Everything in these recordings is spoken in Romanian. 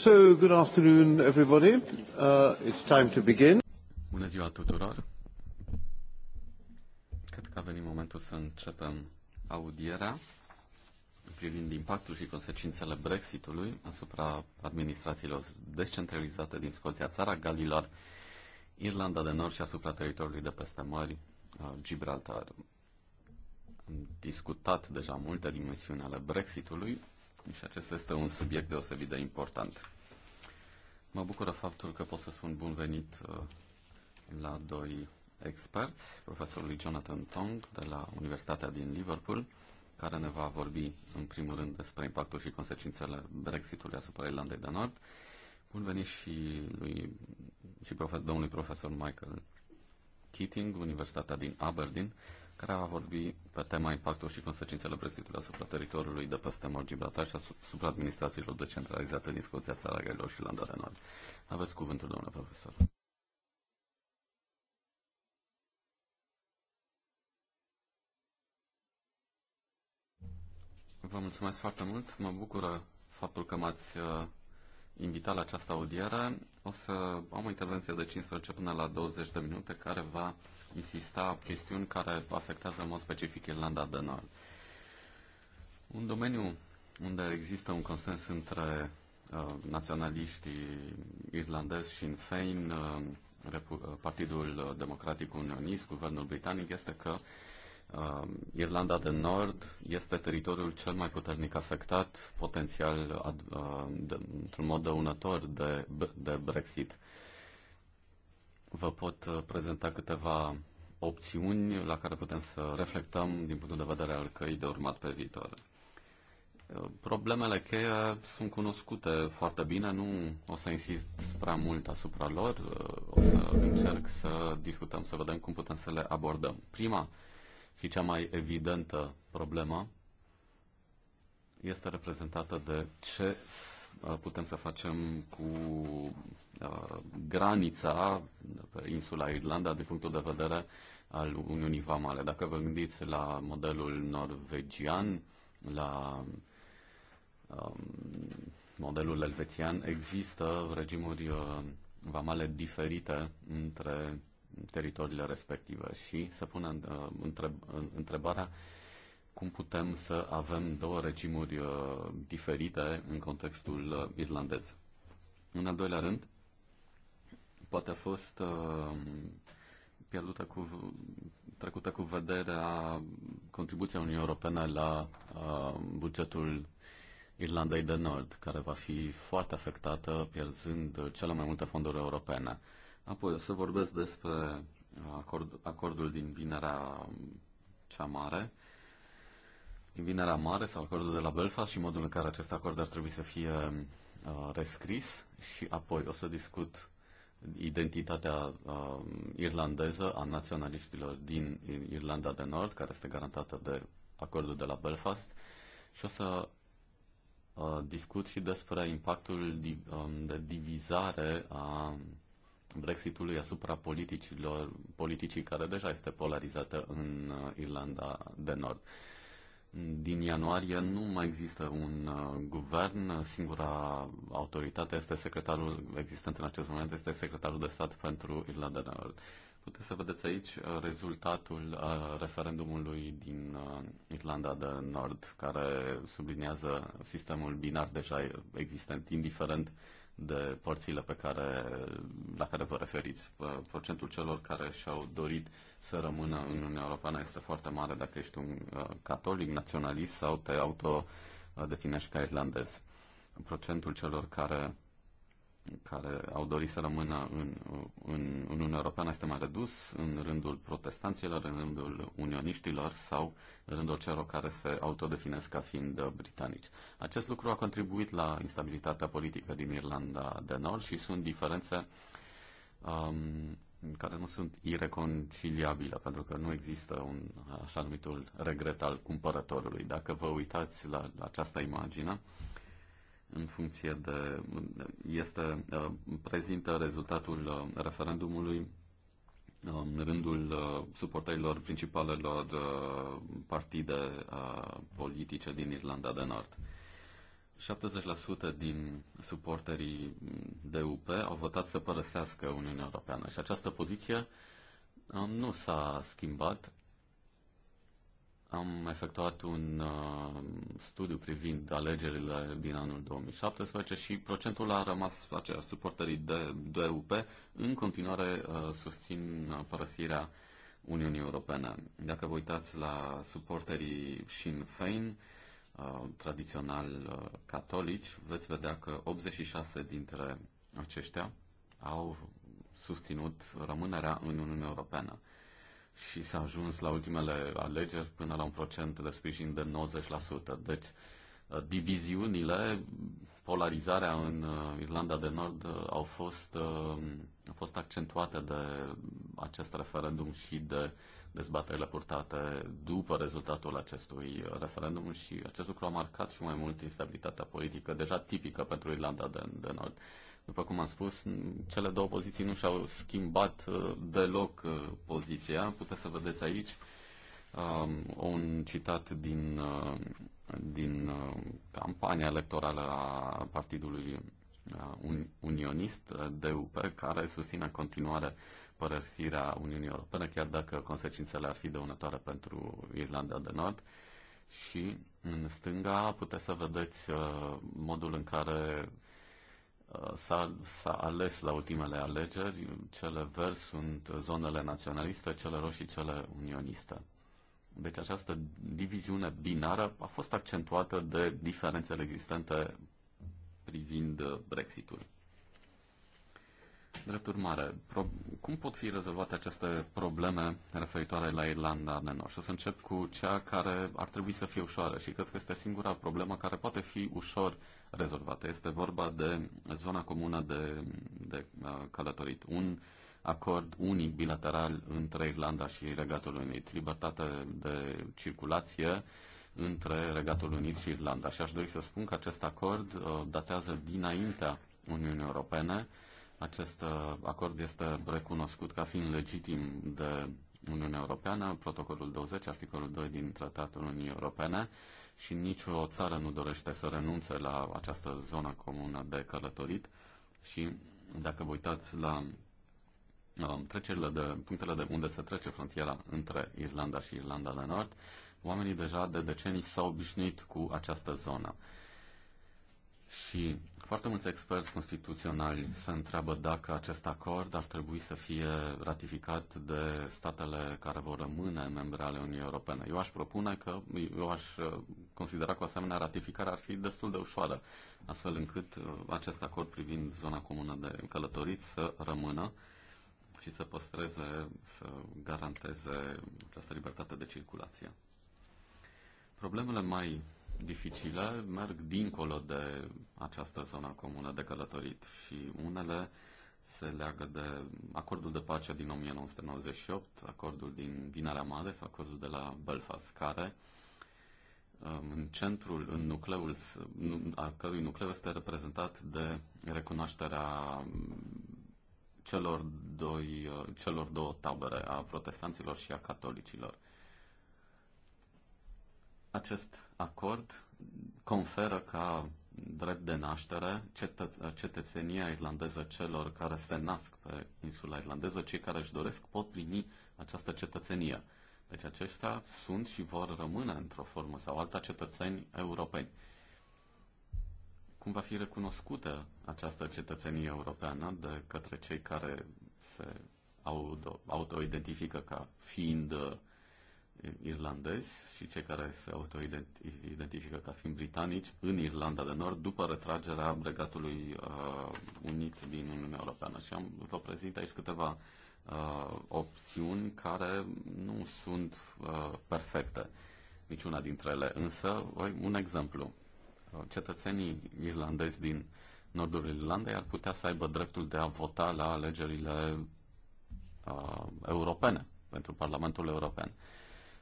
So, good afternoon, everybody. Uh, it's time to begin. Bună ziua tuturor. Cred că a venit momentul să începem audierea privind impactul și consecințele Brexitului asupra administrațiilor descentralizate din Scoția, țara Galilor, Irlanda de Nord și asupra teritoriului de peste mări, uh, Gibraltar. Am discutat deja multe dimensiuni ale Brexitului, și acesta este un subiect deosebit de important. Mă bucură faptul că pot să spun bun venit uh, la doi experți, profesorului Jonathan Tong de la Universitatea din Liverpool, care ne va vorbi în primul rând despre impactul și consecințele Brexitului asupra Irlandei de Nord. Bun venit și, lui, și profe, domnului profesor Michael Keating, Universitatea din Aberdeen, care va vorbi pe tema impactul și consecințele Brexitului asupra teritoriului de peste Mor Gibraltar și asupra administrațiilor decentralizate din Scoția, țara Galilor și Irlanda de Nord. Aveți cuvântul, domnule profesor. Vă mulțumesc foarte mult. Mă bucură faptul că m-ați uh, invitat la această audiere. O să am o intervenție de 15 până la 20 de minute care va insista chestiuni care afectează în mod specific Irlanda de Nord. Un domeniu unde există un consens între uh, naționaliștii irlandezi și în Fein, uh, uh, Partidul Democratic Unionist, Guvernul Britanic, este că uh, Um, Irlanda de Nord este teritoriul cel mai puternic afectat, potențial uh, într-un mod dăunător de, de Brexit. Vă pot uh, prezenta câteva opțiuni la care putem să reflectăm din punctul de vedere al căii de urmat pe viitor. Uh, problemele cheie sunt cunoscute foarte bine, nu o să insist prea mult asupra lor, o să încerc să discutăm, să vedem cum putem să le abordăm. Prima și cea mai evidentă problemă este reprezentată de ce uh, putem să facem cu uh, granița pe insula Irlanda din punctul de vedere al Uniunii Vamale. Dacă vă gândiți la modelul norvegian, la um, modelul elvețian, există regimuri uh, vamale diferite între teritoriile respective și se uh, uh, întrebarea cum putem să avem două regimuri uh, diferite în contextul uh, irlandez. În al doilea rând, poate a fost pierdută cu, trecută cu vederea contribuția Uniunii Europene la bugetul Irlandei de Nord, care va fi foarte afectată pierzând cele mai multe fonduri europene. Apoi o să vorbesc despre acord, acordul din vinerea cea mare, din vinerea mare sau acordul de la Belfast și modul în care acest acord ar trebui să fie uh, rescris și apoi o să discut identitatea uh, irlandeză a naționaliștilor din Irlanda de Nord, care este garantată de acordul de la Belfast și o să uh, discut și despre impactul um, de divizare a Brexitului asupra politicilor, politicii care deja este polarizată în uh, Irlanda de Nord. Din ianuarie nu mai există un uh, guvern, singura autoritate este secretarul existent în acest moment, este secretarul de stat pentru Irlanda de Nord. Puteți să vedeți aici uh, rezultatul referendumului din Irlanda de Nord, care subliniază sistemul binar deja existent, indiferent de părțile pe care, la care vă referiți. Procentul celor care și-au dorit să rămână în Uniunea Europeană este foarte mare dacă ești un uh, catolic, naționalist sau te autodefinești ca irlandez. Procentul celor care care au dorit să rămână în, în, în Uniunea Europeană este mai redus în rândul protestanților, în rândul unioniștilor sau în rândul celor care se autodefinesc ca fiind britanici. Acest lucru a contribuit la instabilitatea politică din Irlanda de Nord și sunt diferențe um, care nu sunt ireconciliabile, pentru că nu există un așa numitul regret al cumpărătorului. Dacă vă uitați la această imagine, uh, în funcție de este uh, prezintă rezultatul uh, referendumului um, în rândul uh, suportărilor principalelor partide politice din Irlanda de Nord. 70% din suporterii DUP au votat să părăsească Uniunea Europeană și această poziție um, nu s-a schimbat am efectuat un uh, studiu privind alegerile din anul 2017 și procentul a rămas același. Suporterii de UP în continuare uh, susțin părăsirea Uniunii Europene. Dacă vă uitați la suporterii Sinn Fein, uh, tradițional uh, catolici, veți vedea că 86 dintre aceștia au susținut rămânerea în Uniunea Europeană și s-a ajuns la ultimele alegeri până la un procent de sprijin de 90%. Deci, uh, diviziunile, polarizarea în uh, Irlanda de Nord uh, au fost, au fost accentuate de acest referendum și de dezbaterile purtate după rezultatul acestui referendum și acest lucru a marcat și mai mult instabilitatea politică, deja tipică pentru Irlanda de, de Nord. După cum am spus, cele două poziții nu și-au schimbat uh, deloc uh, poziția. Puteți să vedeți aici um, un citat din, uh, din campania electorală a Partidului Unionist, DUP, care susține în continuare părăsirea Uniunii Europene, chiar dacă consecințele ar fi dăunătoare pentru Irlanda de Nord. Și în stânga puteți să vedeți modul în care s-a, s-a ales la ultimele alegeri. Cele verzi sunt zonele naționaliste, cele roșii, cele unioniste. Deci această diviziune binară a fost accentuată de diferențele existente privind Brexitul. Drept urmare, cum pot fi rezolvate aceste probleme referitoare la Irlanda de Nord? Și o să încep cu cea care ar trebui să fie ușoară și cred că este singura problemă care poate fi ușor rezolvată. Este vorba de zona comună de, de uh, călătorit. Un acord unic bilateral între Irlanda și Regatul Unit. Libertate de circulație între Regatul Unit și Irlanda. Și aș dori să spun că acest acord uh, datează dinaintea Uniunii Europene acest uh, acord este recunoscut ca fiind legitim de Uniunea Europeană, protocolul 20, articolul 2 din Tratatul Uniunii Europene și nicio țară nu dorește să renunțe la această zonă comună de călătorit și dacă vă uitați la uh, trecerile de, punctele de unde se trece frontiera între Irlanda și Irlanda de Nord, oamenii deja de decenii s-au obișnuit cu această zonă. Și foarte mulți experți constituționali se întreabă dacă acest acord ar trebui să fie ratificat de statele care vor rămâne membre ale Uniunii Europene. Eu aș propune că, eu aș uh, considera că o asemenea ratificare ar fi destul de ușoară, astfel încât uh, acest acord privind zona comună de călătoriți să rămână și să păstreze, să garanteze această libertate de circulație. Problemele mai dificile merg dincolo de această zonă comună de călătorit și unele se leagă de acordul de pace din 1998, acordul din Vinerea Mare sau acordul de la Belfast, care um, în centrul, în nucleul, al cărui nucleu este reprezentat de recunoașterea celor, doi, celor două tabere, a protestanților și a catolicilor. Acest acord conferă ca drept de naștere cetă- cetățenia irlandeză celor care se nasc pe insula irlandeză, cei care își doresc pot primi această cetățenie. Deci aceștia sunt și vor rămâne într-o formă sau alta cetățeni europeni. Cum va fi recunoscută această cetățenie europeană de către cei care se auto-identifică ca fiind uh, irlandezi și cei care se autoidentifică ca fiind britanici în Irlanda de Nord după retragerea Regatului uh, Unit din Uniunea Europeană. Și am, vă prezint aici câteva uh, opțiuni care nu sunt uh, perfecte, niciuna dintre ele. Însă, un exemplu. Uh, cetățenii irlandezi din nordul Irlandei ar putea să aibă dreptul de a vota la alegerile uh, europene, pentru Parlamentul European. Uh,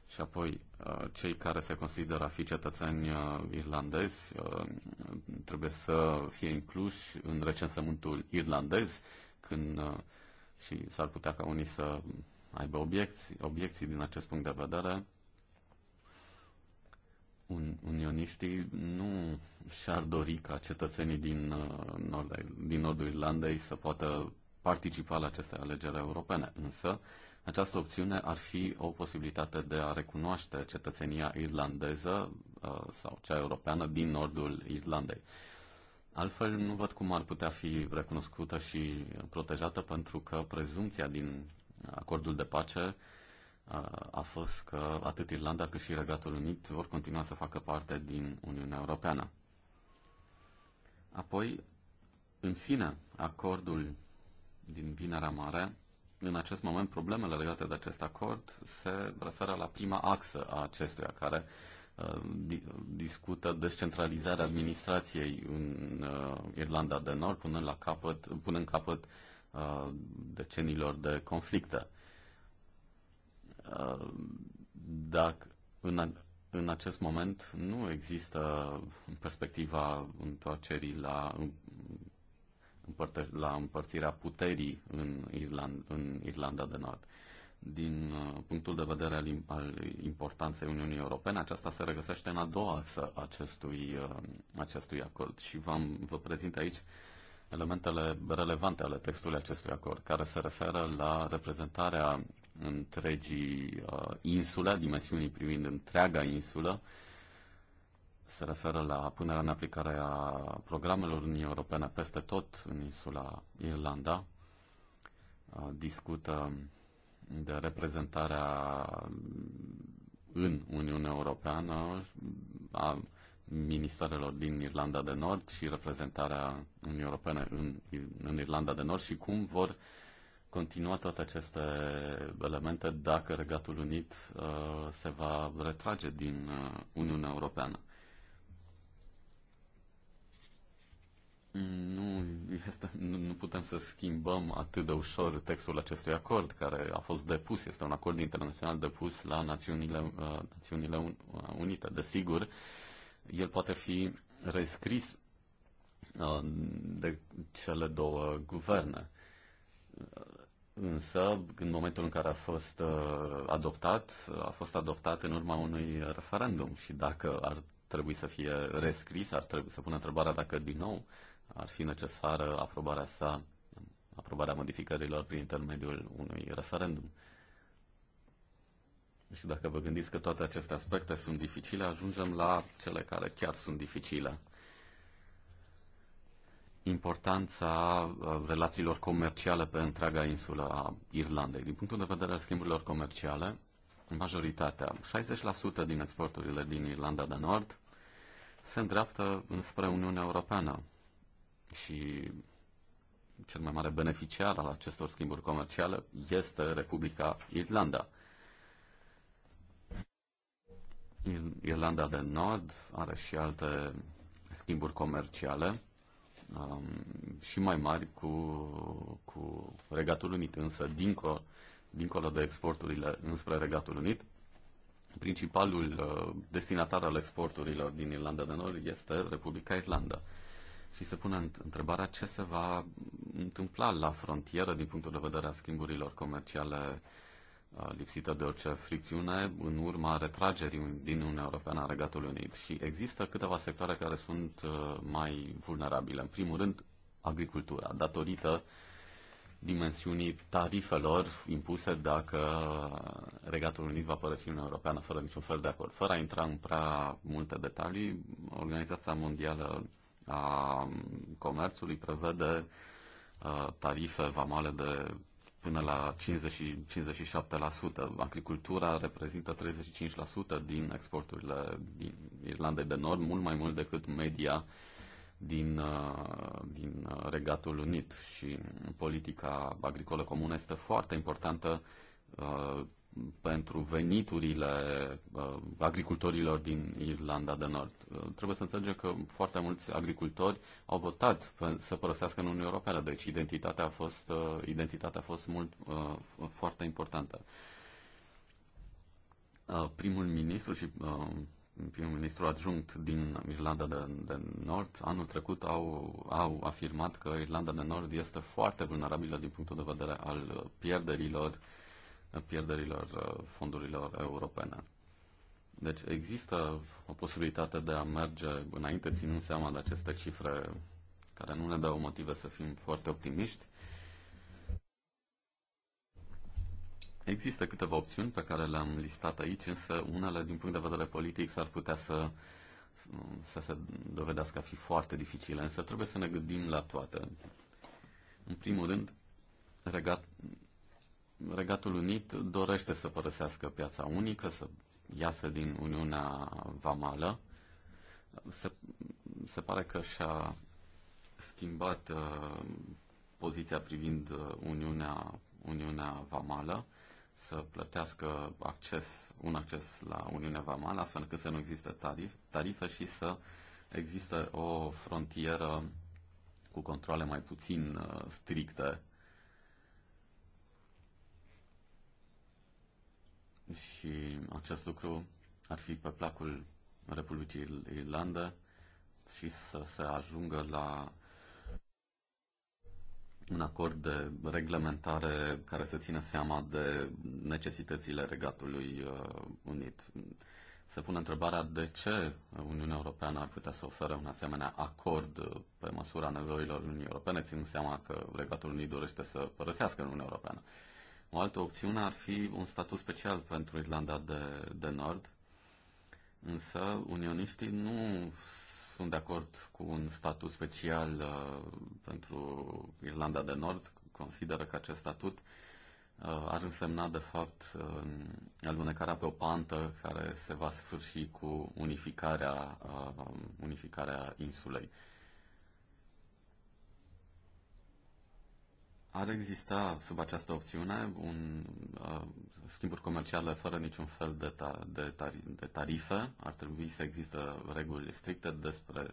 și apoi uh, cei care se consideră a fi cetățeni uh, irlandezi uh, trebuie să fie incluși în recensământul irlandez când și s-ar putea ca unii să aibă obiecții, obiecții din acest punct de vedere. Un, unioniștii nu și-ar dori ca cetățenii din, nord, din nordul Irlandei să poată participa la aceste alegeri europene, însă uh, această opțiune ar fi o posibilitate de a recunoaște cetățenia irlandeză uh, sau cea europeană din nordul Irlandei. Altfel, nu văd cum ar putea fi recunoscută și protejată, pentru că prezumția din acordul de pace uh, a fost că atât Irlanda cât și Regatul Unit vor continua să facă parte din Uniunea Europeană. Apoi, în sine, acordul din Vinerea Mare în acest moment problemele legate de acest acord se referă la prima axă a acestuia, care uh, discută descentralizarea administrației în uh, Irlanda de Nord, punând, la capăt, punând capăt uh, decenilor de conflicte. Dacă în, în acest moment nu există perspectiva întoarcerii la la împărțirea puterii în, Irland, în Irlanda de Nord. Din uh, punctul de vedere al, al importanței Uniunii Europene, aceasta se regăsește în a doua axă acestui, uh, acestui acord și v-am, vă prezint aici elementele relevante ale textului acestui acord, care se referă la reprezentarea întregii uh, insule, dimensiunii privind întreaga insulă, uh, se referă la punerea în aplicare a programelor Uniunii Europene peste tot în insula Irlanda. Discută de reprezentarea în Uniunea Europeană a ministerelor din Irlanda de Nord și reprezentarea Uniunii Europene în, în Irlanda de Nord și cum vor continua toate aceste elemente dacă Regatul Unit uh, se va retrage din uh, Uniunea Europeană. Nu, este, nu putem să schimbăm atât de ușor textul acestui acord care a fost depus, este un acord internațional depus la Națiunile, uh, Națiunile uh, Unite. Desigur, el poate fi rescris uh, de cele două guverne. Însă, în momentul în care a fost adoptat, a fost adoptat în urma unui referendum și dacă ar trebui să fie rescris, ar trebui să pună întrebarea dacă din nou ar fi necesară aprobarea sa, aprobarea modificărilor prin intermediul unui referendum. Și deci dacă vă gândiți că toate aceste aspecte sunt dificile, ajungem la cele care chiar sunt dificile. Importanța uh, relațiilor comerciale pe întreaga insulă a Irlandei. Din punctul de vedere al schimburilor comerciale, majoritatea, 60% din exporturile din Irlanda de Nord, se îndreaptă înspre Uniunea Europeană și cel mai mare beneficiar al acestor schimburi comerciale este Republica Irlanda. Irlanda de Nord are și alte schimburi comerciale um, și mai mari cu, cu Regatul Unit, însă dincolo, dincolo de exporturile înspre Regatul Unit, principalul uh, destinatar al exporturilor din Irlanda de Nord este Republica Irlanda. Uh, și se pune întrebarea ce se va întâmpla la frontieră din punctul de vedere a schimburilor comerciale uh, lipsită de orice fricțiune în urma retragerii din Uniunea Europeană a Regatului Unit. Și există câteva sectoare care sunt uh, mai vulnerabile. În primul rând, agricultura, datorită dimensiunii tarifelor impuse dacă Regatul Unit va părăsi Uniunea Europeană fără niciun fel de acord. Fără a intra în prea multe detalii, Organizația Mondială a comerțului prevede tarife vamale de până la 50, 57%. Agricultura reprezintă 35% din exporturile din Irlandei de Nord, mult mai mult decât media din, din Regatul Unit și politica agricolă comună este foarte importantă pentru veniturile uh, agricultorilor din Irlanda de Nord. Uh, trebuie să înțelegem că foarte mulți agricultori au votat pe, să părăsească în Uniunea Europeană, deci identitatea a fost, uh, identitatea a fost mult, uh, foarte importantă. Uh, primul ministru și uh, primul ministru adjunct din Irlanda de, de Nord, anul trecut au, au afirmat că Irlanda de Nord este foarte vulnerabilă din punctul de vedere al pierderilor pierderilor uh, fondurilor europene. Deci există o posibilitate de a merge înainte, ținând seama de aceste cifre care nu ne dau motive să fim foarte optimiști. Există câteva opțiuni pe care le-am listat aici, însă unele din punct de vedere politic s-ar putea să, să se dovedească a fi foarte dificile, însă trebuie să ne gândim la toate. În primul rând, regat, Regatul Unit dorește să părăsească piața unică, să iasă din Uniunea Vamală. Se, se pare că și-a schimbat uh, poziția privind uh, Uniunea, Uniunea Vamală să plătească acces, un acces la Uniunea Vamală, astfel încât să nu există tarif, tarife și să există o frontieră cu controle mai puțin uh, stricte și acest lucru ar fi pe placul Republicii Irlande și să se ajungă la un acord de reglementare care să țină seama de necesitățile Regatului uh, Unit. Se pune întrebarea de ce Uniunea Europeană ar putea să ofere un asemenea acord pe măsura nevoilor Uniunii Europene, ținând seama că Regatul Unit dorește să părăsească Uniunea Europeană. O altă opțiune ar fi un statut special pentru Irlanda de, de Nord, însă unioniștii nu sunt de acord cu un statut special uh, pentru Irlanda de Nord, consideră că acest statut uh, ar însemna, de fapt, uh, alunecarea pe o pantă care se va sfârși cu unificarea, uh, unificarea insulei. Uh, ar exista sub această opțiune un uh, schimburi comerciale fără niciun fel de, ta, de, tari, de tarife. Ar trebui să există reguli stricte despre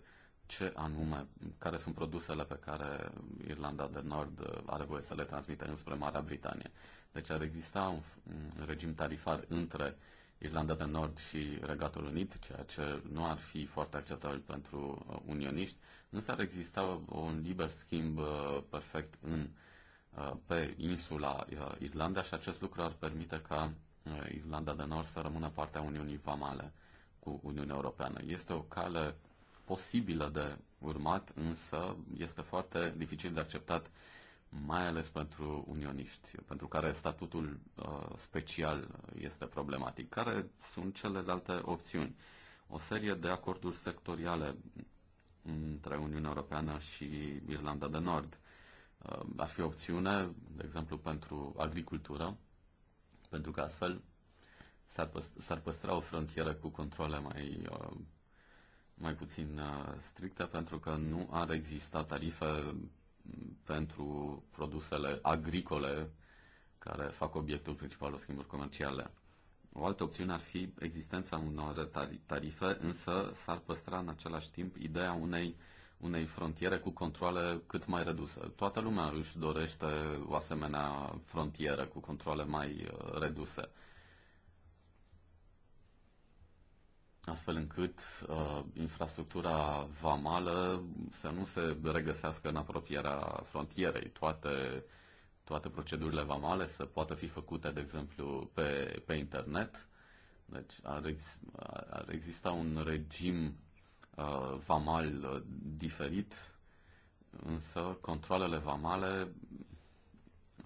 ce anume, care sunt produsele pe care Irlanda de Nord uh, are voie să le transmită înspre Marea Britanie. Deci ar exista un, un regim tarifar între Irlanda de Nord și Regatul Unit, ceea ce nu ar fi foarte acceptabil pentru uh, unioniști, însă ar exista un liber schimb uh, perfect în pe insula Irlanda și acest lucru ar permite ca Irlanda de Nord să rămână partea Uniunii Vamale cu Uniunea Europeană. Este o cale posibilă de urmat, însă este foarte dificil de acceptat, mai ales pentru unioniști, pentru care statutul uh, special este problematic. Care sunt celelalte opțiuni? O serie de acorduri sectoriale între Uniunea Europeană și Irlanda de Nord, Uh, ar fi o opțiune, de exemplu, pentru agricultură, pentru că astfel s-ar, păstra, păstra o frontieră cu controle mai, uh, mai puțin uh, stricte, pentru că nu ar exista tarife pentru produsele agricole care fac obiectul principal al schimburi comerciale. O altă opțiune ar fi existența unor tarife, însă s-ar păstra în același timp ideea unei uh, unei frontiere cu controle cât mai reduse. Toată lumea își dorește o asemenea frontieră cu controle mai uh, reduse. astfel încât uh, infrastructura vamală să nu se regăsească în apropierea frontierei. Toate, toate procedurile vamale să poată fi făcute, de exemplu, pe, pe internet. Deci ar, ex, ar exista un regim Uh, vamal uh, diferit, însă controlele vamale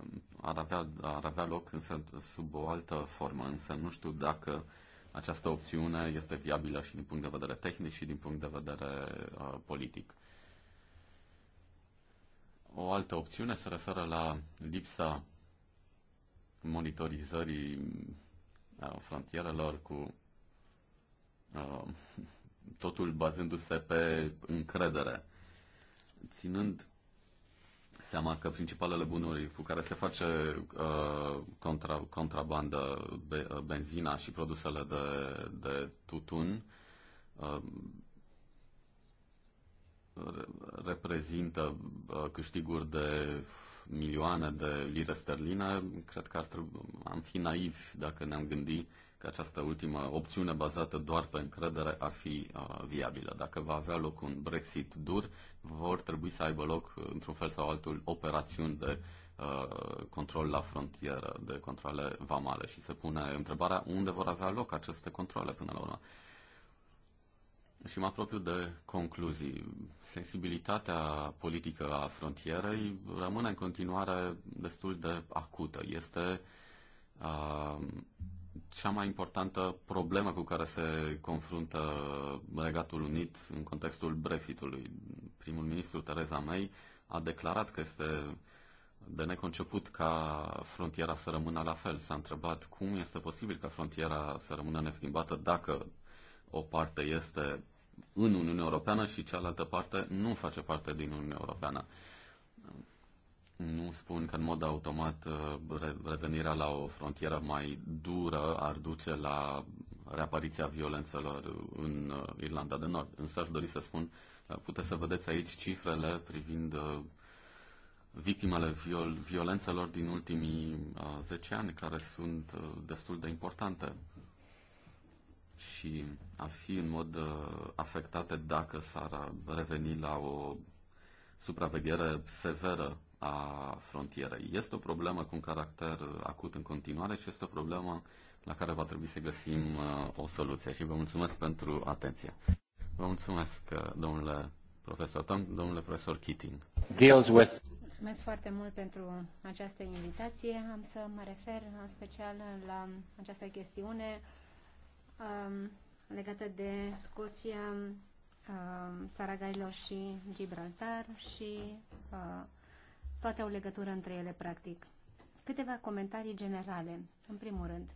um, ar avea, ar avea loc însă sub o altă formă, însă nu știu dacă această opțiune este viabilă și din punct de vedere tehnic și din punct de vedere uh, politic. O altă opțiune se referă la lipsa monitorizării uh, frontierelor cu uh, totul bazându-se pe încredere. Ținând seama că principalele bunuri cu care se face uh, contra, contrabandă, be, uh, benzina și produsele de, de tutun, uh, reprezintă uh, câștiguri de milioane de lire sterline, cred că ar trebui, am fi naivi dacă ne-am gândit că această ultimă opțiune bazată doar pe încredere ar fi uh, viabilă. Dacă va avea loc un Brexit dur, vor trebui să aibă loc, uh, într-un fel sau altul, operațiuni de uh, control la frontieră, de controle vamale și se pune întrebarea unde vor avea loc aceste controle până la urmă. Și mă apropiu de concluzii. Sensibilitatea politică a frontierei rămâne în continuare destul de acută. Este uh, cea mai importantă problemă cu care se confruntă Regatul Unit în contextul Brexitului. Primul ministru Theresa May a declarat că este de neconceput ca frontiera să rămână la fel. S-a întrebat cum este posibil ca frontiera să rămână neschimbată dacă o parte este în Uniunea Europeană și cealaltă parte nu face parte din Uniunea Europeană. Nu spun că în mod automat uh, revenirea la o frontieră mai dură ar duce la reapariția violențelor în uh, Irlanda de Nord. Însă aș dori să spun, uh, puteți să vedeți aici cifrele privind victimele viol- violențelor din ultimii 10 ani, care sunt destul de importante și ar fi în mod afectate dacă s-ar reveni la o supraveghere severă a frontierei. Este o problemă cu un caracter acut în continuare și este o problemă la care va trebui să găsim uh, o soluție și vă mulțumesc pentru atenție. Vă mulțumesc, uh, domnule profesor Tom, domnule profesor Keating. Deals with... Mulțumesc foarte mult pentru această invitație. Am să mă refer în special la această chestiune um, legată de Scoția, um, țara Gailor și Gibraltar și uh, toate au legătură între ele, practic. Câteva comentarii generale, în primul rând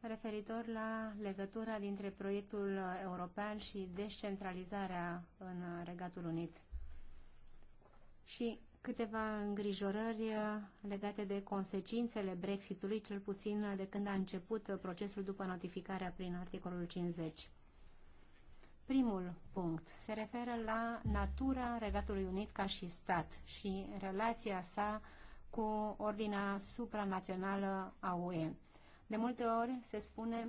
referitor la legătura dintre proiectul european și descentralizarea în Regatul Unit și câteva îngrijorări legate de consecințele Brexitului, cel puțin de când a început procesul după notificarea prin articolul 50. Primul punct se referă la natura Regatului Unit ca și stat și relația sa cu ordinea supranațională a UE. De multe ori se spune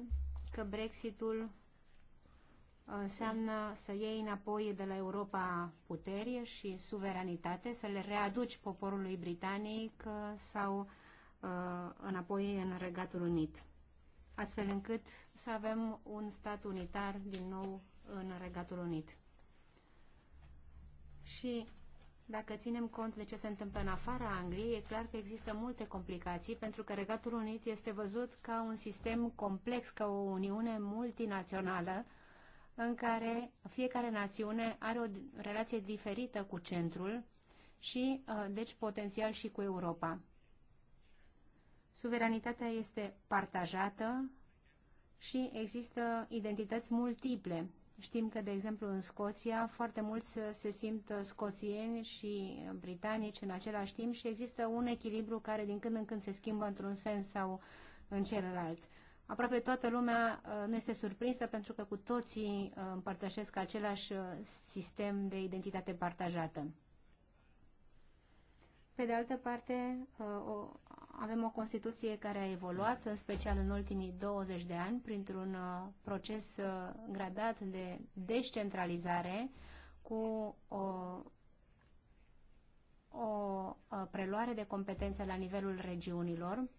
că Brexitul uh, înseamnă să iei înapoi de la Europa putere și suveranitate, să le readuci poporului britanic uh, sau uh, înapoi în Regatul Unit, astfel încât să avem un stat unitar din nou în Regatul Unit. Și dacă ținem cont de ce se întâmplă în afara Angliei, e clar că există multe complicații, pentru că Regatul Unit este văzut ca un sistem complex, ca o uniune multinațională, în care fiecare națiune are o relație diferită cu centrul și, uh, deci, potențial și cu Europa. Suveranitatea este partajată și există identități multiple Știm că, de exemplu, în Scoția foarte mulți se simt scoțieni și britanici în același timp și există un echilibru care din când în când se schimbă într-un sens sau în celălalt. Aproape toată lumea uh, nu este surprinsă pentru că cu toții uh, împărtășesc același uh, sistem de identitate partajată. Pe de altă parte, avem o Constituție care a evoluat, în special în ultimii 20 de ani, printr-un uh, proces uh, gradat de descentralizare cu o, o uh, preluare de competențe la nivelul regiunilor,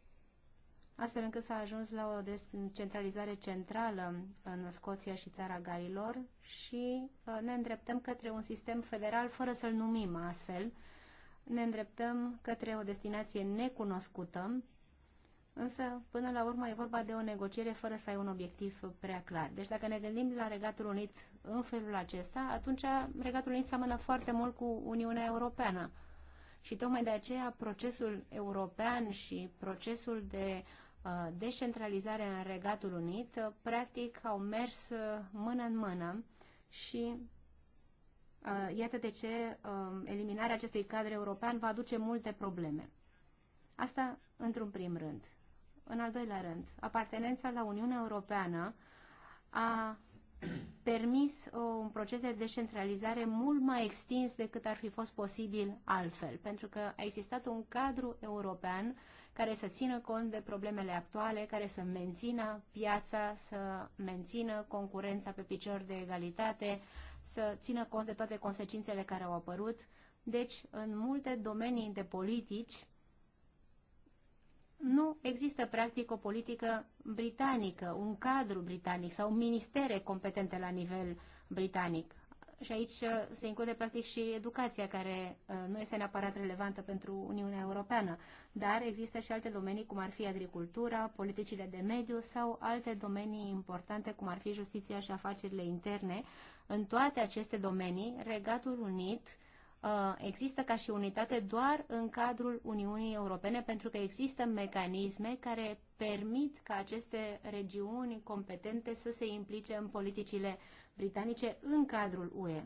astfel încât s-a ajuns la o descentralizare centrală în Scoția și țara Galilor și ne îndreptăm către un sistem federal fără să-l numim astfel, ne îndreptăm către o destinație necunoscută, însă până la urmă e vorba de o negociere fără să ai un obiectiv prea clar. Deci dacă ne gândim la Regatul Unit în felul acesta, atunci Regatul Unit seamănă foarte mult cu Uniunea Europeană. Și tocmai de aceea procesul european și procesul de uh, descentralizare în Regatul Unit, uh, practic au mers uh, mână în mână și Uh, iată de ce um, eliminarea acestui cadru european va aduce multe probleme. Asta într-un prim rând. În al doilea rând, apartenența la Uniunea Europeană a permis uh, un proces de descentralizare mult mai extins decât ar fi fost posibil altfel, pentru că a existat un cadru european care să țină cont de problemele actuale, care să mențină piața, să mențină concurența pe picior de egalitate, să țină cont de toate consecințele care au apărut. Deci, în multe domenii de politici, nu există practic o politică britanică, un cadru britanic sau ministere competente la nivel britanic și aici uh, se include practic și educația, care uh, nu este neapărat relevantă pentru Uniunea Europeană, dar există și alte domenii, cum ar fi agricultura, politicile de mediu sau alte domenii importante, cum ar fi justiția și afacerile interne. În toate aceste domenii, Regatul Unit uh, există ca și unitate doar în cadrul Uniunii Europene, pentru că există mecanisme care permit ca aceste regiuni competente să se implice în politicile uh, britanice în cadrul UE.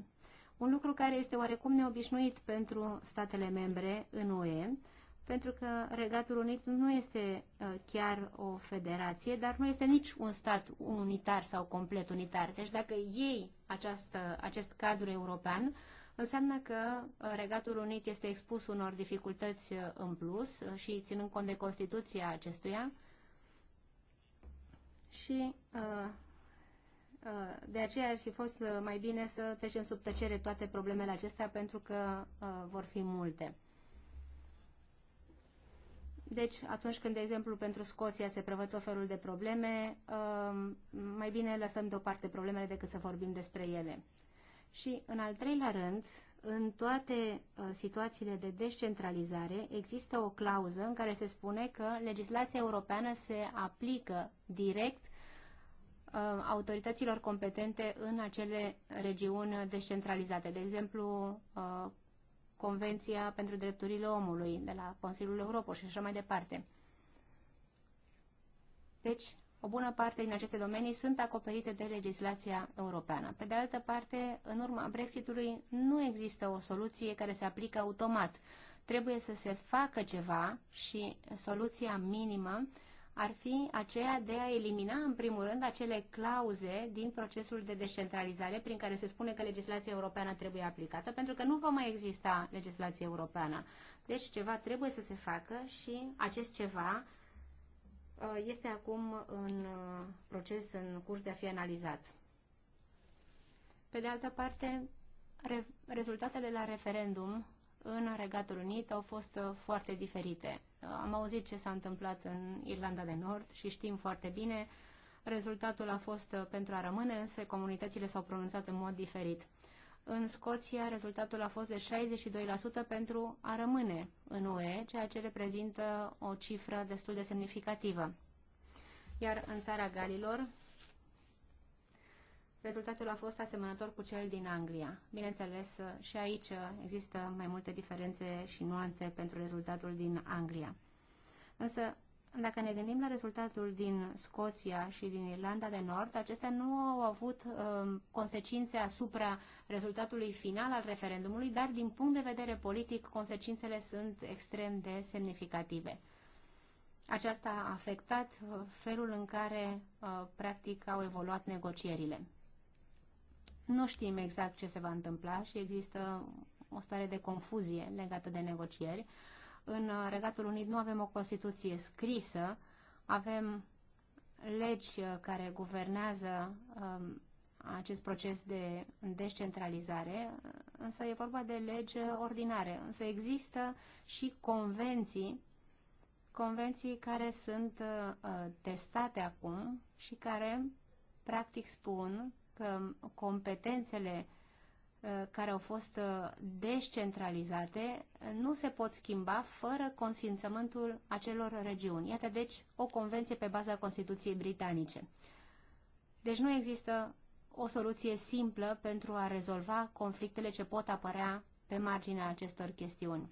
Un lucru care este oarecum neobișnuit pentru statele membre în UE, pentru că Regatul Unit nu este uh, chiar o federație, dar nu este nici un stat unitar sau complet unitar. Deci dacă iei această, acest cadru european, înseamnă că uh, Regatul Unit este expus unor dificultăți uh, în plus și ținând cont de Constituția acestuia și Uh, de aceea ar fi fost uh, mai bine să trecem sub tăcere toate problemele acestea pentru că uh, vor fi multe. Deci, atunci când, de exemplu, pentru Scoția se prevăd tot felul de probleme, mai bine lăsăm deoparte problemele decât să vorbim despre ele. Și, în al treilea rând, în toate situațiile de descentralizare există o clauză în care se spune că legislația europeană se aplică direct Uh, autorităților competente în acele regiuni descentralizate. De exemplu, uh, Convenția pentru Drepturile Omului de la Consiliul Europei și așa mai departe. Deci, o bună parte din aceste domenii sunt acoperite de legislația europeană. Pe de altă parte, în urma Brexitului nu există o soluție care se aplică automat. Trebuie să se facă ceva și soluția minimă ar fi aceea de a elimina, în primul rând, acele clauze din procesul de descentralizare prin care se spune că legislația europeană trebuie aplicată, pentru că nu va mai exista legislație europeană. Deci ceva trebuie să se facă și acest ceva uh, este acum în uh, proces, în curs de a fi analizat. Pe de altă parte, re rezultatele la referendum în Regatul Unit au fost uh, foarte diferite. Am auzit ce s-a întâmplat în Irlanda de Nord și știm foarte bine. Rezultatul a fost uh, pentru a rămâne, însă comunitățile s-au pronunțat în mod diferit. În Scoția, rezultatul a fost de 62% pentru a rămâne în UE, ceea ce reprezintă o cifră destul de semnificativă. Iar în țara Galilor, rezultatul a fost asemănător cu cel din Anglia. Bineînțeles, și aici există mai multe diferențe și nuanțe pentru rezultatul din Anglia. Însă, dacă ne gândim la rezultatul din Scoția și din Irlanda de Nord, acestea nu au avut uh, consecințe asupra rezultatului final al referendumului, dar din punct de vedere politic, consecințele sunt extrem de semnificative. Aceasta a afectat uh, felul în care, uh, practic, au evoluat negocierile. Nu știm exact ce se va întâmpla și există o stare de confuzie legată de negocieri. În Regatul Unit nu avem o Constituție scrisă, avem legi care guvernează um, acest proces de descentralizare, însă e vorba de legi ordinare. Însă există și convenții, convenții care sunt uh, testate acum și care practic spun că competențele uh, care au fost uh, descentralizate uh, nu se pot schimba fără consimțământul acelor regiuni. Iată deci o convenție pe baza Constituției britanice. Deci nu există o soluție simplă pentru a rezolva conflictele ce pot apărea pe marginea acestor chestiuni.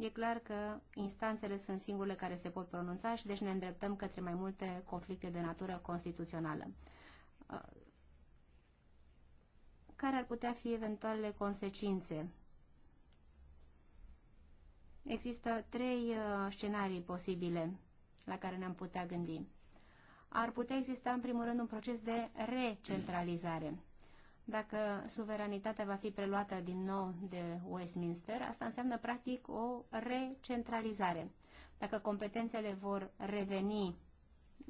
E clar că instanțele sunt singurele care se pot pronunța și deci ne îndreptăm către mai multe conflicte de natură constituțională care ar putea fi eventualele consecințe. Există trei uh, scenarii posibile la care ne-am putea gândi. Ar putea exista, în primul rând, un proces de recentralizare. Dacă suveranitatea va fi preluată din nou de Westminster, asta înseamnă, practic, o recentralizare. Dacă competențele vor reveni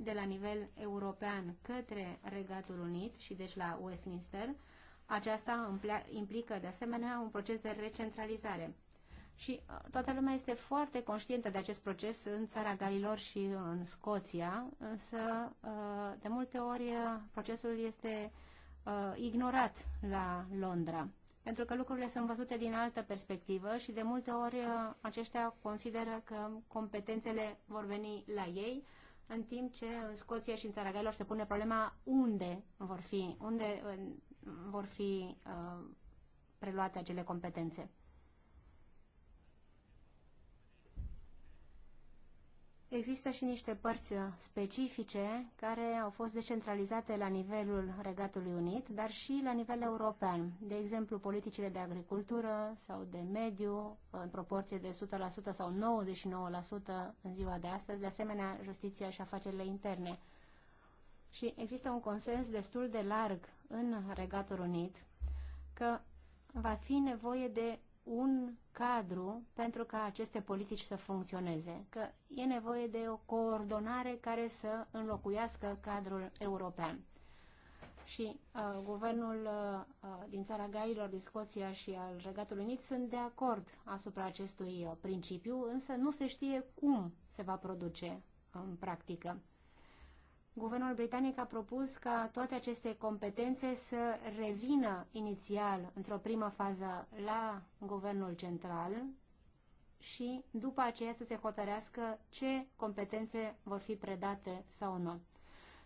de la nivel european către Regatul Unit și deci la Westminster, aceasta implică de asemenea un proces de recentralizare. Și uh, toată lumea este foarte conștientă de acest proces în țara Galilor și în Scoția, însă uh, de multe ori uh, procesul este ignorat la Londra, pentru că lucrurile sunt văzute din altă perspectivă și de multe ori aceștia consideră că competențele vor veni la ei, în timp ce în Scoția și în Țara Gailor se pune problema unde vor fi, unde vor fi uh, preluate acele competențe. Există și niște părți uh, specifice care au fost decentralizate la nivelul Regatului Unit, dar și la nivel european. De exemplu, politicile de agricultură sau de mediu, uh, în proporție de 100% sau 99% în ziua de astăzi, de asemenea, justiția și afacerile interne. Și există un consens destul de larg în Regatul Unit că va fi nevoie de un cadru pentru ca aceste politici să funcționeze, că e nevoie de o coordonare care să înlocuiască cadrul european. Și uh, guvernul uh, uh, din țara Gailor, din Scoția și al Regatului Unit sunt de acord asupra acestui uh, principiu, însă nu se știe cum se va produce în practică. Guvernul britanic a propus ca toate aceste competențe să revină inițial, într-o primă fază, la guvernul central și după aceea să se hotărească ce competențe vor fi predate sau nu.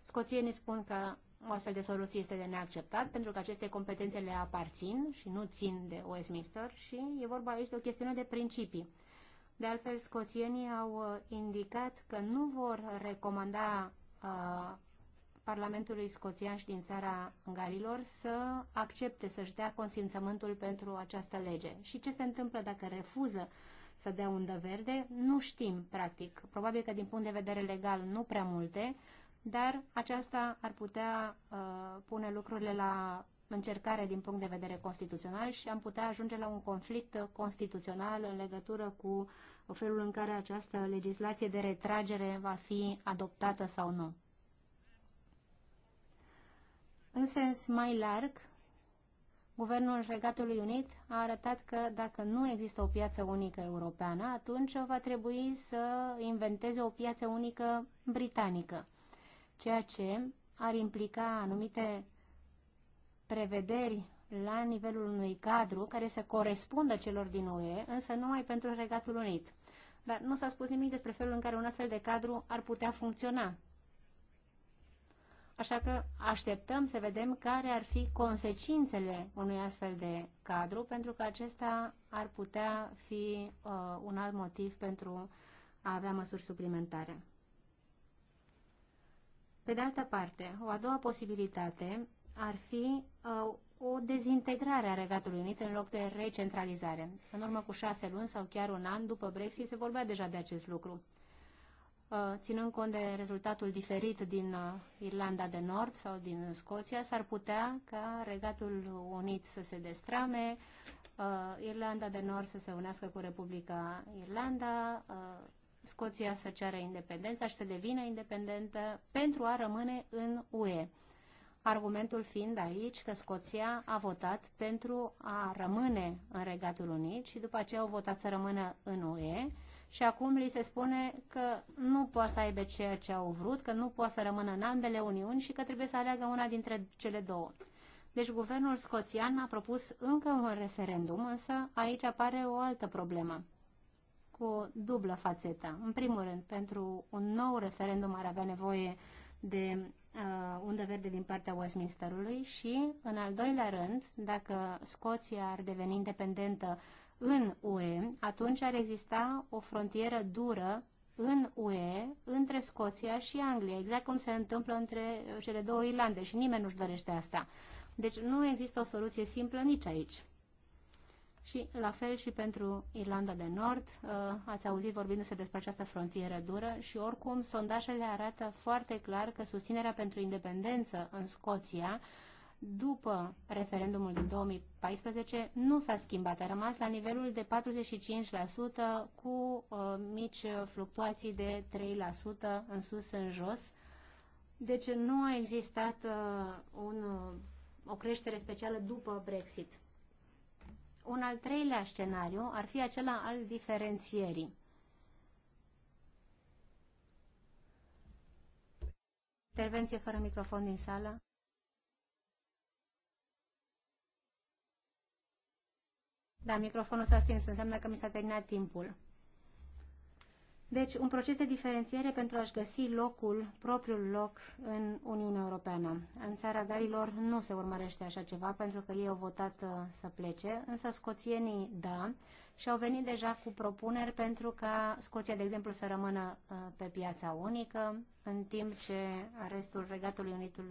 Scoțienii spun că o astfel de soluție este de neacceptat pentru că aceste competențe le aparțin și nu țin de Westminster și e vorba aici de o chestiune de principii. De altfel, scoțienii au indicat că nu vor recomanda a Parlamentului Scoțian și din țara Galilor să accepte, să-și dea consimțământul pentru această lege. Și ce se întâmplă dacă refuză să dea undă verde? Nu știm, practic. Probabil că din punct de vedere legal nu prea multe, dar aceasta ar putea uh, pune lucrurile la încercare din punct de vedere constituțional și am putea ajunge la un conflict constituțional în legătură cu uh, o felul în care această legislație de retragere va fi adoptată sau nu. În sens mai larg, Guvernul Regatului Unit a arătat că dacă nu există o piață unică europeană, atunci va trebui să inventeze o piață unică britanică, ceea ce ar implica anumite prevederi la nivelul unui cadru care să corespundă celor din UE, însă numai pentru Regatul Unit. Dar nu s-a spus nimic despre felul în care un astfel de cadru ar putea funcționa. Așa că așteptăm să vedem care ar fi consecințele unui astfel de cadru, pentru că acesta ar putea fi uh, un alt motiv pentru a avea măsuri suplimentare. Pe de altă parte, o a doua posibilitate ar fi uh, o dezintegrare a Regatului Unit în loc de recentralizare. În urmă cu șase luni sau chiar un an după Brexit se vorbea deja de acest lucru. Uh, ținând cont de rezultatul diferit din uh, Irlanda de Nord sau din Scoția, s-ar putea ca Regatul Unit să se destrame, uh, Irlanda de Nord să se unească cu Republica Irlanda, Scoția să ceară independența și să devină independentă pentru a rămâne în UE argumentul fiind aici că Scoția a votat pentru a rămâne în Regatul Unit și după aceea au votat să rămână în UE și acum li se spune că nu poate să aibă ceea ce au vrut, că nu poate să rămână în ambele Uniuni și că trebuie să aleagă una dintre cele două. Deci guvernul scoțian a propus încă un referendum, însă aici apare o altă problemă cu o dublă fațetă. În primul rând, pentru un nou referendum ar avea nevoie de Uh, undă verde din partea Westminsterului și, în al doilea rând, dacă Scoția ar deveni independentă în UE, atunci ar exista o frontieră dură în UE între Scoția și Anglia, exact cum se întâmplă între cele două Irlande și nimeni nu-și dorește asta. Deci nu există o soluție simplă nici aici și la fel și pentru Irlanda de Nord. Uh, ați auzit vorbindu-se despre această frontieră dură și oricum sondajele arată foarte clar că susținerea pentru independență în Scoția după referendumul din 2014 nu s-a schimbat, a rămas la nivelul de 45% cu uh, mici fluctuații de 3% în sus, în jos. Deci nu a existat uh, un, uh, o creștere specială după Brexit. Un al treilea scenariu ar fi acela al diferențierii. Intervenție fără microfon din sală. Da, microfonul s-a stins, înseamnă că mi s-a terminat timpul. Deci, un proces de diferențiere pentru a-și găsi locul, propriul loc în Uniunea Europeană. În țara Galilor nu se urmărește așa ceva, pentru că ei au votat uh, să plece, însă scoțienii da și au venit deja cu propuneri pentru ca Scoția, de exemplu, să rămână uh, pe piața unică, în timp ce restul Regatului Unit, uh,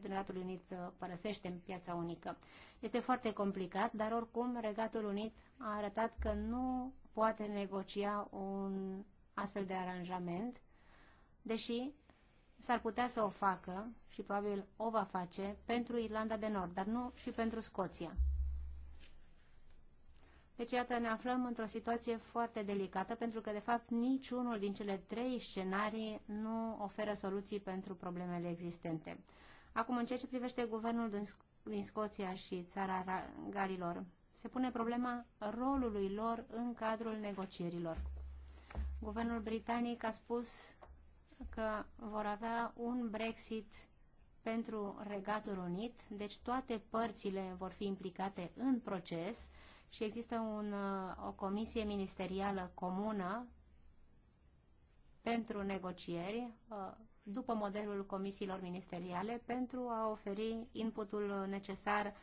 Regatului Unit părăsește piața unică. Este foarte complicat, dar oricum Regatul Unit a arătat că nu poate negocia un astfel de aranjament, deși s-ar putea să o facă și probabil o va face pentru Irlanda de Nord, dar nu și pentru Scoția. Deci, iată, ne aflăm într-o situație foarte delicată, pentru că, de fapt, niciunul din cele trei scenarii nu oferă soluții pentru problemele existente. Acum, în ceea ce privește guvernul din, Sco din Scoția și țara Galilor, se pune problema rolului lor în cadrul negocierilor. Guvernul britanic a spus că vor avea un Brexit pentru Regatul Unit, deci toate părțile vor fi implicate în proces și există un, o comisie ministerială comună pentru negocieri, uh, după modelul comisiilor ministeriale, pentru a oferi inputul necesar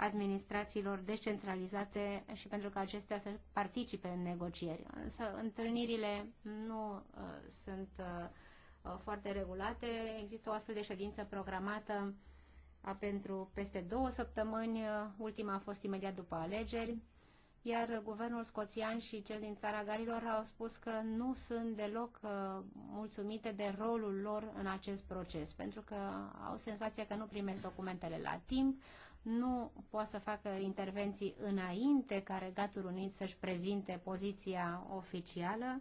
administrațiilor descentralizate și pentru că acestea să participe în negocieri. Însă întâlnirile nu uh, sunt uh, foarte regulate. Există o astfel de ședință programată pentru peste două săptămâni. Ultima a fost imediat după alegeri iar guvernul scoțian și cel din țara Galilor au spus că nu sunt deloc uh, mulțumite de rolul lor în acest proces, pentru că au senzația că nu primesc documentele la timp, nu poate să facă intervenții înainte ca Regatul Unit să-și prezinte poziția oficială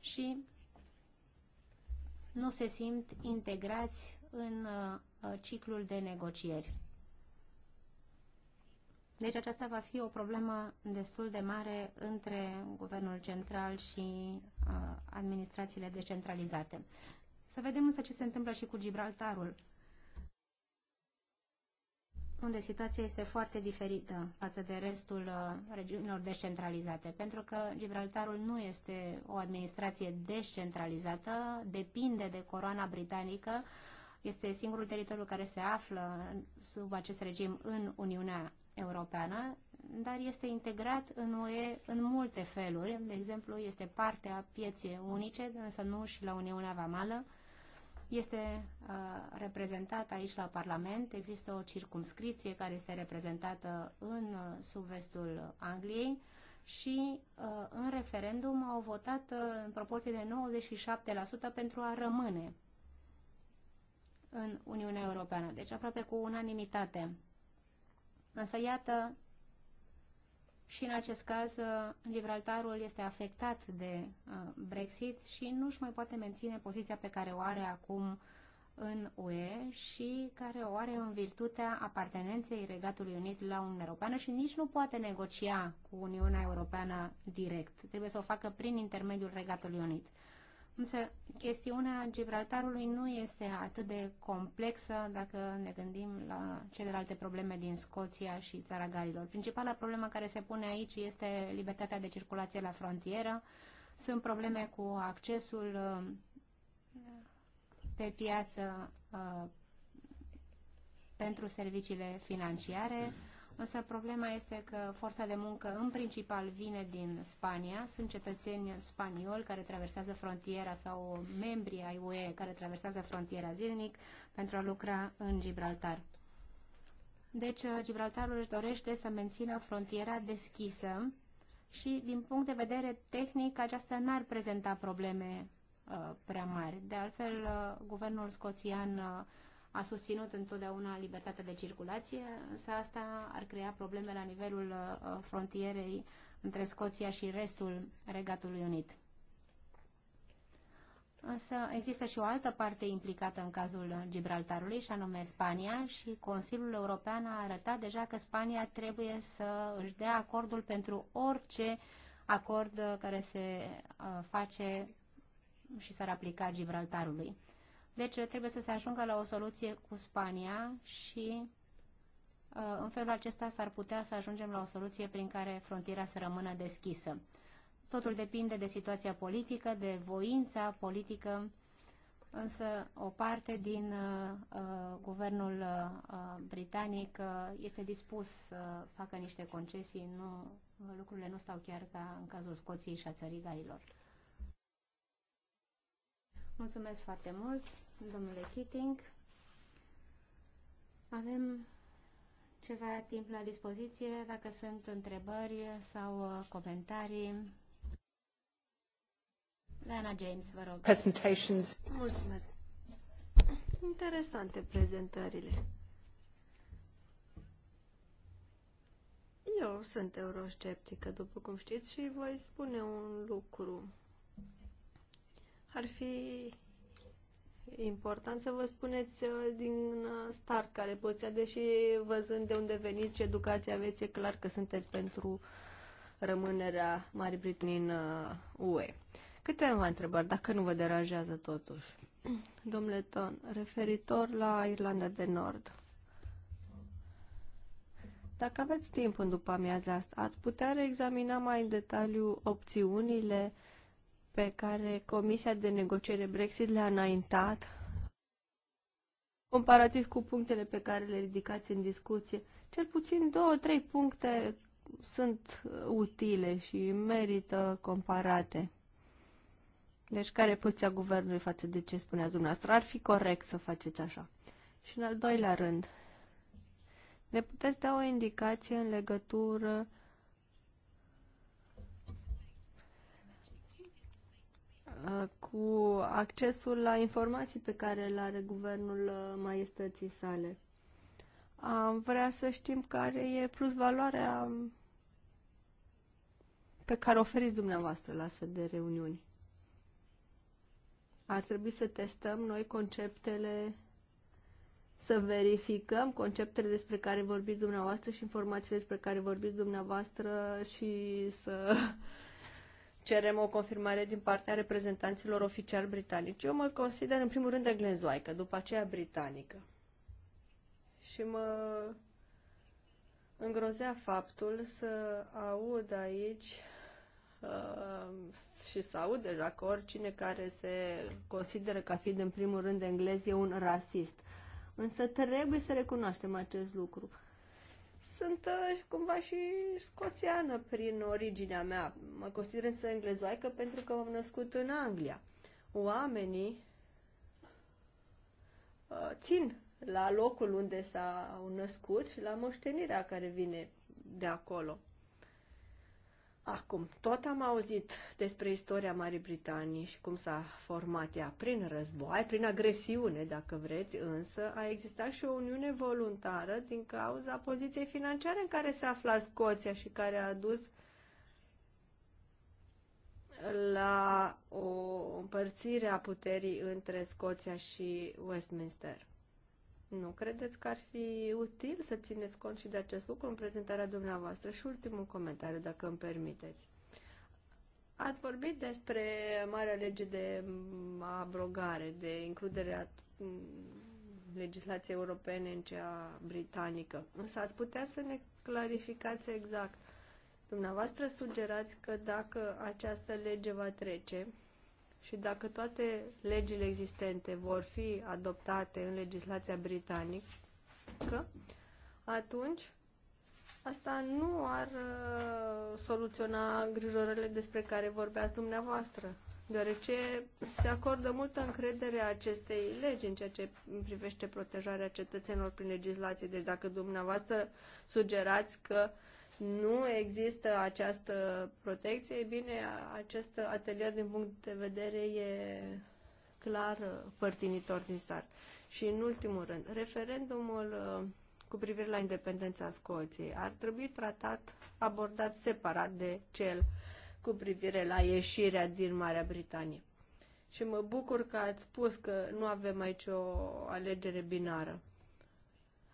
și nu se simt integrați în uh, ciclul de negocieri. Deci aceasta va fi o problemă destul de mare între guvernul central și uh, administrațiile decentralizate. Să vedem însă ce se întâmplă și cu Gibraltarul unde situația este foarte diferită față de restul uh, regiunilor descentralizate, pentru că Gibraltarul nu este o administrație descentralizată, depinde de coroana britanică, este singurul teritoriu care se află sub acest regim în Uniunea Europeană, dar este integrat în UE în multe feluri. De exemplu, este parte a pieței unice, însă nu și la Uniunea Vamală, este uh, reprezentat aici la Parlament. Există o circumscripție care este reprezentată în uh, sud-vestul Angliei și uh, în referendum au votat uh, în proporție de 97% pentru a rămâne în Uniunea Europeană, deci aproape cu unanimitate. Însă, iată, și în acest caz uh, Gibraltarul este afectat de uh, Brexit și nu își mai poate menține poziția pe care o are acum în UE și care o are în virtutea apartenenței Regatului Unit la Uniunea Europeană și nici nu poate negocia cu Uniunea Europeană direct. Trebuie să o facă prin intermediul Regatului Unit. Însă chestiunea Gibraltarului nu este atât de complexă dacă ne gândim la celelalte probleme din Scoția și țara Galilor. Principala problemă care se pune aici este libertatea de circulație la frontieră. Sunt probleme cu accesul uh, pe piață uh, pentru serviciile financiare. Mm Însă problema este că forța de muncă în principal vine din Spania, sunt cetățeni spanioli care traversează frontiera sau membrii ai UE care traversează frontiera zilnic pentru a lucra în Gibraltar. Deci uh, Gibraltarul își dorește să mențină frontiera deschisă și din punct de vedere tehnic aceasta n-ar prezenta probleme uh, prea mari. De altfel, uh, guvernul scoțian uh, a susținut întotdeauna libertatea de circulație, însă asta ar crea probleme la nivelul uh, frontierei între Scoția și restul Regatului Unit. Însă există și o altă parte implicată în cazul Gibraltarului, și anume Spania, și Consiliul European a arătat deja că Spania trebuie să își dea acordul pentru orice acord care se uh, face și s-ar aplica Gibraltarului. Deci trebuie să se ajungă la o soluție cu Spania și uh, în felul acesta s-ar putea să ajungem la o soluție prin care frontiera să rămână deschisă. Totul depinde de situația politică, de voința politică, însă o parte din uh, uh guvernul uh, uh, britanic uh, este dispus să facă niște concesii, nu, lucrurile nu stau chiar ca în cazul Scoției și a țării Galilor. Mulțumesc foarte mult, domnule Keating. Avem ceva timp la dispoziție dacă sunt întrebări sau uh, comentarii. Diana James, vă rog. Presentations. Mulțumesc. Interesante prezentările. Eu sunt eurosceptică, după cum știți, și voi spune un lucru ar fi important să vă spuneți uh, din start care poziția, deși văzând de unde veniți, ce educație aveți, e clar că sunteți pentru rămânerea Marii Britanii în UE. Uh, Câteva întrebări, dacă nu vă deranjează totuși. Domnule Ton, referitor la Irlanda de Nord, dacă aveți timp în după amiaza asta, ați putea reexamina mai în detaliu opțiunile uh, pe care Comisia de Negociere Brexit le-a înaintat, comparativ cu punctele pe care le ridicați în discuție, cel puțin două, trei puncte sunt utile și merită comparate. Deci care e poziția guvernului față de ce spuneați dumneavoastră? Ar fi corect să faceți așa. Și în al doilea rând, ne puteți da o indicație în legătură cu accesul la informații pe care le are guvernul uh, maiestății sale. Am vrea să știm care e plus valoarea pe care o oferiți dumneavoastră la astfel de reuniuni. Ar trebui să testăm noi conceptele, să verificăm conceptele despre care vorbiți dumneavoastră și informațiile despre care vorbiți dumneavoastră și să cerem o confirmare din partea reprezentanților oficiali britanici. Eu mă consider în primul rând glenzoaică, după aceea britanică. Și mă îngrozea faptul să aud aici uh, și să aud deja că oricine care se consideră ca fiind în primul rând englez e un rasist. Însă trebuie să recunoaștem acest lucru. Uh, sunt uh, cumva și scoțiană prin originea mea. Mă consider însă englezoaică pentru că m-am născut în Anglia. Oamenii uh, țin la locul unde s-au născut și la moștenirea care vine de acolo. Acum, tot am auzit despre istoria Marii Britanii și cum s-a format ea prin război, prin agresiune, dacă vreți, însă a existat și o uniune voluntară din cauza poziției financiare în care se afla Scoția și care a dus la o împărțire a puterii între Scoția și Westminster. Nu credeți că ar fi util să țineți cont și de acest lucru în prezentarea dumneavoastră? Și ultimul comentariu, dacă îmi permiteți. Ați vorbit despre marea lege de abrogare, de includerea mm, legislației europene în cea britanică. Însă ați putea să ne clarificați exact. Dumneavoastră sugerați că dacă această lege va trece, și dacă toate legile existente vor fi adoptate în legislația britanică, atunci asta nu ar uh, soluționa îngrijorările despre care vorbeați dumneavoastră, deoarece se acordă multă încredere acestei legi în ceea ce privește protejarea cetățenilor prin legislație. Deci dacă dumneavoastră sugerați că uh, nu există această protecție, e bine, acest atelier din punct de vedere e clar uh, părtinitor din stat. Și în ultimul rând, referendumul uh, cu privire la independența Scoției ar trebui tratat, abordat separat de cel cu privire la ieșirea din Marea Britanie. Și mă bucur că ați spus că nu avem aici o alegere binară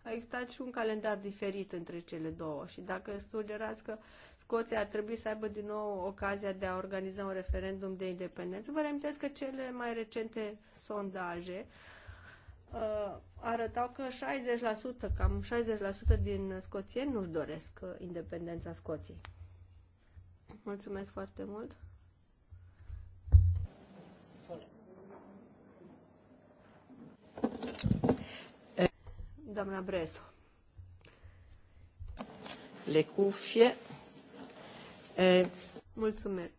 a existat și un calendar diferit între cele două și dacă sugerați că Scoția ar trebui să aibă din nou ocazia de a organiza un referendum de independență, vă reamintesc că cele mai recente sondaje uh, arătau că 60%, cam 60% din scoțieni nu-și doresc uh, independența Scoției. Mulțumesc foarte mult! Thank you doamna Bresu. Le cufie. E... Mulțumesc.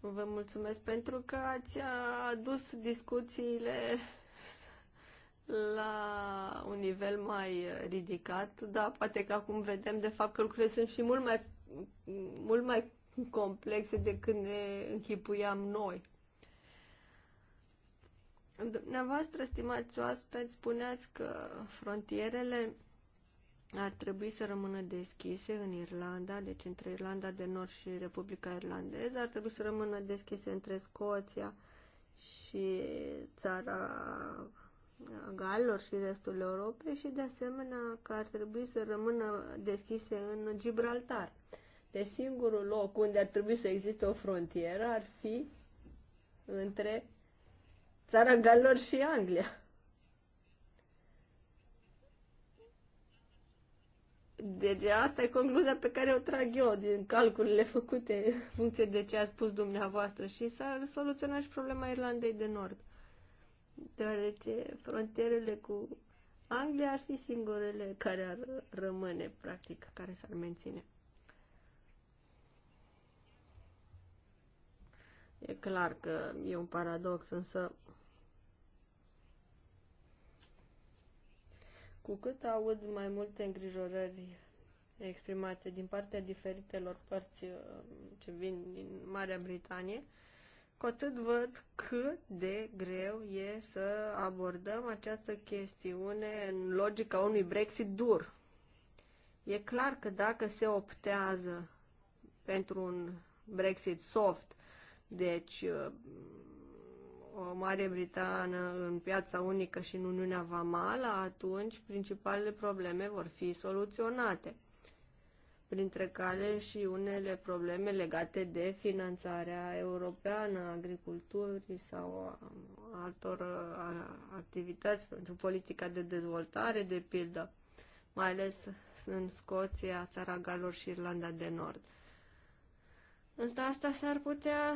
Vă mulțumesc pentru că ați adus discuțiile la un nivel mai ridicat, dar poate că acum vedem de fapt că lucrurile sunt și mult mai, mult mai complexe decât ne închipuiam noi. Dumneavoastră, stimați oaspeți, spuneați că frontierele ar trebui să rămână deschise în Irlanda, deci între Irlanda de Nord și Republica Irlandeză, ar trebui să rămână deschise între Scoția și țara Galilor și restul Europei și de asemenea că ar trebui să rămână deschise în Gibraltar. Deci singurul loc unde ar trebui să existe o frontieră ar fi între țara Galor și Anglia. Deci asta e concluzia pe care o trag eu din calculele făcute în funcție de ce a spus dumneavoastră și s-a soluționat și problema Irlandei de Nord. Deoarece frontierele cu Anglia ar fi singurele care ar rămâne, practic, care s-ar menține. E clar că e un paradox, însă Cu cât aud mai multe îngrijorări exprimate din partea diferitelor părți uh, ce vin din Marea Britanie, cu atât văd cât de greu e să abordăm această chestiune în logica unui Brexit dur. E clar că dacă se optează pentru un Brexit soft, deci uh, o Mare Britană în piața unică și în Uniunea Vamală, atunci principalele probleme vor fi soluționate, printre care și unele probleme legate de finanțarea europeană, agriculturii sau altor activități pentru politica de dezvoltare, de pildă, mai ales în Scoția, Țara Galor și Irlanda de Nord. Însă asta s-ar putea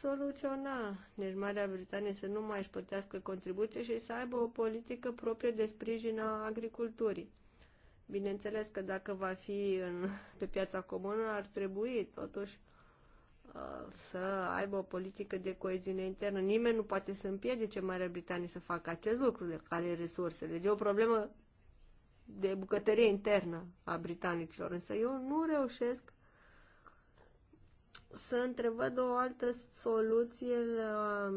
soluționa. Deci Marea Britanie să nu mai își plătească contribuții și să aibă o politică proprie de sprijin a agriculturii. Bineînțeles că dacă va fi în, pe piața comună, ar trebui totuși uh, să aibă o politică de coeziune internă. Nimeni nu poate să împiedice Marea Britanie să facă acest lucru de care e resursele. Deci e o problemă de bucătărie internă a britanicilor. Însă eu nu reușesc să întrevăd o altă soluție la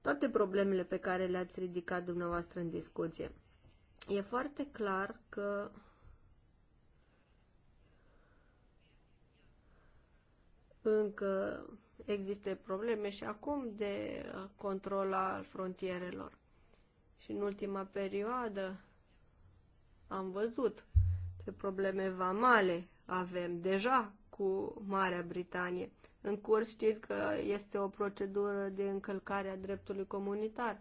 toate problemele pe care le-ați ridicat dumneavoastră în discuție. E foarte clar că încă există probleme și acum de control al frontierelor. Și în ultima perioadă am văzut ce probleme vamale avem deja cu Marea Britanie. În curs știți că este o procedură de încălcare a dreptului comunitar.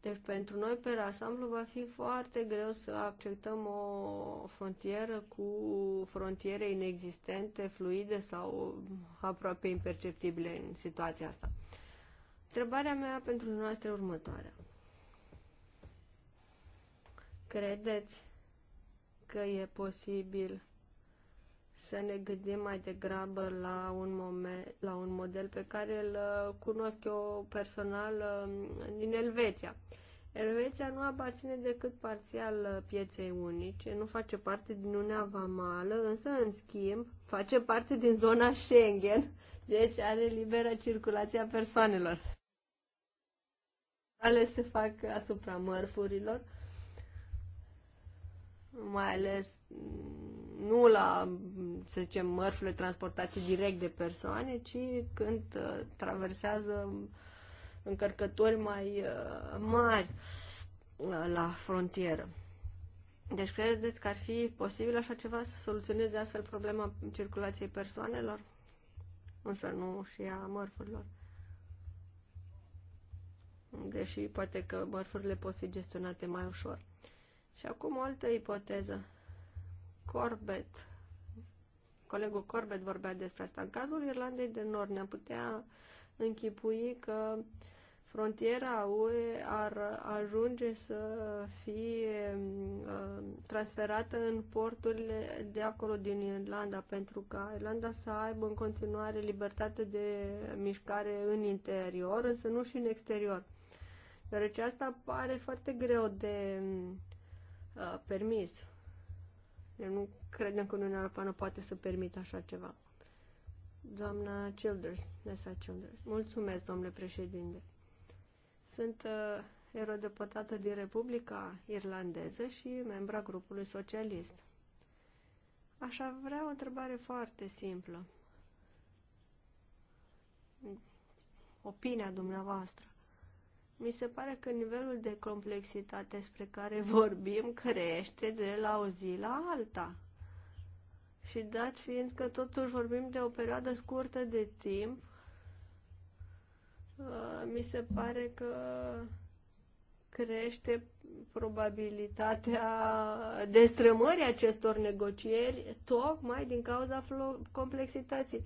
Deci pentru noi, pe rasamblu, va fi foarte greu să acceptăm o frontieră cu frontiere inexistente, fluide sau aproape imperceptibile în situația asta. Întrebarea mea pentru noastră următoarea. Credeți că e posibil să ne gândim mai degrabă la un, moment, la un model pe care îl uh, cunosc eu personal um, din Elveția. Elveția nu aparține decât parțial uh, pieței unice, nu face parte din Uniunea Vamală, însă, în schimb, face parte din zona Schengen, deci are liberă circulația persoanelor. Ale se fac asupra mărfurilor, mai ales mm, nu la, să zicem, mărfurile transportate direct de persoane, ci când uh, traversează încărcători mai uh, mari uh, la frontieră. Deci credeți că ar fi posibil așa ceva să soluționeze astfel problema circulației persoanelor? Însă nu și a mărfurilor. Deși poate că mărfurile pot fi gestionate mai ușor. Și acum o altă ipoteză. Corbett, colegul Corbett vorbea despre asta. În cazul Irlandei de Nord ne-am putea închipui că frontiera UE ar ajunge să fie uh, transferată în porturile de acolo din Irlanda, pentru ca Irlanda să aibă în continuare libertate de mișcare în interior, însă nu și în exterior. Deoarece asta pare foarte greu de uh, permis. Eu nu credem că Uniunea Europeană poate să permită așa ceva. Doamna Childers, Nessa Childers. Mulțumesc, domnule președinte. Sunt uh, eurodeputată din Republica Irlandeză și membra grupului socialist. Aș vrea o întrebare foarte simplă. Opinia dumneavoastră mi se pare că nivelul de complexitate despre care vorbim crește de la o zi la alta. Și dat fiind că totuși vorbim de o perioadă scurtă de timp, uh, mi se pare că crește probabilitatea destrămării acestor negocieri tocmai din cauza complexității.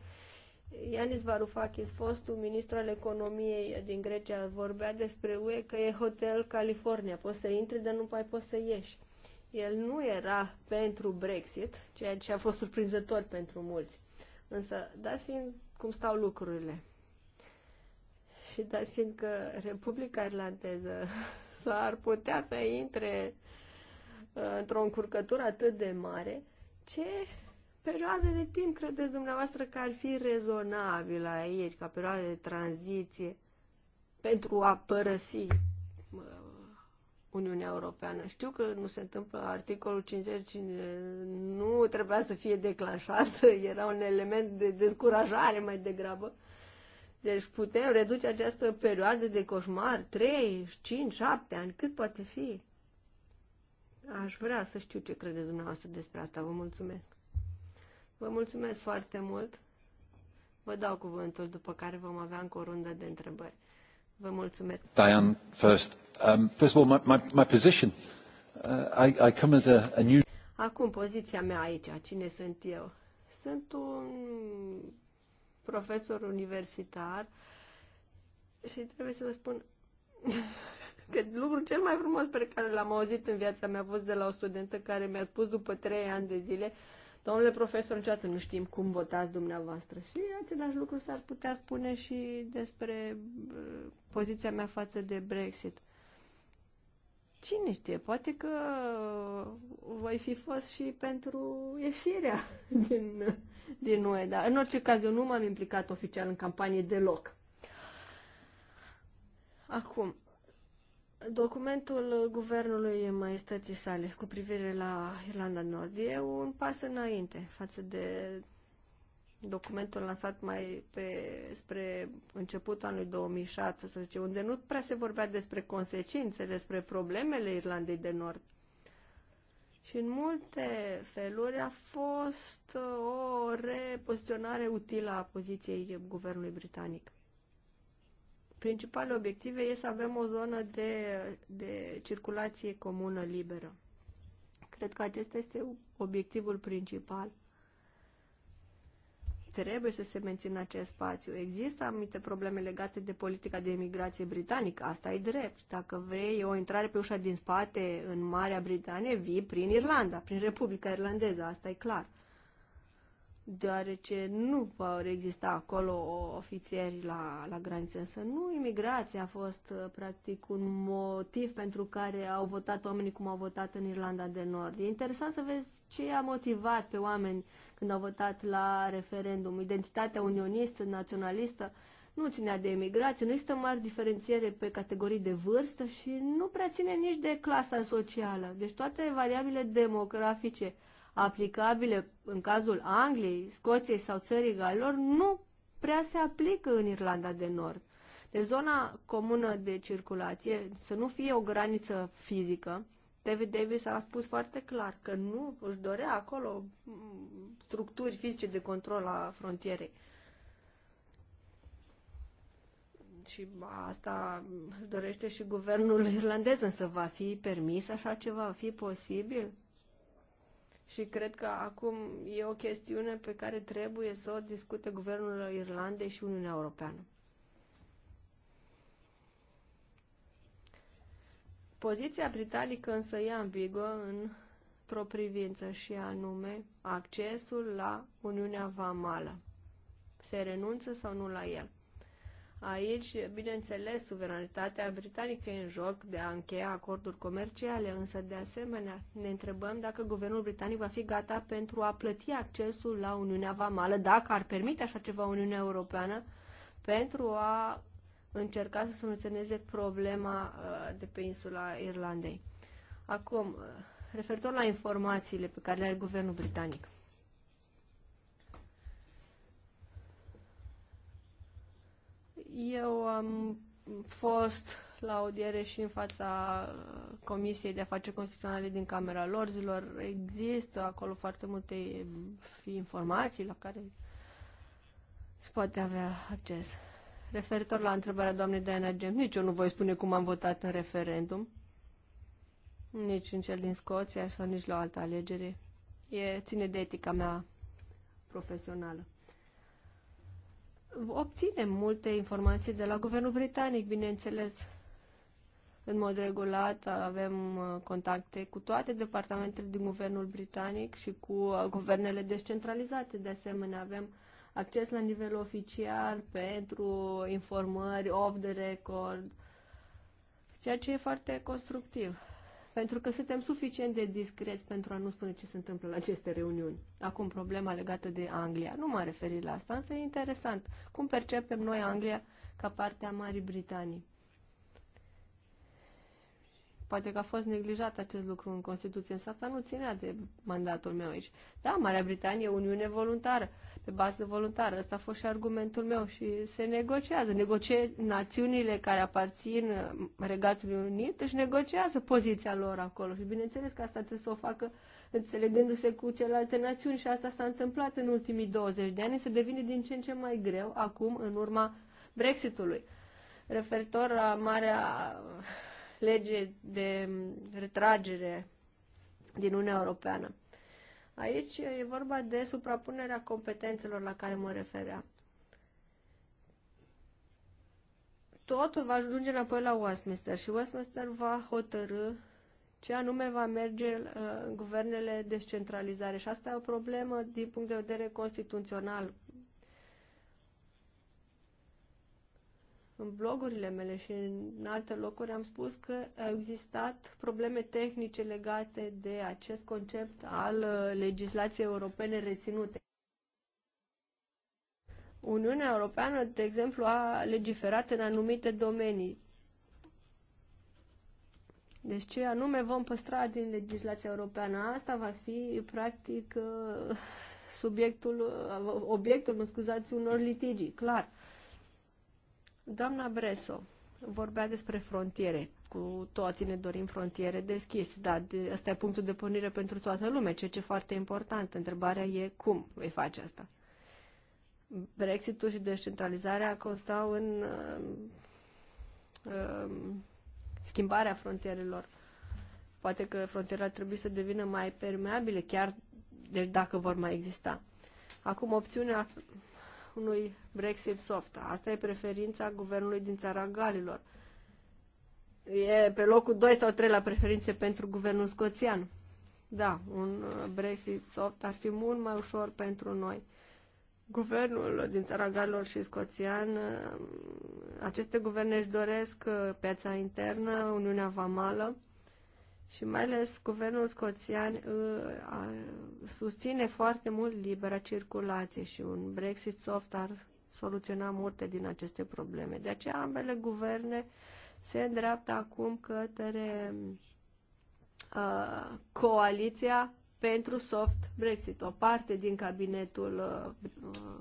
Ianis Varoufakis, fostul ministru al economiei din Grecia, vorbea despre UE că e Hotel California, poți să intri, dar nu mai poți să ieși. El nu era pentru Brexit, ceea ce a fost surprinzător pentru mulți. Însă, dați fiind cum stau lucrurile și dați fiind că Republica Irlandeză s-ar putea să intre uh, într-o încurcătură atât de mare, ce perioadă de timp credeți dumneavoastră că ar fi rezonabil aici, ca perioadă de tranziție, pentru a părăsi Uniunea Europeană. Știu că nu se întâmplă articolul 50, nu trebuia să fie declanșat, era un element de descurajare mai degrabă. Deci putem reduce această perioadă de coșmar 3, 5, 7 ani, cât poate fi. Aș vrea să știu ce credeți dumneavoastră despre asta. Vă mulțumesc. Vă mulțumesc foarte mult. Vă dau cuvântul, după care vom avea încă o rundă de întrebări. Vă mulțumesc. Diane, first. Um, first of all, my, my, my position. Uh, I, I come as a, a new... Acum, poziția mea aici, cine sunt eu? Sunt un profesor universitar și trebuie să vă spun că lucrul cel mai frumos pe care l-am auzit în viața mea a fost de la o studentă care mi-a spus după trei ani de zile Domnule profesor, niciodată nu știm cum votați dumneavoastră. Și același lucru s-ar putea spune și despre uh, poziția mea față de Brexit. Cine știe, poate că uh, voi fi fost și pentru ieșirea din, din UE, dar în orice caz eu nu m-am implicat oficial în campanie deloc. Acum, Documentul guvernului maestății sale cu privire la Irlanda Nord e un pas înainte față de documentul lansat mai pe, spre începutul anului 2017, unde nu prea se vorbea despre consecințe, despre problemele Irlandei de Nord. Și în multe feluri a fost uh, o repoziționare utilă a poziției guvernului britanic principale obiective este să avem o zonă de, de circulație comună liberă. Cred că acesta este obiectivul principal. Trebuie să se mențină acest spațiu. Există anumite probleme legate de politica de imigrație britanică. Asta e drept. Dacă vrei o intrare pe ușa din spate în Marea Britanie, vii prin Irlanda, prin Republica Irlandeză. Asta e clar deoarece nu vor exista acolo ofițeri la, la graniță. Însă nu imigrația a fost uh, practic un motiv pentru care au votat oamenii cum au votat în Irlanda de Nord. E interesant să vezi ce a motivat pe oameni când au votat la referendum. Identitatea unionistă, naționalistă, nu ținea de emigrație, nu există mari diferențiere pe categorii de vârstă și nu prea ține nici de clasa socială. Deci toate variabile demografice aplicabile în cazul Angliei, Scoției sau țării Galilor nu prea se aplică în Irlanda de Nord. Deci zona comună de circulație să nu fie o graniță fizică. David Davis a spus foarte clar că nu își dorea acolo structuri fizice de control a frontierei. Și asta își dorește și guvernul irlandez, însă va fi permis așa ceva, va fi posibil? Și cred că acum e o chestiune pe care trebuie să o discute Guvernul Irlandei și Uniunea Europeană. Poziția britanică însă e ambigă într-o privință și anume accesul la Uniunea Vamală. Se renunță sau nu la el? Aici, bineînțeles, suveranitatea britanică e în joc de a încheia acorduri comerciale, însă, de asemenea, ne întrebăm dacă guvernul britanic va fi gata pentru a plăti accesul la Uniunea Vamală, dacă ar permite așa ceva Uniunea Europeană, pentru a încerca să soluționeze problema uh, de pe insula Irlandei. Acum, uh, referitor la informațiile pe care le are guvernul britanic. Eu am fost la audiere și în fața uh, Comisiei de Afaceri Constituționale din Camera Lorzilor. Există acolo foarte multe informații la care se poate avea acces. Referitor la întrebarea doamnei Diana Gem, nici eu nu voi spune cum am votat în referendum, nici în cel din Scoția sau nici la o altă alegere. E, ține de etica mea profesională obținem multe informații de la guvernul britanic, bineînțeles. În mod regulat avem uh, contacte cu toate departamentele din guvernul britanic și cu uh, guvernele descentralizate. De asemenea, avem acces la nivel oficial pentru informări off the record, ceea ce e foarte constructiv pentru că suntem suficient de discreți pentru a nu spune ce se întâmplă la aceste reuniuni. Acum, problema legată de Anglia. Nu m a referit la asta, însă e interesant. Cum percepem noi Anglia ca parte a Marii Britanii? Poate că a fost neglijat acest lucru în Constituție, însă asta nu ținea de mandatul meu aici. Da, Marea Britanie Uniune voluntară, pe bază voluntară. Ăsta a fost și argumentul meu și se negociază. Negocie națiunile care aparțin Regatului Unit își negociază poziția lor acolo și bineînțeles că asta trebuie să o facă înțelegându-se cu celelalte națiuni și asta s-a întâmplat în ultimii 20 de ani, se devine din ce în ce mai greu acum în urma Brexitului. Referitor la Marea lege de retragere din Uniunea Europeană. Aici e vorba de suprapunerea competențelor la care mă refeream. Totul va ajunge înapoi la Westminster și Westminster va hotărâ ce anume va merge în uh, guvernele descentralizare. Și asta e o problemă din punct de vedere constituțional în blogurile mele și în alte locuri am spus că au existat probleme tehnice legate de acest concept al uh, legislației europene reținute. Uniunea Europeană, de exemplu, a legiferat în anumite domenii. Deci ce anume vom păstra din legislația europeană? Asta va fi, practic, uh, subiectul, uh, obiectul, mă scuzați, unor litigi, clar. Doamna Breso vorbea despre frontiere. Cu toții ne dorim frontiere deschise, dar de, ăsta e punctul de pornire pentru toată lumea, ceea ce e foarte important. Întrebarea e cum vei face asta. Brexitul și descentralizarea constau în uh, uh, schimbarea frontierelor. Poate că frontierele ar trebui să devină mai permeabile, chiar deci dacă vor mai exista. Acum opțiunea unui Brexit soft. Asta e preferința guvernului din țara Galilor. E pe locul 2 sau 3 la preferințe pentru guvernul scoțian. Da, un uh, Brexit soft ar fi mult mai ușor pentru noi. Guvernul din țara Galilor și Scoțian, uh, aceste guverne își doresc uh, piața internă, Uniunea Vamală, și mai ales guvernul scoțian uh, susține foarte mult libera circulație și un Brexit soft ar soluționa multe din aceste probleme. De aceea ambele guverne se îndreaptă acum către uh, coaliția pentru soft Brexit. O parte din cabinetul uh,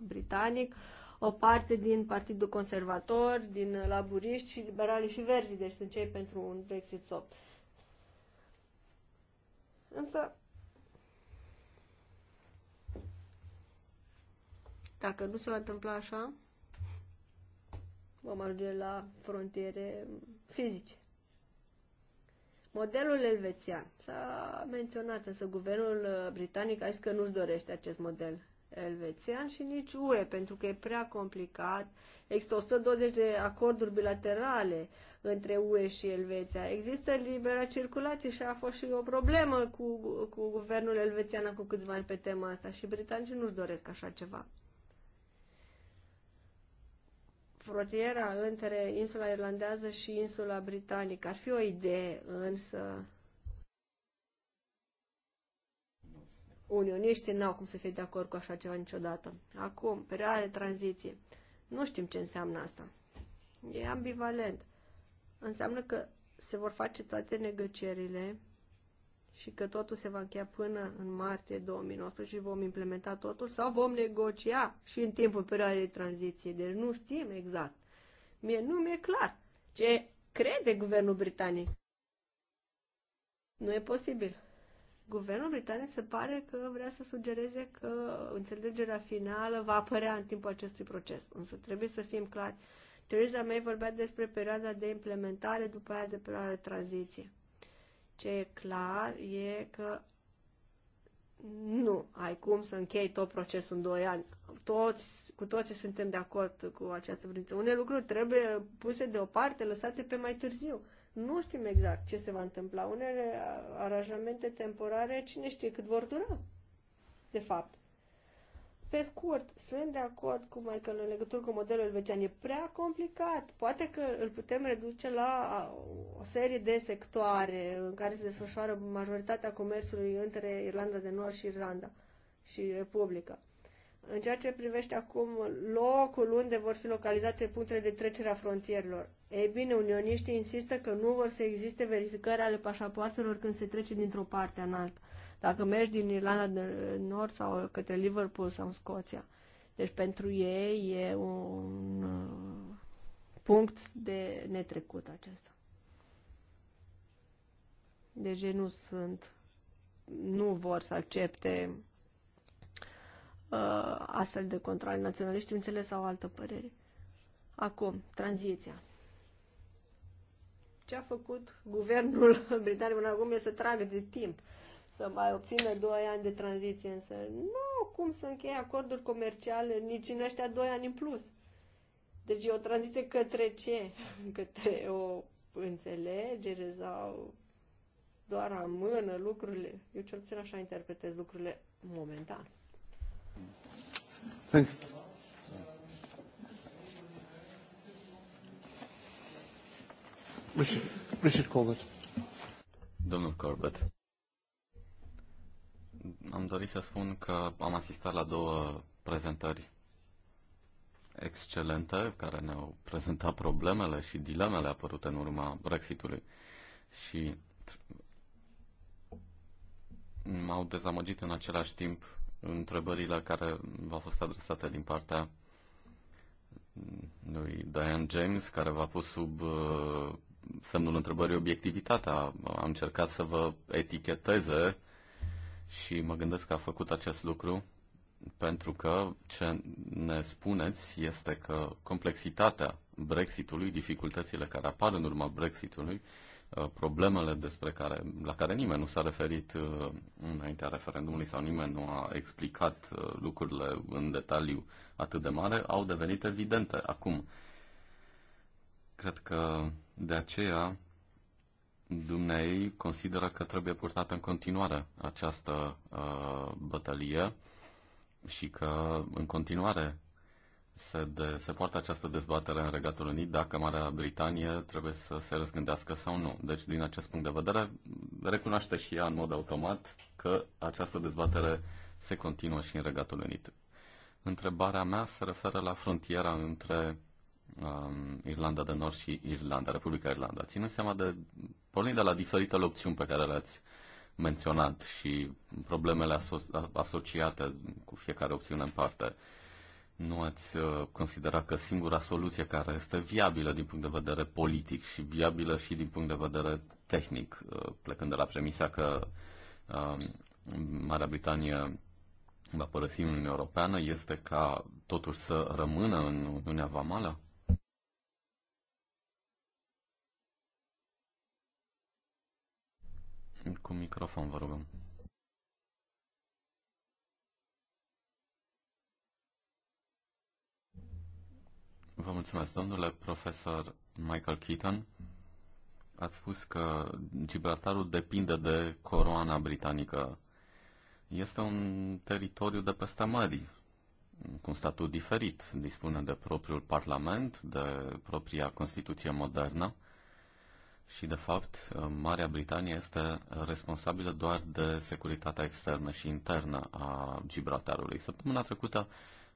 britanic, o parte din Partidul Conservator, din laburiști și liberali și verzi, deci sunt cei pentru un Brexit soft. Uh, Însă, dacă nu se va întâmpla așa, vom ajunge la frontiere fizice. Modelul elvețian. S-a menționat, însă guvernul uh, britanic a zis că nu-și dorește acest model elvețian și nici UE, pentru că e prea complicat. Există 120 de acorduri bilaterale între UE și Elveția. Există libera circulație și a fost și o problemă cu, cu guvernul elvețian cu câțiva ani pe tema asta și britanicii nu-și doresc așa ceva. Frontiera între insula irlandează și insula britanică ar fi o idee, însă unioniștii n-au cum să fie de acord cu așa ceva niciodată. Acum, perioada de tranziție. Nu știm ce înseamnă asta. E ambivalent. Înseamnă că se vor face toate negocierile și că totul se va încheia până în martie 2019 și vom implementa totul sau vom negocia și în timpul perioadei de tranziție. Deci nu știm exact. Mie nu mi-e clar ce crede guvernul britanic. Nu e posibil. Guvernul britanic se pare că vrea să sugereze că înțelegerea finală va apărea în timpul acestui proces. Însă trebuie să fim clari. Theresa May vorbea despre perioada de implementare, după aia de perioada de tranziție. Ce e clar e că nu ai cum să închei tot procesul în 2 ani. Toți, cu toții suntem de acord cu această privință. Unele lucruri trebuie puse deoparte, lăsate pe mai târziu. Nu știm exact ce se va întâmpla. Unele aranjamente temporare, cine știe cât vor dura, de fapt. Pe scurt, sunt de acord cu Michael în legătură cu modelul elvețian. E prea complicat. Poate că îl putem reduce la o serie de sectoare în care se desfășoară majoritatea comerțului între Irlanda de Nord și Irlanda și Republica. În ceea ce privește acum locul unde vor fi localizate punctele de trecere a frontierelor, ei bine, unioniștii insistă că nu vor să existe verificări ale pașapoartelor când se trece dintr-o parte în alta, dacă mergi din Irlanda de Nord sau către Liverpool sau în Scoția. Deci pentru ei e un uh, punct de netrecut acesta. Deci nu sunt, nu vor să accepte uh, astfel de controle naționaliști, înțeles sau altă părere. Acum, tranziția. Ce a făcut guvernul britanic până acum e să tragă de timp să mai obțină 2 ani de tranziție, însă nu cum să încheie acorduri comerciale nici în ăștia 2 ani în plus. Deci e o tranziție către ce? Către o înțelegere sau doar amână lucrurile? Eu cel puțin așa interpretez lucrurile momentan. Thank you. Richard, Richard Corbett. Domnul Corbett. Am dorit să spun că am asistat la două prezentări excelente care ne-au prezentat problemele și dilemele apărute în urma Brexitului și m-au dezamăgit în același timp întrebările care v-au fost adresate din partea lui Diane James, care v-a pus sub uh, semnul întrebării obiectivitatea. Am încercat să vă eticheteze și mă gândesc că a făcut acest lucru pentru că ce ne spuneți este că complexitatea Brexitului, dificultățile care apar în urma Brexitului, uh, Uh, problemele despre care, la care nimeni nu s-a referit uh, înaintea referendumului sau nimeni nu a explicat uh, lucrurile în detaliu atât de mare, au devenit evidente acum. Cred că de aceea Dumnezeu consideră că trebuie purtată în continuare această uh, bătălie și că în continuare se, de, se poartă această dezbatere în Regatul Unit dacă Marea Britanie trebuie să se răzgândească sau nu. Deci, din acest punct de vedere, recunoaște și ea în mod automat că această dezbatere se continuă și în Regatul Unit. Întrebarea mea se referă la frontiera între um, Irlanda de Nord și Irlanda, Republica Irlanda. Ținând seama de, pornind de la diferitele opțiuni pe care le-ați menționat și problemele aso- asociate cu fiecare opțiune în parte, uh, nu ați uh, considera că singura soluție care este viabilă din punct de vedere politic și viabilă și din punct de vedere tehnic, uh, plecând de la premisa că uh, Marea Britanie va părăsi Uniunea Europeană, este ca totul să rămână în Uniunea Vamală? Cu microfon, vă rugăm. Vă mulțumesc, domnule profesor Michael Keaton. Ați spus că Gibraltarul depinde de coroana britanică. Este un teritoriu de peste mări, cu un statut diferit. Dispune de propriul parlament, de propria Constituție modernă și, de fapt, Marea Britanie este responsabilă doar de securitatea externă și internă a Gibraltarului. Săptămâna trecută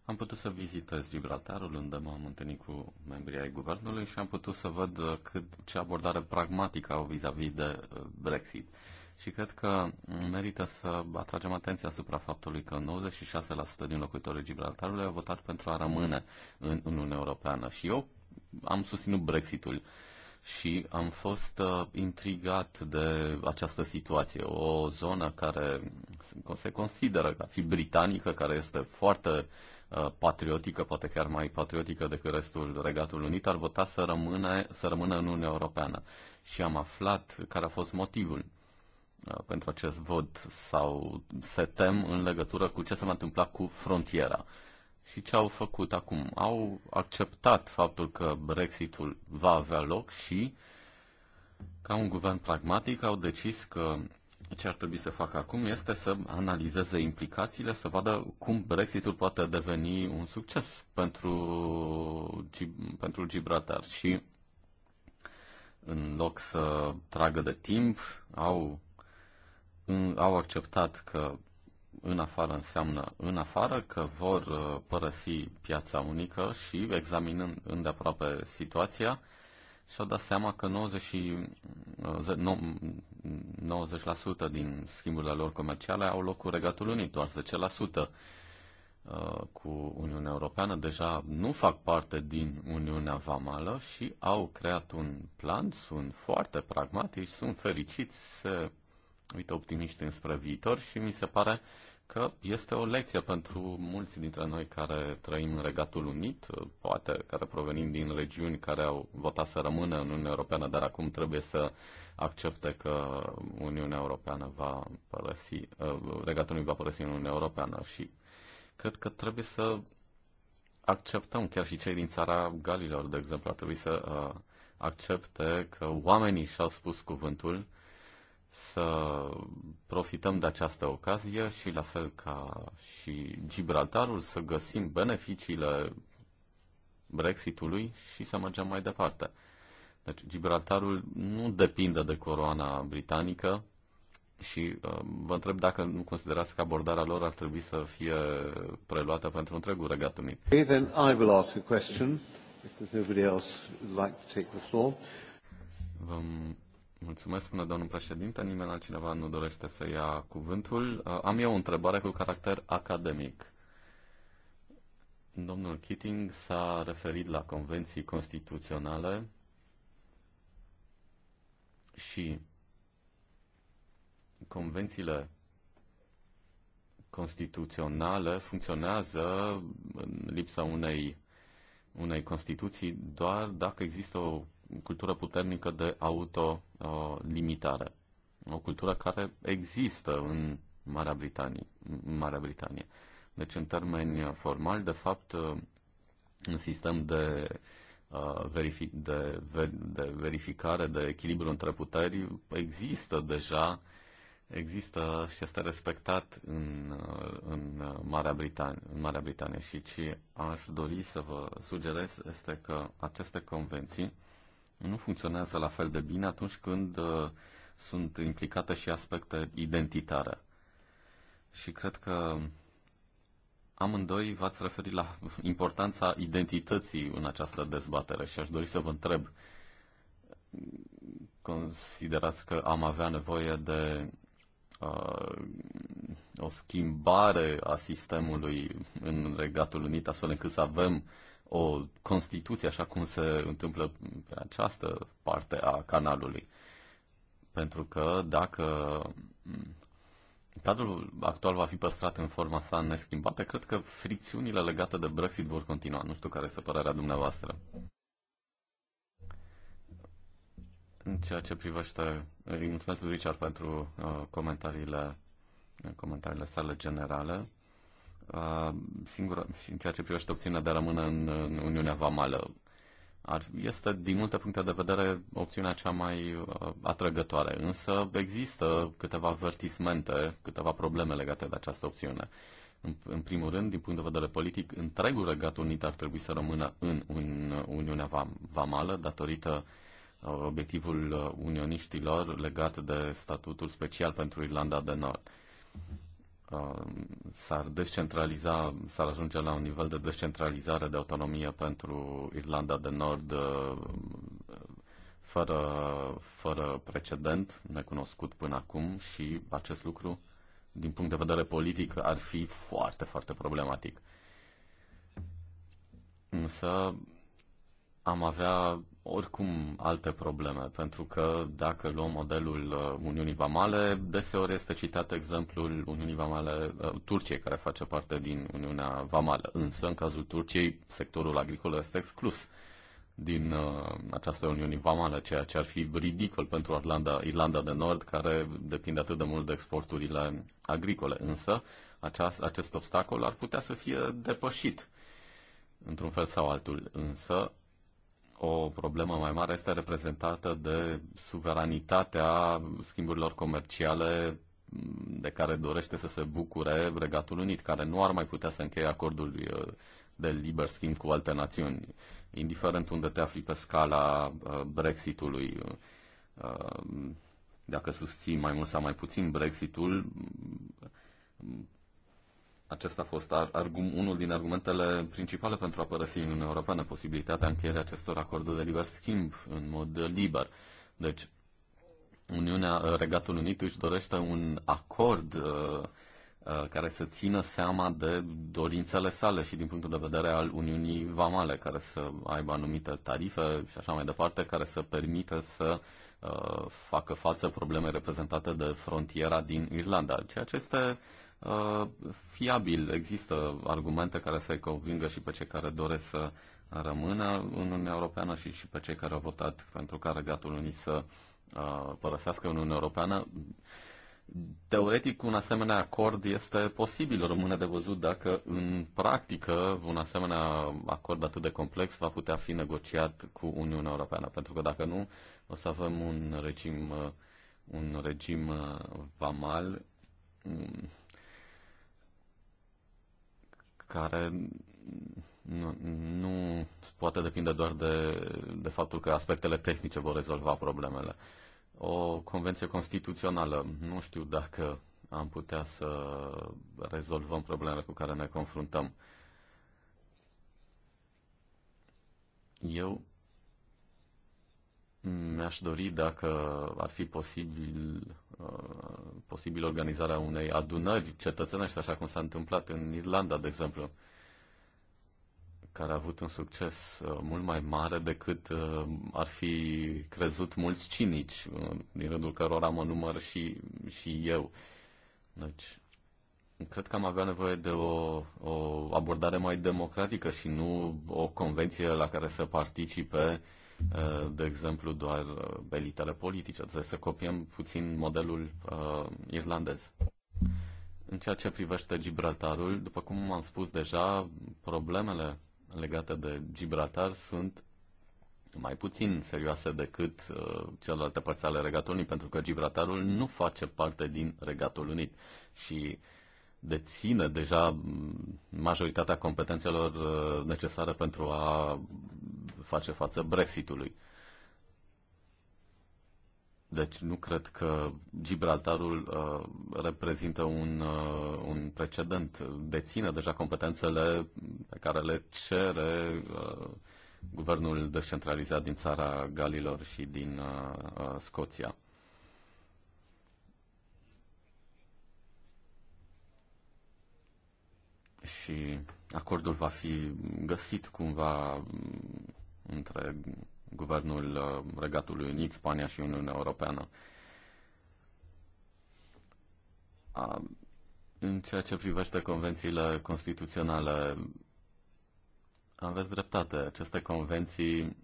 am putut să vizitez Gibraltarul, unde m-am întâlnit cu membrii ai guvernului și am putut să văd uh, cât, ce abordare pragmatică au vis-a-vis -vis de uh, Brexit. Și cred că merită să atragem atenția asupra faptului că 96% din locuitorii Gibraltarului au votat pentru a rămâne în Uniunea Europeană. Și eu am susținut Brexitul și am fost uh, intrigat de această situație. O zonă care se consideră ca fi britanică, care este foarte Uh, patriotică, poate chiar mai patriotică decât restul Regatul Unit, ar vota să, rămâne, să rămână în Uniunea Europeană. Și am aflat care a fost motivul uh, pentru acest vot sau se tem în legătură cu ce se va întâmpla cu frontiera. Și ce au făcut acum? Au acceptat faptul că Brexitul va avea loc și, ca un guvern pragmatic, au decis că ce ar trebui să facă acum este să analizeze implicațiile, să vadă cum Brexitul poate deveni un succes pentru, pentru Gibraltar și în loc să tragă de timp, au, au acceptat că în afară înseamnă în afară, că vor uh, părăsi piața unică și examinând îndeaproape situația, și-au dat seama că 90 90% din schimburile lor comerciale au loc cu Regatul Unit, doar 10% uh, cu Uniunea Europeană deja nu fac parte din Uniunea Vamală și au creat un plan, sunt foarte pragmatici, sunt fericiți, se uită optimiști înspre viitor și mi se pare că este o lecție pentru mulți dintre noi care trăim în Regatul Unit, poate care provenim din regiuni care au votat să rămână în Uniunea Europeană, dar acum trebuie să accepte că Uniunea Europeană va părăsi, uh, Regatul Unit va părăsi Uniunea Europeană și cred că trebuie să acceptăm, chiar și cei din țara Galilor, de exemplu, ar trebui să uh, accepte că oamenii și-au spus cuvântul să profităm de această ocazie și, la fel ca și Gibraltarul, să găsim beneficiile Brexitului și să mergem mai departe. Deci Gibraltarul nu depinde de coroana britanică și uh, vă întreb dacă nu considerați că abordarea lor ar trebui să fie preluată pentru întregul Regat Unit. Vă then I will ask a question if there's nobody else like to take the floor. Mulțumesc, spune domnul președinte. Nimeni altcineva nu dorește să ia cuvântul. Am eu o întrebare cu caracter academic. Domnul Keating s-a referit la convenții constituționale și convențiile constituționale funcționează în lipsa unei, unei Constituții doar dacă există o cultură puternică de autolimitare. O cultură care există în Marea Britanie. În Marea Britanie. Deci, în termeni formali, de fapt, un sistem de, uh, verific- de, de verificare, de echilibru între puteri există deja există și este respectat în, uh, în, Marea, Britan- în Marea Britanie și ce aș dori să vă sugerez este că aceste convenții nu funcționează la fel de bine atunci când uh, sunt implicate și aspecte identitare. Și cred că amândoi v-ați referit la importanța identității în această dezbatere și aș dori să vă întreb, considerați că am avea nevoie de uh, o schimbare a sistemului în Regatul Unit, astfel încât să avem o constituție așa cum se întâmplă pe această parte a canalului. Pentru că dacă cadrul actual va fi păstrat în forma sa neschimbată, cred că fricțiunile legate de Brexit vor continua. Nu știu care este părerea dumneavoastră. În ceea ce privește, îi mulțumesc lui Richard pentru uh, comentariile, comentariile sale generale. Uh, singura, în ceea ce privește opțiunea de a rămâne în, în Uniunea Vamală, ar, este din multe puncte de vedere opțiunea cea mai uh, atrăgătoare, însă există câteva avertismente, câteva probleme legate de această opțiune. În, în primul rând, din punct de vedere politic, întregul Regat Unit ar trebui să rămână în, în Uniunea Vam, Vamală datorită uh, obiectivul uh, unioniștilor legat de statutul special pentru Irlanda de Nord s-ar descentraliza, s-ar ajunge la un nivel de descentralizare de autonomie pentru Irlanda de Nord uh, fără, fără precedent, necunoscut până acum și acest lucru, din punct de vedere politic, ar fi foarte, foarte problematic. Însă am avea oricum alte probleme, pentru că dacă luăm modelul uh, Uniunii Vamale, deseori este citat exemplul Uniunii Vamale uh, Turciei, care face parte din Uniunea Vamală. Însă, în cazul Turciei, sectorul agricol este exclus din uh, această Uniune Vamală, ceea ce ar fi ridicol pentru Irlanda, Irlanda de Nord, care depinde atât de mult de exporturile agricole. Însă, aceast, acest obstacol ar putea să fie depășit într-un fel sau altul. Însă, o problemă mai mare este reprezentată de suveranitatea schimburilor comerciale de care dorește să se bucure Regatul Unit, care nu ar mai putea să încheie acordul uh, de liber schimb cu alte națiuni, indiferent unde te afli pe scala uh, Brexitului. Uh, dacă susții mai mult sau mai puțin Brexitul, acesta a fost argum, unul din argumentele principale pentru a părăsi Uniunea Europeană, posibilitatea încheierii acestor acorduri de liber schimb în mod liber. Deci, Uniunea, Regatul Unit își dorește un acord uh, uh, care să țină seama de dorințele sale și din punctul de vedere al Uniunii Vamale, care să aibă anumite tarife și așa mai departe, care să permită să uh, facă față probleme reprezentate de frontiera din Irlanda, ceea ce este uh, Uh, fiabil. Există argumente care să-i convingă și pe cei care doresc să rămână în Uniunea Europeană și, și pe cei care au votat pentru ca Regatul unii să uh, părăsească Uniunea Europeană. Teoretic, un asemenea acord este posibil, rămâne de văzut dacă în practică un asemenea acord atât de complex va putea fi negociat cu Uniunea Europeană, pentru că dacă nu, o să avem un regim, uh, un regim uh, vamal um, care nu, nu poate depinde doar de, de faptul că aspectele tehnice vor rezolva problemele. O convenție constituțională, nu știu dacă am putea să rezolvăm problemele cu care ne confruntăm. Eu mi-aș dori, dacă ar fi posibil, Uh, posibil organizarea unei adunări cetățenești, așa cum s-a întâmplat în Irlanda, de exemplu, care a avut un succes uh, mult mai mare decât uh, ar fi crezut mulți cinici, din rândul cărora mă număr și, și eu. Deci, cred că am avea nevoie de o, o abordare mai democratică și nu o convenție la care să participe uh, Eh, de exemplu, doar eh, elitele politice, să, să copiem puțin modelul uh, irlandez. În ceea ce privește Gibraltarul, după cum am spus deja, problemele legate de Gibraltar sunt mai puțin serioase decât uh, celelalte părți ale Regatului Unit, pentru că Gibraltarul nu face parte din Regatul Unit și uh, deține deja majoritatea competențelor uh, necesare pentru a face față Brexitului. Deci nu cred că Gibraltarul uh, reprezintă un, uh, un precedent. Deține deja competențele pe care le cere uh, guvernul descentralizat din țara Galilor și din uh, uh Scoția. și acordul va fi găsit cumva între guvernul uh, Regatului Unit, Spania și Uniunea Europeană. A, în ceea ce privește convențiile constituționale, aveți dreptate. Aceste convenții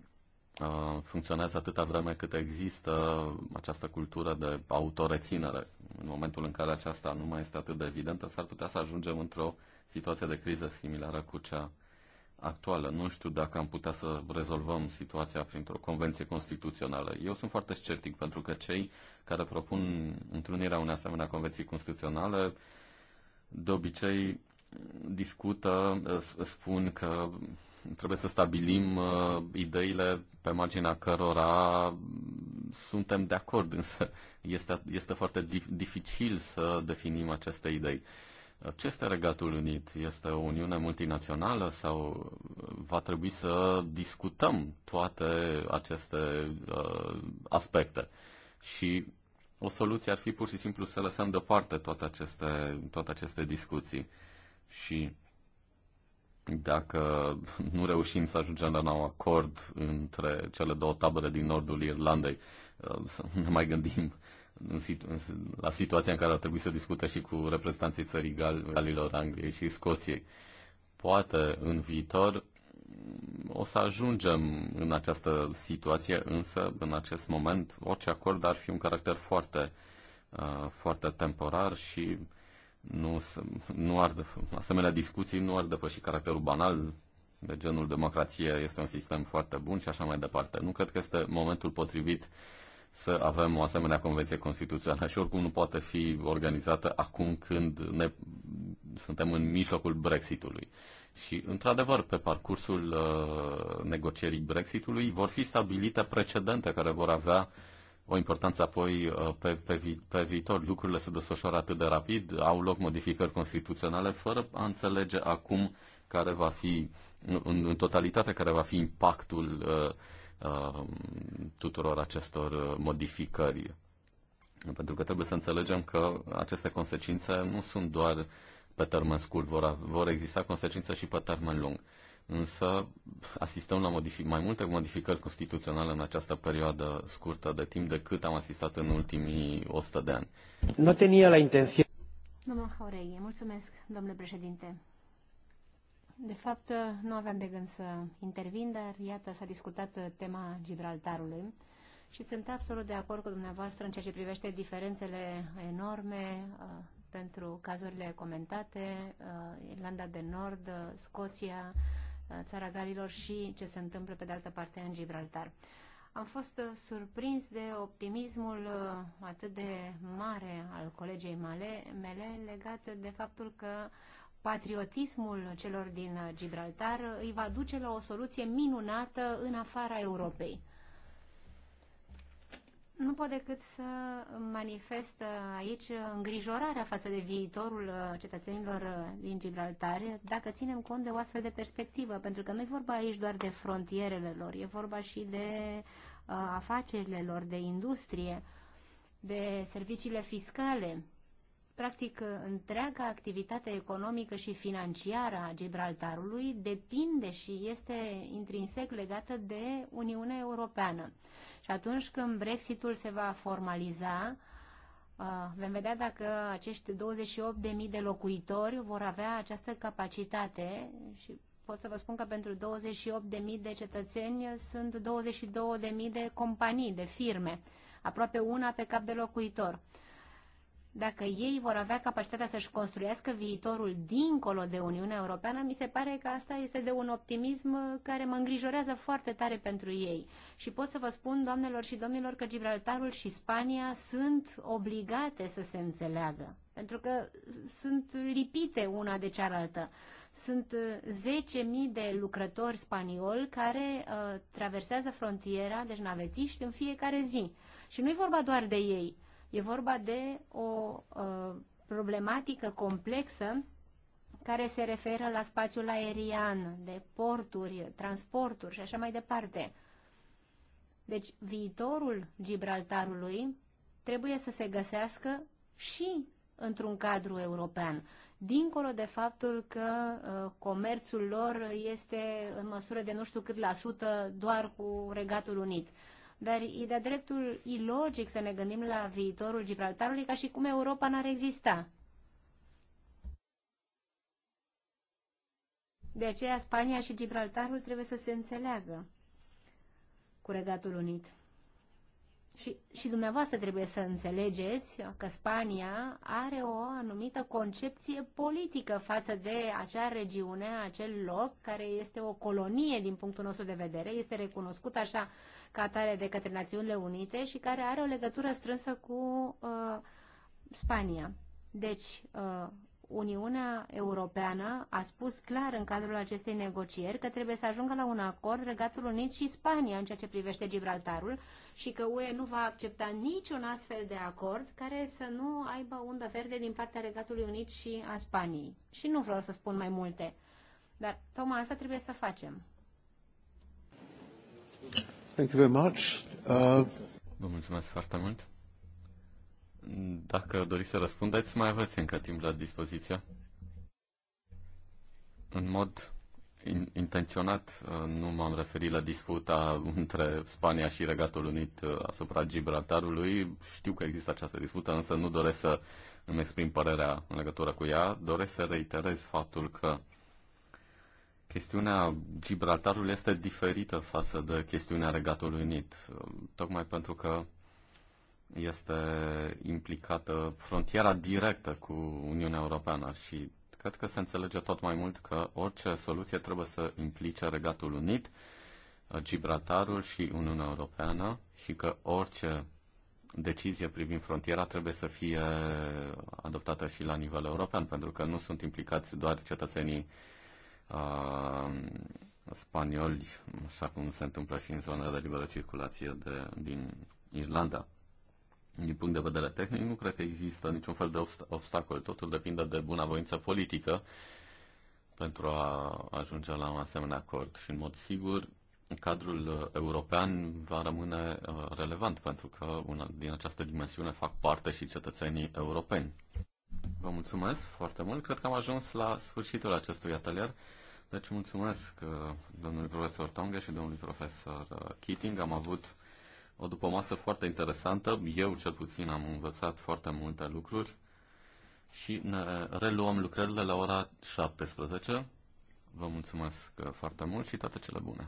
a, uh, funcționează atâta vreme cât există această cultură de autoreținere. În momentul în care aceasta nu mai este atât de evidentă, s-ar putea să ajungem într-o uh, situația de criză similară cu cea actuală. Nu știu dacă am putea să rezolvăm situația printr-o convenție constituțională. Eu sunt foarte sceptic pentru că cei care propun întrunirea unei asemenea convenții constituționale de obicei discută, spun că trebuie să stabilim uh, ideile pe marginea cărora suntem de acord, însă este, este foarte dificil să definim aceste idei. Ce este Regatul Unit? Este o uniune multinațională sau va trebui să discutăm toate aceste uh, aspecte? Și o soluție ar fi pur și simplu să lăsăm deoparte toate aceste, toate aceste discuții. Și dacă nu reușim să ajungem la un acord între cele două tabere din nordul Irlandei, uh, să ne mai gândim uh, în situ- la situația în care ar trebui să discute și cu reprezentanții țării Gal- Galilor, Angliei și Scoției. Poate în viitor o să ajungem în această situație, însă în acest moment orice acord ar fi un caracter foarte, uh, foarte temporar și nu, nu ar, asemenea discuții nu ar depăși caracterul banal de genul democrație este un sistem foarte bun și așa mai departe. Nu cred că este momentul potrivit uh, să avem o asemenea convenție constituțională și oricum nu poate fi organizată acum când ne, suntem în mijlocul Brexitului. Și, într-adevăr, pe parcursul uh, negocierii Brexitului vor fi stabilite precedente care vor avea o importanță apoi uh, pe, pe, vi- pe viitor. Lucrurile se desfășoară atât de rapid, au loc modificări constituționale fără a înțelege acum care va fi, în, în totalitate, care va fi impactul uh, Uh, tuturor acestor uh, modificări. Pentru că trebuie să înțelegem că aceste consecințe nu sunt doar pe termen scurt, vor, vor exista consecințe și pe termen lung. Însă asistăm la modific- mai multe modificări constituționale în această perioadă scurtă de timp decât am asistat în ultimii 100 de ani. Nu tenia la intenție. Domnul Haurei, mulțumesc, domnule președinte. De fapt, nu aveam de gând să intervin, dar iată, s-a discutat tema Gibraltarului și sunt absolut de acord cu dumneavoastră în ceea ce privește diferențele enorme uh, pentru cazurile comentate, uh, Irlanda de Nord, uh, Scoția, Țara Galilor și ce se întâmplă pe de altă parte în Gibraltar. Am fost surprins de optimismul atât de mare al colegei mele, mele legat de faptul că patriotismul celor din Gibraltar îi va duce la o soluție minunată în afara Europei. Nu pot decât să manifest aici îngrijorarea față de viitorul cetățenilor din Gibraltar, dacă ținem cont de o astfel de perspectivă, pentru că nu e vorba aici doar de frontierele lor, e vorba și de uh, afacerile lor, de industrie, de serviciile fiscale. Practic, întreaga activitate economică și financiară a Gibraltarului depinde și este intrinsec legată de Uniunea Europeană. Și atunci când Brexitul se va formaliza, uh, vom vedea dacă acești 28.000 de locuitori vor avea această capacitate și pot să vă spun că pentru 28.000 de cetățeni sunt 22.000 de companii, de firme, aproape una pe cap de locuitor dacă ei vor avea capacitatea să-și construiască viitorul dincolo de Uniunea Europeană, mi se pare că asta este de un optimism uh, care mă îngrijorează foarte tare pentru ei. Și pot să vă spun, doamnelor și domnilor, că Gibraltarul și Spania sunt obligate să se înțeleagă, pentru că sunt lipite una de cealaltă. Sunt 10.000 uh, de lucrători spanioli care uh, traversează frontiera, deci navetiști, în fiecare zi. Și nu e vorba doar de ei E vorba de o uh, problematică complexă care se referă la spațiul aerian, de porturi, transporturi și așa mai departe. Deci viitorul Gibraltarului trebuie să se găsească și într-un cadru european, dincolo de faptul că uh, comerțul lor este în măsură de nu știu cât la sută doar cu Regatul Unit. Uh, dar e de dreptul ilogic să ne gândim la viitorul Gibraltarului ca și cum Europa n-ar exista. De aceea Spania și Gibraltarul trebuie să se înțeleagă cu Regatul Unit. Și, și dumneavoastră trebuie să înțelegeți că Spania are o anumită concepție politică față de acea regiune, acel loc care este o colonie din punctul nostru de vedere, este recunoscut așa ca atare de către Națiunile Unite și care are o legătură strânsă cu uh, Spania. Deci, uh, Uniunea Europeană a spus clar în cadrul acestei negocieri că trebuie să ajungă la un acord Regatul Unit și Spania în ceea ce privește Gibraltarul și că UE nu va accepta niciun astfel de acord care să nu aibă undă verde din partea Regatului Unit și a Spaniei. Și nu vreau să spun mai multe, dar tocmai asta trebuie să facem. Thank you very much. Uh... Vă mulțumesc foarte mult. Dacă doriți să răspundeți, mai aveți încă timp la dispoziție. În mod in, intenționat, uh, nu m-am referit la disputa între Spania și Regatul Unit uh, asupra Gibraltarului. Știu că există această dispută, însă nu doresc să îmi exprim părerea în legătură cu ea. Doresc să reiterez faptul că Chestiunea Gibraltarului este diferită față de chestiunea Regatului Unit, um, tocmai pentru că este implicată frontiera directă cu Uniunea Europeană și cred că se înțelege tot mai mult că orice soluție trebuie să implice Regatul Unit, Gibraltarul și Uniunea Europeană și că orice decizie privind frontiera trebuie să fie adoptată și la nivel european, pentru că nu sunt implicați doar cetățenii Uh, spanioli, așa cum se întâmplă și în zona de liberă circulație de, din Irlanda. Din punct de vedere tehnic, nu cred că există niciun fel de obst- obstacol. Totul depinde de bunăvoință politică pentru a ajunge la un asemenea acord. Și, în mod sigur, cadrul european va rămâne uh, relevant, pentru că una din această dimensiune fac parte și cetățenii europeni. Vă mulțumesc foarte mult. Cred că am ajuns la sfârșitul acestui atelier. Deci mulțumesc uh, domnului profesor Tonga și domnului profesor uh, Keating. Am avut o dupămasă foarte interesantă. Eu cel puțin am învățat foarte multe lucruri și ne reluăm lucrările la ora 17. Vă mulțumesc uh, foarte mult și toate cele bune!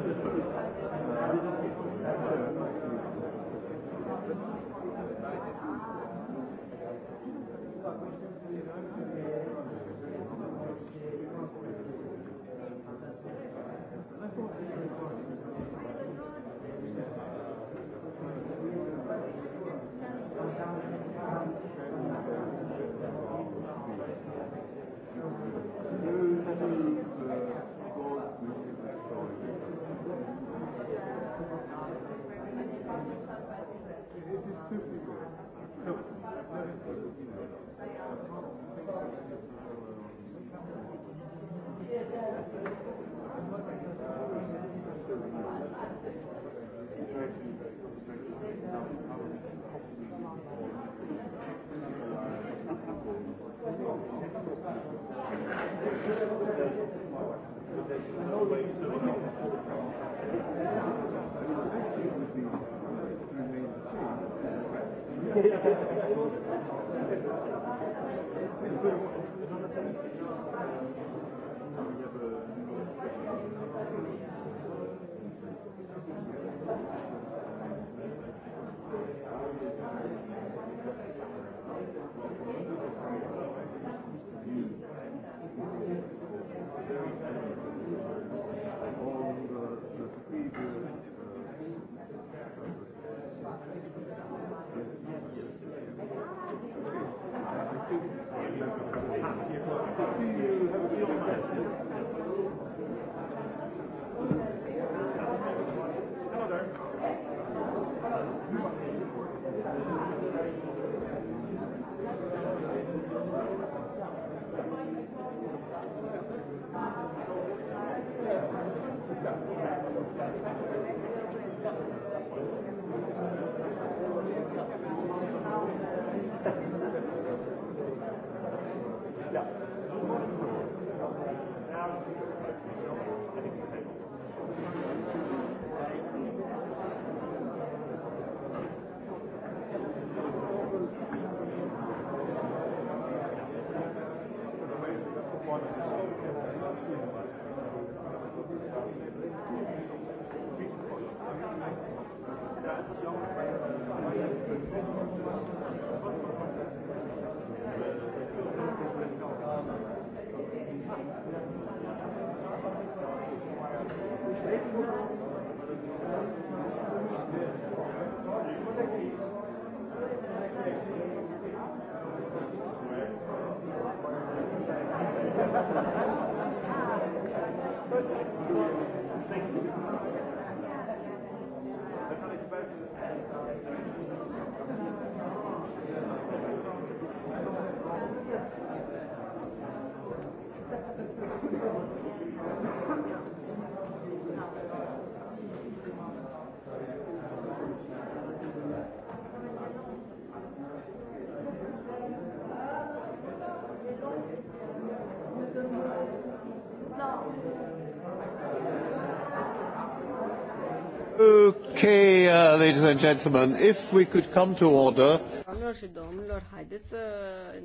Ladies and gentlemen, if we could come to order. Doamnelor și domnilor, haideți să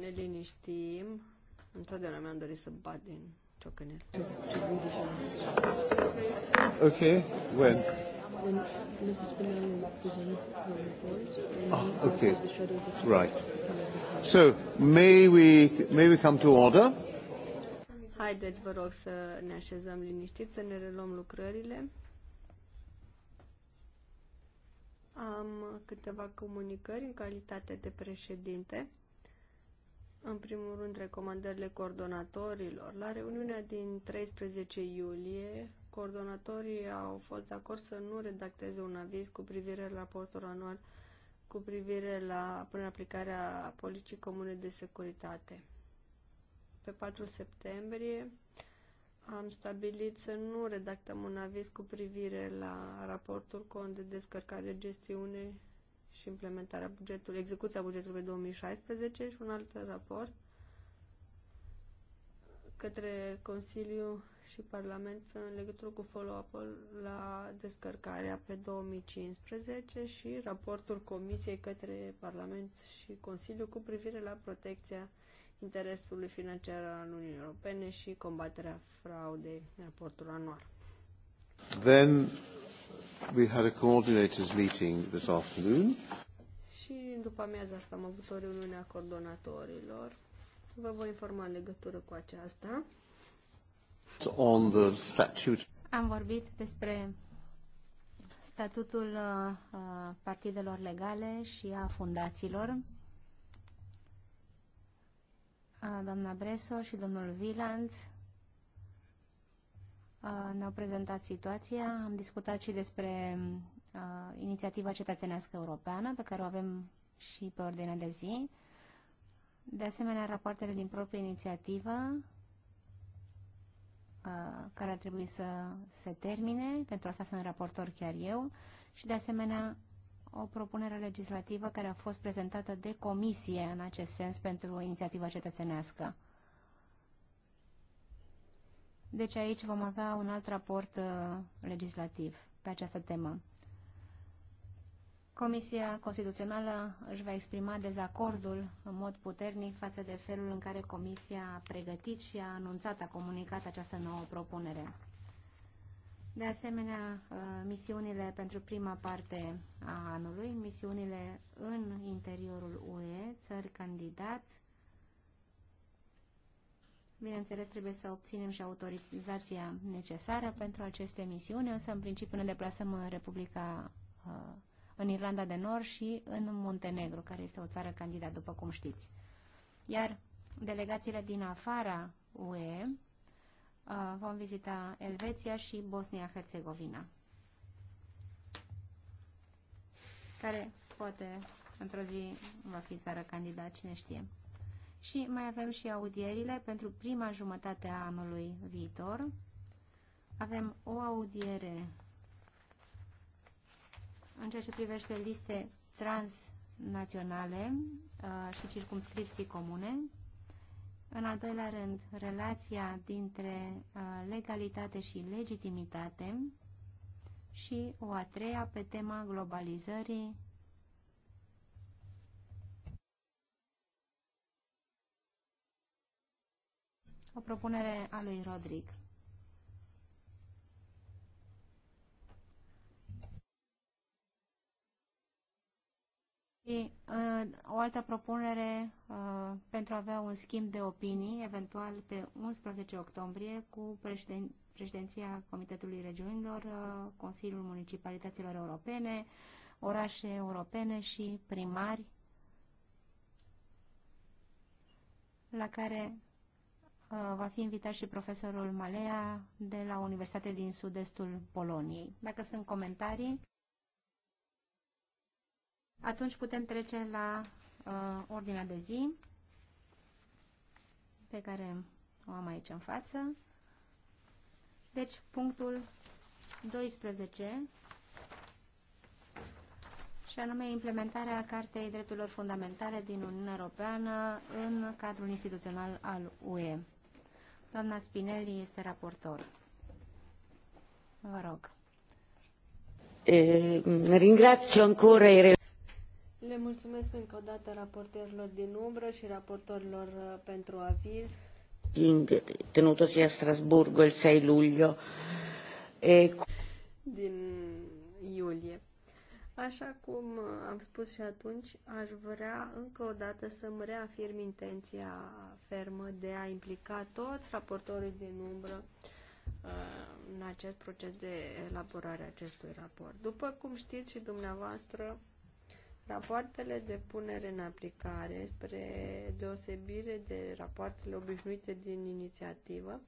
ne liniștim. Întotdeauna mi-am dorit să bat din ciocănel. Ok, when? ah, okay. Right. So, may we, may we come to order? Haideți, vă rog, să ne așezăm liniștit, să ne reluăm lucrările. Am câteva comunicări în calitate de președinte. În primul rând, recomandările coordonatorilor. La reuniunea din 13 iulie, coordonatorii au fost de acord să nu redacteze un aviz cu privire la raportul anual cu privire la până aplicarea politicii comune de securitate. Pe 4 septembrie, am stabilit să nu redactăm un aviz cu privire la raportul cont de descărcare, gestiune și implementarea bugetului, execuția bugetului 2016 și un alt raport către Consiliu și Parlament în legătură cu follow-up-ul la descărcarea pe 2015 și raportul Comisiei către Parlament și Consiliu cu privire la protecția interesului financiar al Uniunii Europene și combaterea fraudei în raportul anual. Then we had a coordinators meeting this afternoon. Și după amiaza asta am avut o reuniune a coordonatorilor. Vă voi informa în legătură cu aceasta. On the statute. Am vorbit despre statutul uh, uh partidelor legale și a fundațiilor doamna Breso și domnul Viland ne-au prezentat situația. Am discutat și despre inițiativa cetățenească europeană, pe care o avem și pe ordinea de zi. De asemenea, rapoartele din proprie inițiativă, care ar trebui să se termine, pentru asta sunt raportor chiar eu, și de asemenea o propunere legislativă care a fost prezentată de comisie în acest sens pentru o inițiativă cetățenească. Deci aici vom avea un alt raport uh, legislativ pe această temă. Comisia Constituțională își va exprima dezacordul în mod puternic față de felul în care Comisia a pregătit și a anunțat, a comunicat această nouă propunere. De asemenea, uh, misiunile pentru prima parte a anului, misiunile în interiorul UE, țări candidat, Bineînțeles, trebuie să obținem și autorizația necesară pentru aceste misiuni, însă în principiu ne deplasăm în Republica, uh, în Irlanda de Nord și în Montenegro, care este o țară candidat, după cum știți. Iar delegațiile din afara UE vom vizita Elveția și Bosnia-Herzegovina, care poate într-o zi va fi țară candidat, cine știe. Și mai avem și audierile pentru prima jumătate a anului viitor. Avem o audiere în ceea ce privește liste transnaționale uh, și circumscripții comune în al doilea rând, relația dintre uh, legalitate și legitimitate și o a treia pe tema globalizării o propunere a lui Rodrig. Și uh, o altă propunere uh, pentru a avea un schimb de opinii, eventual pe 11 octombrie, cu președin președinția Comitetului Regiunilor, uh, Consiliul Municipalităților Europene, orașe europene și primari, la care uh, va fi invitat și profesorul Malea de la Universitatea din Sud-Estul Poloniei. Dacă sunt comentarii... Atunci putem trece la uh, ordinea de zi pe care o am aici în față. Deci, punctul 12 și anume implementarea Cartei Drepturilor Fundamentale din Uniunea Europeană în cadrul instituțional al UE. Doamna Spinelli este raportor. Vă rog. Eh, ringrazio ancora i le mulțumesc încă o dată raportorilor din umbră și raportorilor uh, pentru aviz. Tenutosi a Strasburgo il 6 luglio. E... Din iulie. Așa cum uh, am spus și atunci, aș vrea încă o dată să-mi reafirm intenția fermă de a implica toți raportorii din umbră uh, în acest proces de elaborare a acestui raport. După cum știți și dumneavoastră, Rapoartele de punere în aplicare, spre deosebire de rapoartele obișnuite din inițiativă,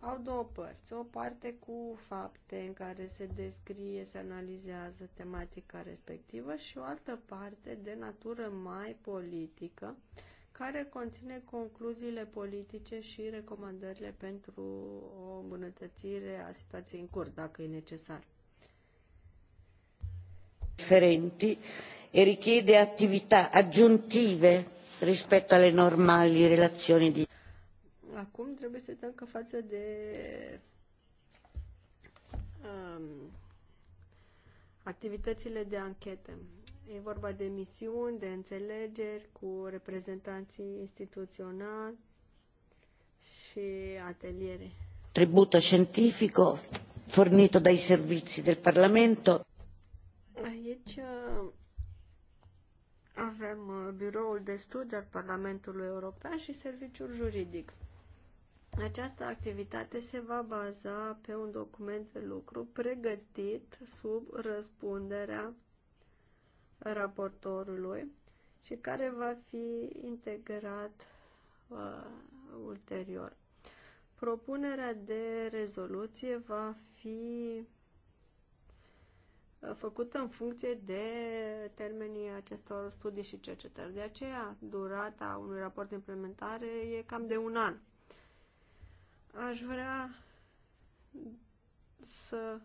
au două părți. O parte cu fapte în care se descrie, se analizează tematica respectivă și o altă parte de natură mai politică, care conține concluziile politice și recomandările pentru o îmbunătățire a situației în curs, dacă e necesar differenti e richiede attività aggiuntive rispetto alle normali relazioni di. Acum trebuie să uităm că față de um, activitățile de anchetă. E vorba de misiuni, de înțelegeri cu reprezentanții instituționali și ateliere. Tributo scientifico fornito dai servizi del Parlamento. Aici uh, avem uh, biroul de studiu al Parlamentului European și serviciul juridic. Această activitate se va baza pe un document de lucru pregătit sub răspunderea raportorului și care va fi integrat uh, ulterior. Propunerea de rezoluție va fi făcută în funcție de termenii acestor studii și cercetări. De aceea, durata unui raport de implementare e cam de un an. Aș vrea să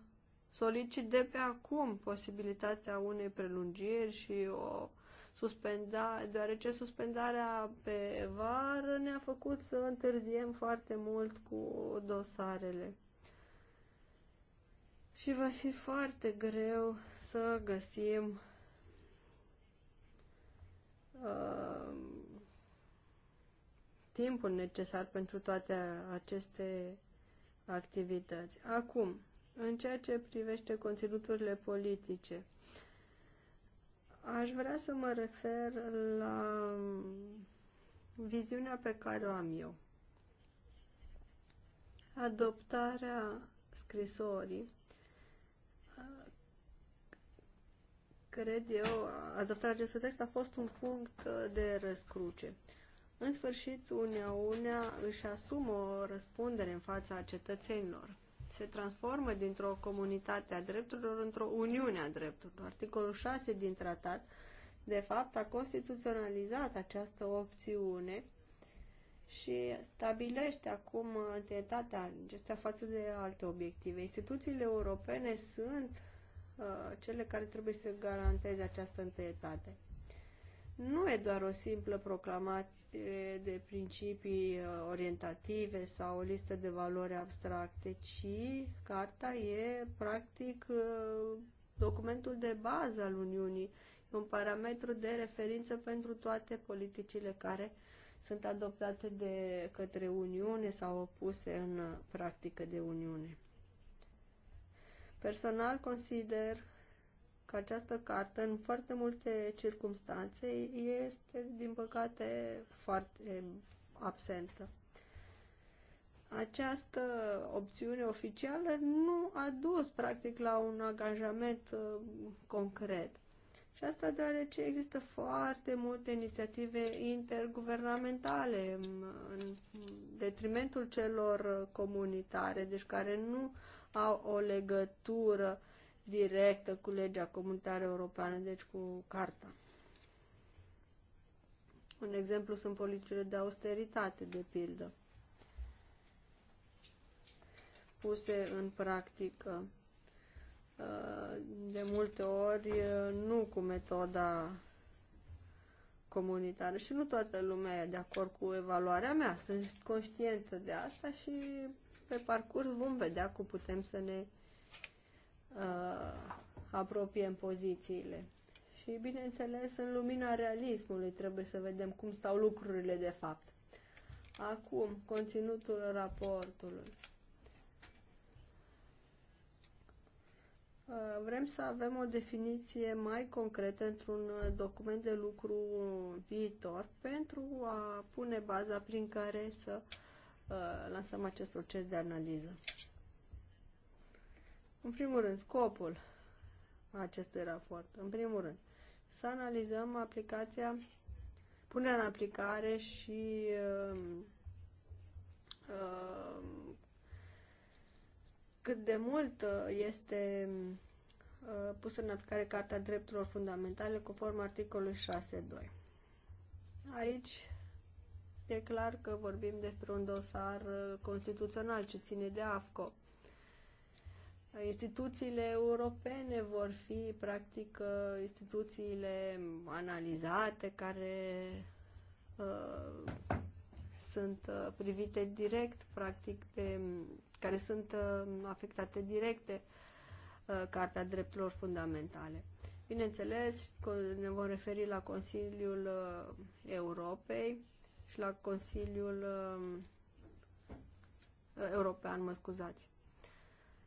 solicit de pe acum posibilitatea unei prelungiri și o suspendare, deoarece suspendarea pe vară ne-a făcut să întârziem foarte mult cu dosarele și va fi foarte greu să găsim uh, timpul necesar pentru toate aceste activități. Acum, în ceea ce privește conținuturile politice, aș vrea să mă refer la viziunea pe care o am eu. Adoptarea scrisorii cred eu, adoptarea acestui text a fost un punct de răscruce. În sfârșit, unea Unea își asumă o răspundere în fața cetățenilor. Se transformă dintr-o comunitate a drepturilor într-o Uniune a drepturilor. Articolul 6 din tratat, de fapt, a constituționalizat această opțiune și stabilește acum întâietatea acestea față de alte obiective. Instituțiile europene sunt uh, cele care trebuie să garanteze această întâietate. Nu e doar o simplă proclamație de principii uh, orientative sau o listă de valori abstracte, ci carta e practic uh, documentul de bază al Uniunii, un parametru de referință pentru toate politicile care sunt adoptate de către Uniune sau puse în practică de Uniune. Personal consider că această carte, în foarte multe circunstanțe, este, din păcate, foarte absentă. Această opțiune oficială nu a dus, practic, la un angajament uh, concret. Și asta deoarece există foarte multe inițiative interguvernamentale în detrimentul celor comunitare, deci care nu au o legătură directă cu legea comunitară europeană, deci cu carta. Un exemplu sunt politicile de austeritate, de pildă, puse în practică de multe ori nu cu metoda comunitară și nu toată lumea e de acord cu evaluarea mea. Sunt conștientă de asta și pe parcurs vom vedea cum putem să ne uh, apropiem pozițiile. Și, bineînțeles, în lumina realismului trebuie să vedem cum stau lucrurile de fapt. Acum, conținutul raportului. Uh, vrem să avem o definiție mai concretă într-un uh, document de lucru viitor pentru a pune baza prin care să uh, lansăm acest proces de analiză. În primul rând, scopul acestui raport. În primul rând, să analizăm aplicația, punerea în aplicare și cât de mult uh, este uh, pusă în aplicare Carta Drepturilor Fundamentale conform articolului 6.2. Aici e clar că vorbim despre un dosar uh, constituțional ce ține de AFCO. Instituțiile europene vor fi, practic, instituțiile analizate care uh, sunt privite direct, practic, de care sunt uh, afectate directe uh, Carta Drepturilor Fundamentale. Bineînțeles, ne vom referi la Consiliul uh, Europei și la Consiliul European, mă scuzați.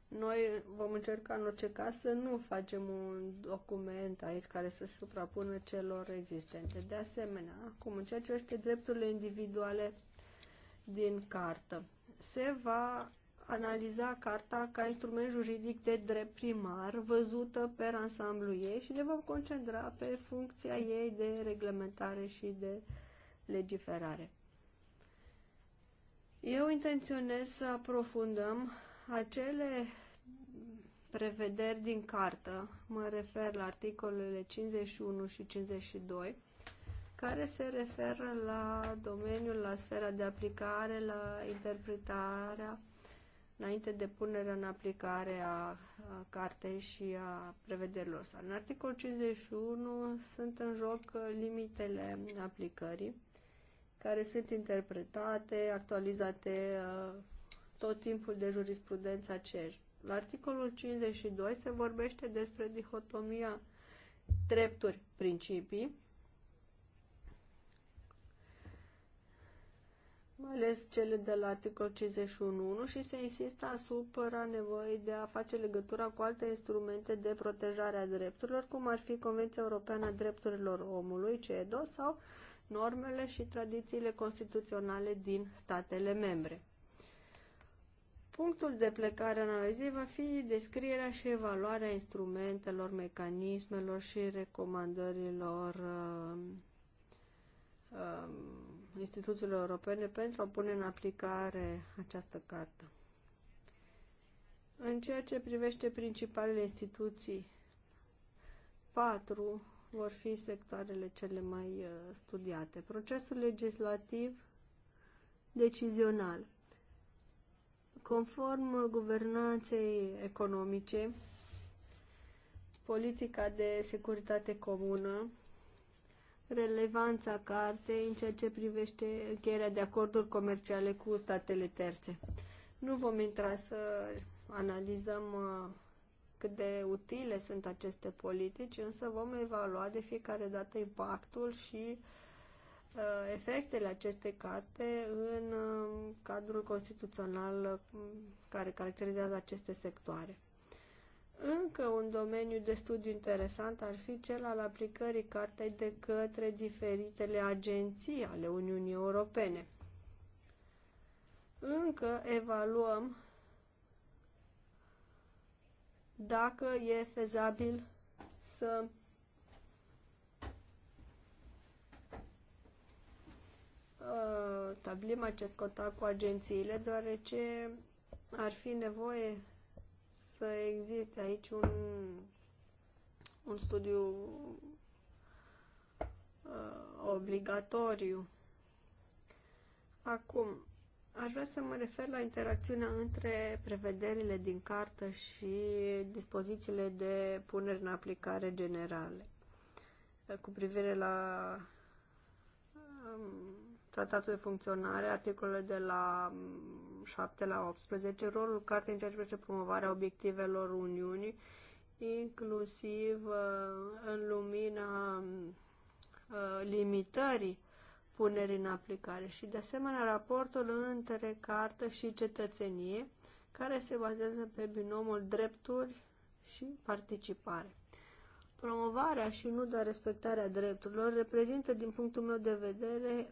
Noi vom încerca în orice caz să nu facem un document aici care să se suprapună celor existente. De asemenea, acum în ceea ce drepturile individuale din cartă, se va analiza carta ca instrument juridic de drept primar, văzută pe ansamblu ei și ne vom concentra pe funcția ei de reglementare și de legiferare. Eu intenționez să aprofundăm acele prevederi din cartă, mă refer la articolele 51 și 52, care se referă la domeniul, la sfera de aplicare, la interpretarea înainte de punerea în aplicare a, cartei și a prevederilor sale. În articolul 51 sunt în joc limitele aplicării, care sunt interpretate, actualizate tot timpul de jurisprudența CEJ. La articolul 52 se vorbește despre dihotomia drepturi-principii, mai ales cele de la articol 51.1 și se insistă asupra nevoii de a face legătura cu alte instrumente de protejare a drepturilor, cum ar fi Convenția Europeană a Drepturilor Omului, CEDO, sau normele și tradițiile constituționale din statele membre. Punctul de plecare analizei va fi descrierea și evaluarea instrumentelor, mecanismelor și recomandărilor uh, uh, instituțiilor europene pentru a pune în aplicare această cartă. În ceea ce privește principalele instituții, patru vor fi sectoarele cele mai uh, studiate. Procesul legislativ decizional. Conform guvernanței economice, politica de securitate comună relevanța cartei în ceea ce privește încheierea de acorduri comerciale cu statele terțe. Nu vom intra să analizăm uh, cât de utile sunt aceste politici, însă vom evalua de fiecare dată impactul și uh, efectele acestei carte în uh, cadrul constituțional care caracterizează aceste sectoare. Încă un domeniu de studiu interesant ar fi cel al aplicării cartei de către diferitele agenții ale Uniunii Europene. Încă evaluăm dacă e fezabil să uh, stabilim acest contact cu agențiile, deoarece ar fi nevoie să existe aici un, un studiu uh, obligatoriu. Acum, aș vrea să mă refer la interacțiunea între prevederile din cartă și dispozițiile de punere în aplicare generale uh, cu privire la um, tratatul de funcționare, articolele de la um, 7 la 18, rolul cartei în ceea ce privește promovarea obiectivelor Uniunii, inclusiv uh, în lumina uh, limitării punerii în aplicare și, de asemenea, raportul între cartă și cetățenie, care se bazează pe binomul drepturi și participare. Promovarea și nu doar respectarea drepturilor reprezintă, din punctul meu de vedere,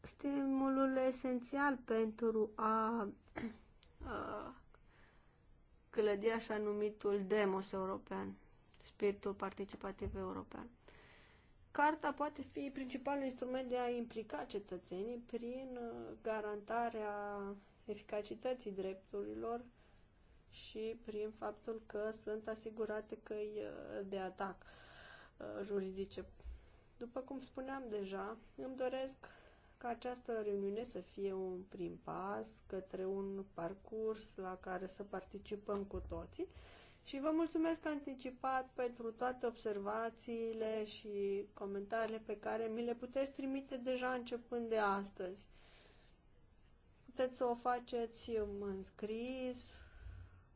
stimulul esențial pentru a, a clădi așa numitul demos european, spiritul participativ european. Carta poate fi principalul instrument de a implica cetățenii prin uh, garantarea eficacității drepturilor și prin faptul că sunt asigurate căi uh, de atac uh, juridice. După cum spuneam deja, îmi doresc ca această reuniune să fie un prim pas către un parcurs la care să participăm cu toții și vă mulțumesc anticipat pentru toate observațiile și comentariile pe care mi le puteți trimite deja începând de astăzi. Puteți să o faceți în scris,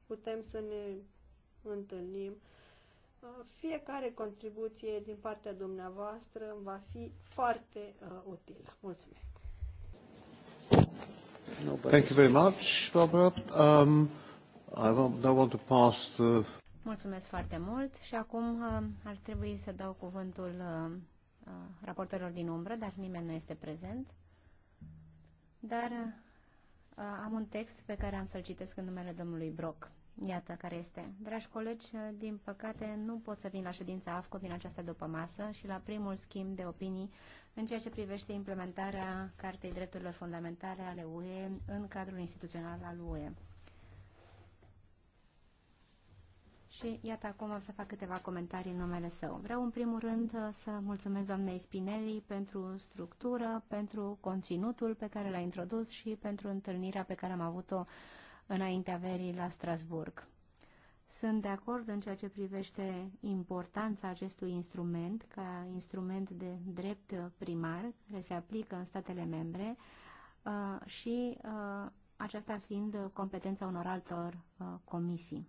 putem să ne întâlnim. Uh, fiecare contribuție din partea dumneavoastră va fi foarte uh, utilă. Mulțumesc! Thank you very much, Barbara. Um, I now want to pass the... Mulțumesc foarte mult și acum uh, ar trebui să dau cuvântul uh, uh, raportorilor din umbră, dar nimeni nu este prezent. Dar uh, am un text pe care am să-l citesc în numele domnului Brock. Iată care este. Dragi colegi, din păcate nu pot să vin la ședința AFCO din această masă și la primul schimb de opinii în ceea ce privește implementarea Cartei Drepturilor Fundamentale ale UE în cadrul instituțional al UE. Și iată acum o să fac câteva comentarii în numele său. Vreau în primul rând să mulțumesc doamnei Spinelli pentru structură, pentru conținutul pe care l-a introdus și pentru întâlnirea pe care am avut-o uh, înaintea verii la Strasburg. Sunt de acord în ceea ce privește importanța acestui instrument ca instrument de drept primar care se aplică în statele membre uh, și uh, aceasta fiind competența unor altor uh, comisii.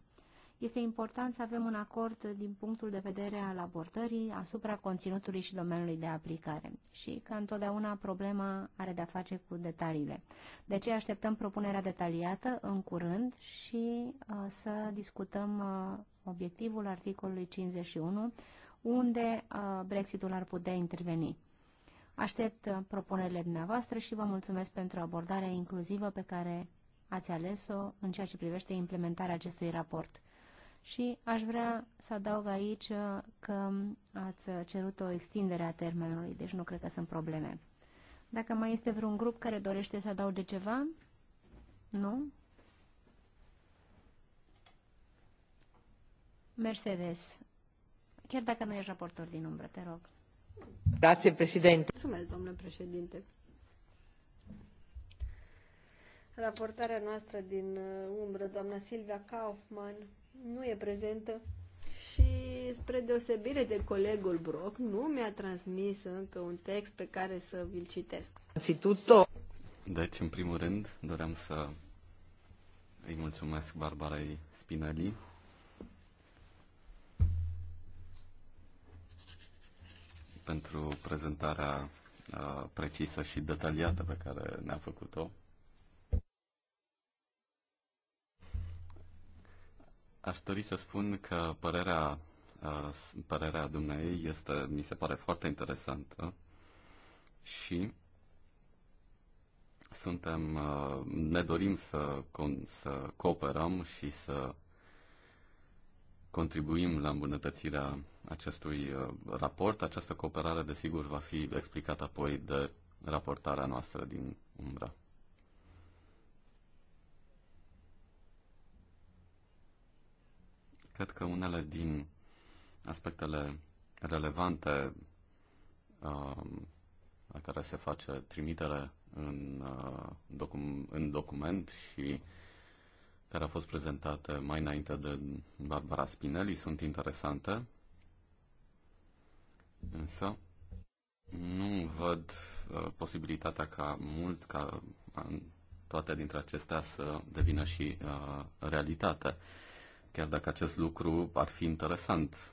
Este important să avem un acord din punctul de vedere al abordării asupra conținutului și domeniului de aplicare. Și, ca întotdeauna, problema are de-a face cu detaliile. De ce așteptăm propunerea detaliată în curând și uh, să discutăm uh, obiectivul articolului 51, unde uh, Brexitul ar putea interveni. Aștept uh, propunerile dumneavoastră și vă mulțumesc pentru abordarea inclusivă pe care ați ales-o în ceea ce privește implementarea acestui raport. Și aș vrea să adaug aici uh, că ați uh, cerut o extindere a termenului, deci nu cred că sunt probleme. Dacă mai este vreun grup care dorește să adauge ceva? Nu? Mercedes, chiar dacă nu ești raportor din umbră, te rog. Grazie, președinte. Mulțumesc, domnule președinte. Raportarea noastră din uh, umbră, doamna Silvia Kaufmann, nu e prezentă și spre deosebire de colegul Brock, nu mi-a transmis încă un text pe care să vi-l citesc. Deci, în primul rând, doream să îi mulțumesc Barbarei Spinelli pentru prezentarea uh, precisă și detaliată pe care ne-a făcut-o. Aș dori să spun că părerea, uh, părerea dumnei este, mi se pare foarte interesantă și suntem, uh, ne dorim să, să cooperăm și să contribuim la îmbunătățirea acestui uh, raport. Această cooperare, desigur, va fi explicată apoi de raportarea noastră din umbra. Cred că unele din aspectele relevante uh, la care se face trimitere în, uh, docu- în document și care a fost prezentată mai înainte de Barbara Spinelli sunt interesante, însă nu văd uh, posibilitatea ca mult ca toate dintre acestea să devină și uh, realitate. Uh, chiar dacă acest lucru ar fi interesant.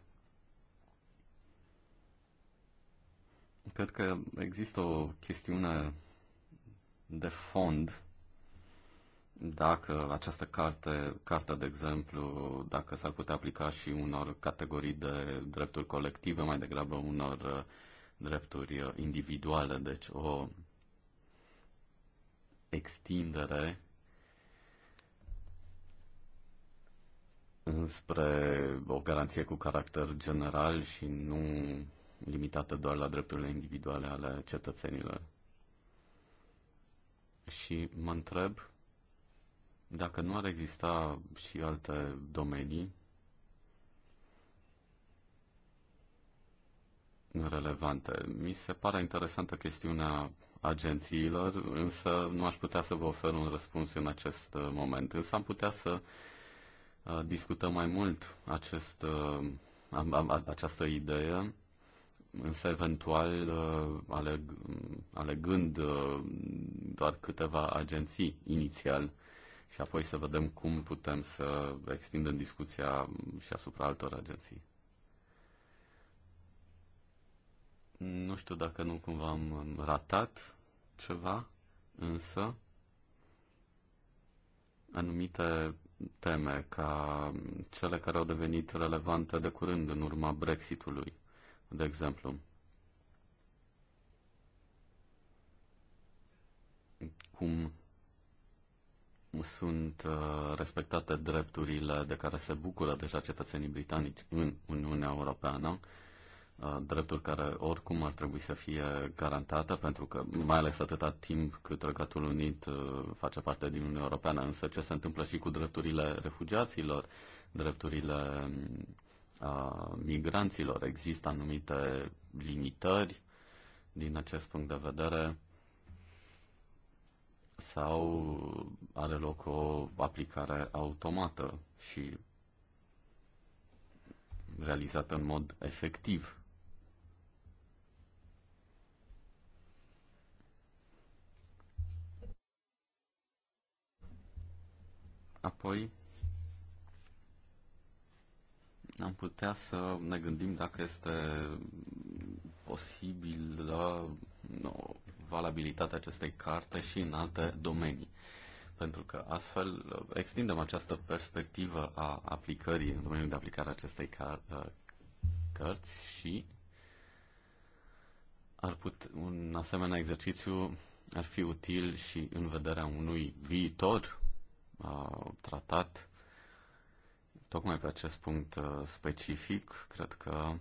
Cred că există o chestiune de fond dacă această carte, carte, de exemplu, dacă s-ar putea aplica și unor categorii de drepturi colective, mai degrabă unor uh, drepturi uh, individuale, deci o extindere înspre o garanție cu caracter general și nu limitată doar la drepturile individuale ale cetățenilor. Și mă întreb dacă nu ar exista și alte domenii relevante. Mi se pare interesantă chestiunea agențiilor, însă nu aș putea să vă ofer un răspuns în acest moment. Însă am putea să Uh, discutăm mai mult acest, uh, această idee, însă eventual uh, aleg, alegând doar câteva agenții inițial și apoi să vedem cum putem să extindem discuția și asupra altor agenții. Nu știu dacă nu cumva am ratat ceva, însă anumite teme ca cele care au devenit relevante de curând în urma Brexitului, de exemplu. Cum sunt uh, respectate drepturile de care se bucură deja cetățenii britanici în Uniunea Europeană, drepturi care oricum ar trebui să fie garantate, pentru că mai ales atâta timp cât Regatul Unit face parte din Uniunea Europeană, însă ce se întâmplă și cu drepturile refugiaților, drepturile migranților, există anumite limitări din acest punct de vedere sau are loc o aplicare automată și realizată în mod efectiv Apoi am putea să ne gândim dacă este posibil la no, valabilitatea acestei carte și în alte domenii. Pentru că astfel extindem această perspectivă a aplicării, în domeniul de aplicare a acestei car- uh, cărți și ar put, un asemenea exercițiu ar fi util și în vederea unui viitor tratat tocmai pe acest punct uh, specific. Cred că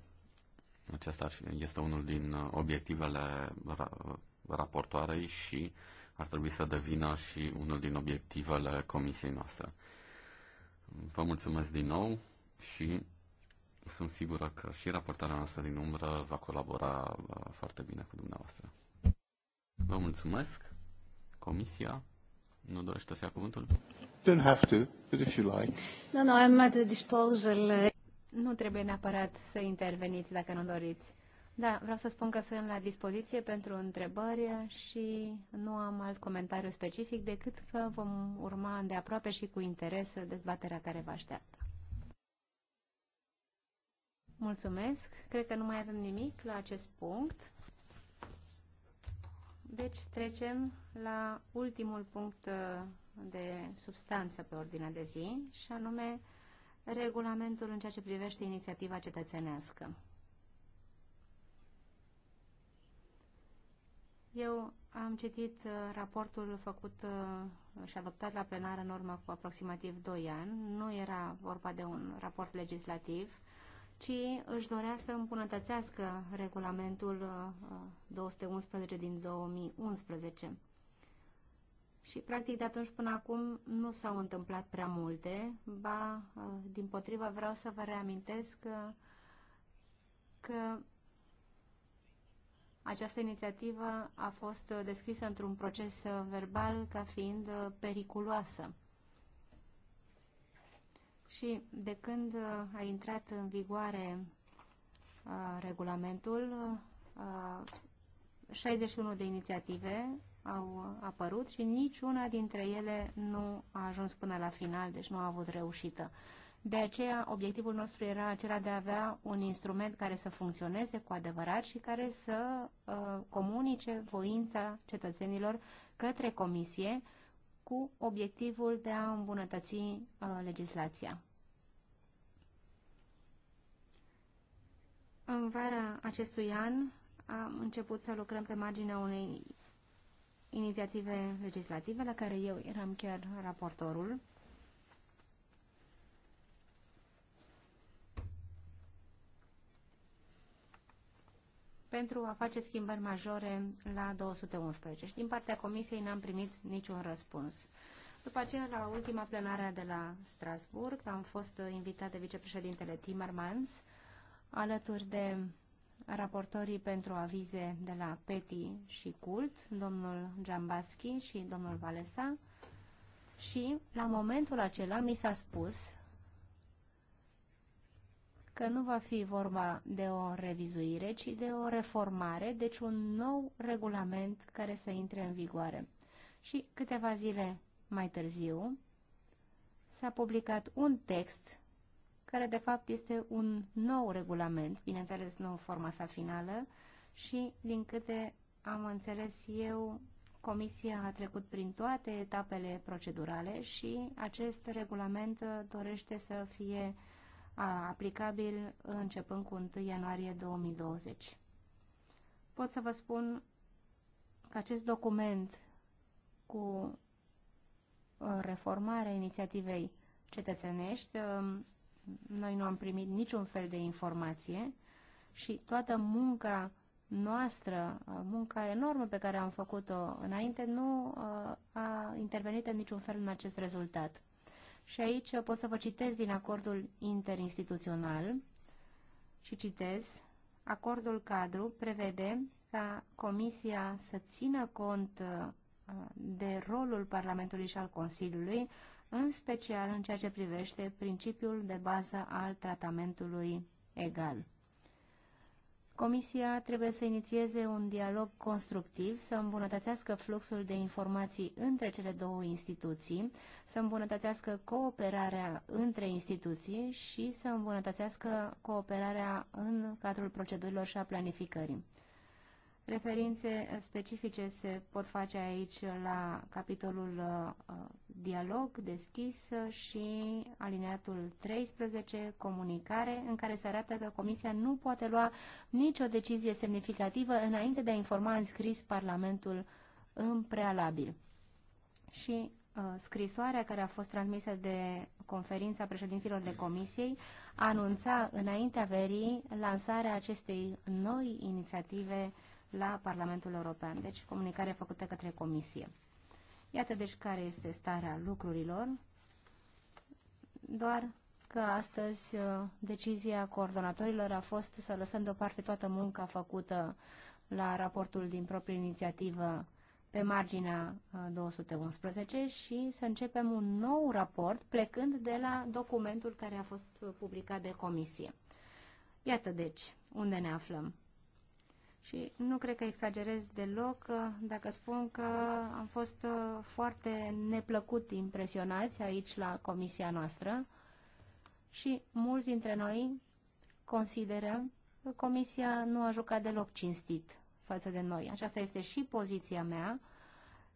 acesta este unul din uh, obiectivele raportoarei și ar trebui să devină și unul din obiectivele comisiei noastre. Vă mulțumesc din nou și sunt sigură că și raportarea noastră din umbră va colabora uh, foarte bine cu dumneavoastră. Vă mulțumesc. Comisia nu dorește să ia cuvântul? Don't have to, but if you like. No, no, I'm at the disposal. Nu trebuie neapărat să interveniți dacă nu doriți. Da, vreau să spun că sunt la dispoziție pentru întrebări și nu am alt comentariu specific decât că vom urma de aproape și cu interes dezbaterea care vă așteaptă. Mulțumesc. Cred că nu mai avem nimic la acest punct. Deci trecem la ultimul punct uh, de substanță pe ordinea de zi și anume regulamentul în ceea ce privește inițiativa cetățenească. Eu am citit uh, raportul făcut uh, și adoptat la plenar în urmă cu aproximativ 2 ani. Nu era vorba de un raport legislativ, ci își dorea să îmbunătățească regulamentul 211 uh, uh, din 2011. Și, practic, de atunci până acum nu s-au întâmplat prea multe, ba, uh, din potrivă, vreau să vă reamintesc că, că această inițiativă a fost descrisă într-un proces verbal ca fiind periculoasă. Și de când uh, a intrat în vigoare a, uh, regulamentul, uh, a, 61 de inițiative au apărut și niciuna dintre ele nu a ajuns până la final, deci nu a avut reușită. De aceea, obiectivul nostru era acela de a avea un instrument care să funcționeze cu adevărat și care să uh, comunice voința cetățenilor către comisie cu obiectivul de a îmbunătăți uh, legislația. În vara acestui an am început să lucrăm pe marginea unei inițiative legislative la care eu eram chiar raportorul pentru a face schimbări majore la 211 și din partea Comisiei n-am primit niciun răspuns. După aceea, la ultima plenară de la Strasburg, am fost invitat de vicepreședintele Timmermans, alături de raportorii pentru avize de la PETI și CULT, domnul Giambatski și domnul Valesa. Și la momentul acela mi s-a spus că nu va fi vorba de o revizuire, ci de o reformare, deci un nou regulament care să intre în vigoare. Și câteva zile mai târziu s-a publicat un text care de fapt este un nou regulament, bineînțeles nu forma sa finală, și din câte am înțeles eu, Comisia a trecut prin toate etapele procedurale și acest regulament uh, dorește să fie aplicabil începând cu 1 ianuarie 2020. Pot să vă spun că acest document cu uh, reformarea inițiativei cetățenești, um, noi nu am primit niciun fel de informație și toată munca noastră, uh, munca enormă pe care am făcut-o înainte, nu uh, a intervenit în niciun fel în acest rezultat. Și aici pot să vă citesc din acordul interinstituțional și citez. Acordul cadru prevede ca Comisia să țină cont uh, de rolul Parlamentului și al Consiliului, în special în ceea ce privește principiul de bază al tratamentului egal. Comisia trebuie să inițieze un dialog constructiv, să îmbunătățească fluxul de informații între cele două instituții, să îmbunătățească cooperarea între instituții și să îmbunătățească cooperarea în cadrul procedurilor și a planificării. Referințe specifice se pot face aici la capitolul uh, dialog deschis și alineatul 13, comunicare, în care se arată că Comisia nu poate lua nicio decizie semnificativă înainte de a informa în scris Parlamentul în prealabil. Și uh, scrisoarea care a fost transmisă de conferința președinților de comisiei anunța înaintea verii lansarea acestei noi inițiative uh, la Parlamentul European, deci comunicare făcută către Comisie. Iată deci care este starea lucrurilor, doar că astăzi uh, decizia coordonatorilor a fost să lăsăm deoparte toată munca făcută la raportul din proprie inițiativă pe marginea 211 uh, și să începem un nou raport plecând de la documentul care a fost uh, publicat de comisie. Iată deci unde ne aflăm. Și nu cred că exagerez deloc uh, dacă spun că am fost uh, foarte neplăcut impresionați aici la comisia noastră și mulți dintre noi consideră că comisia nu a jucat deloc cinstit față de noi. Aceasta este și poziția mea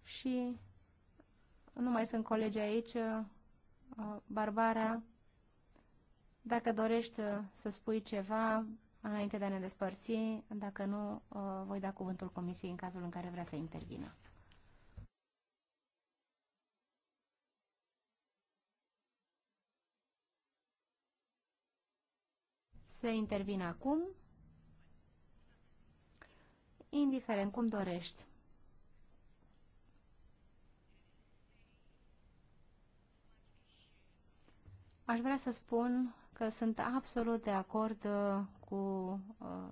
și nu mai sunt colegi aici, uh, Barbara, dacă dorești să spui ceva, înainte de a ne despărți, dacă nu, uh, voi da cuvântul Comisiei în cazul în care vrea să intervină. Se intervine acum, indiferent cum dorești. Aș vrea să spun că sunt absolut de acord uh, cu uh,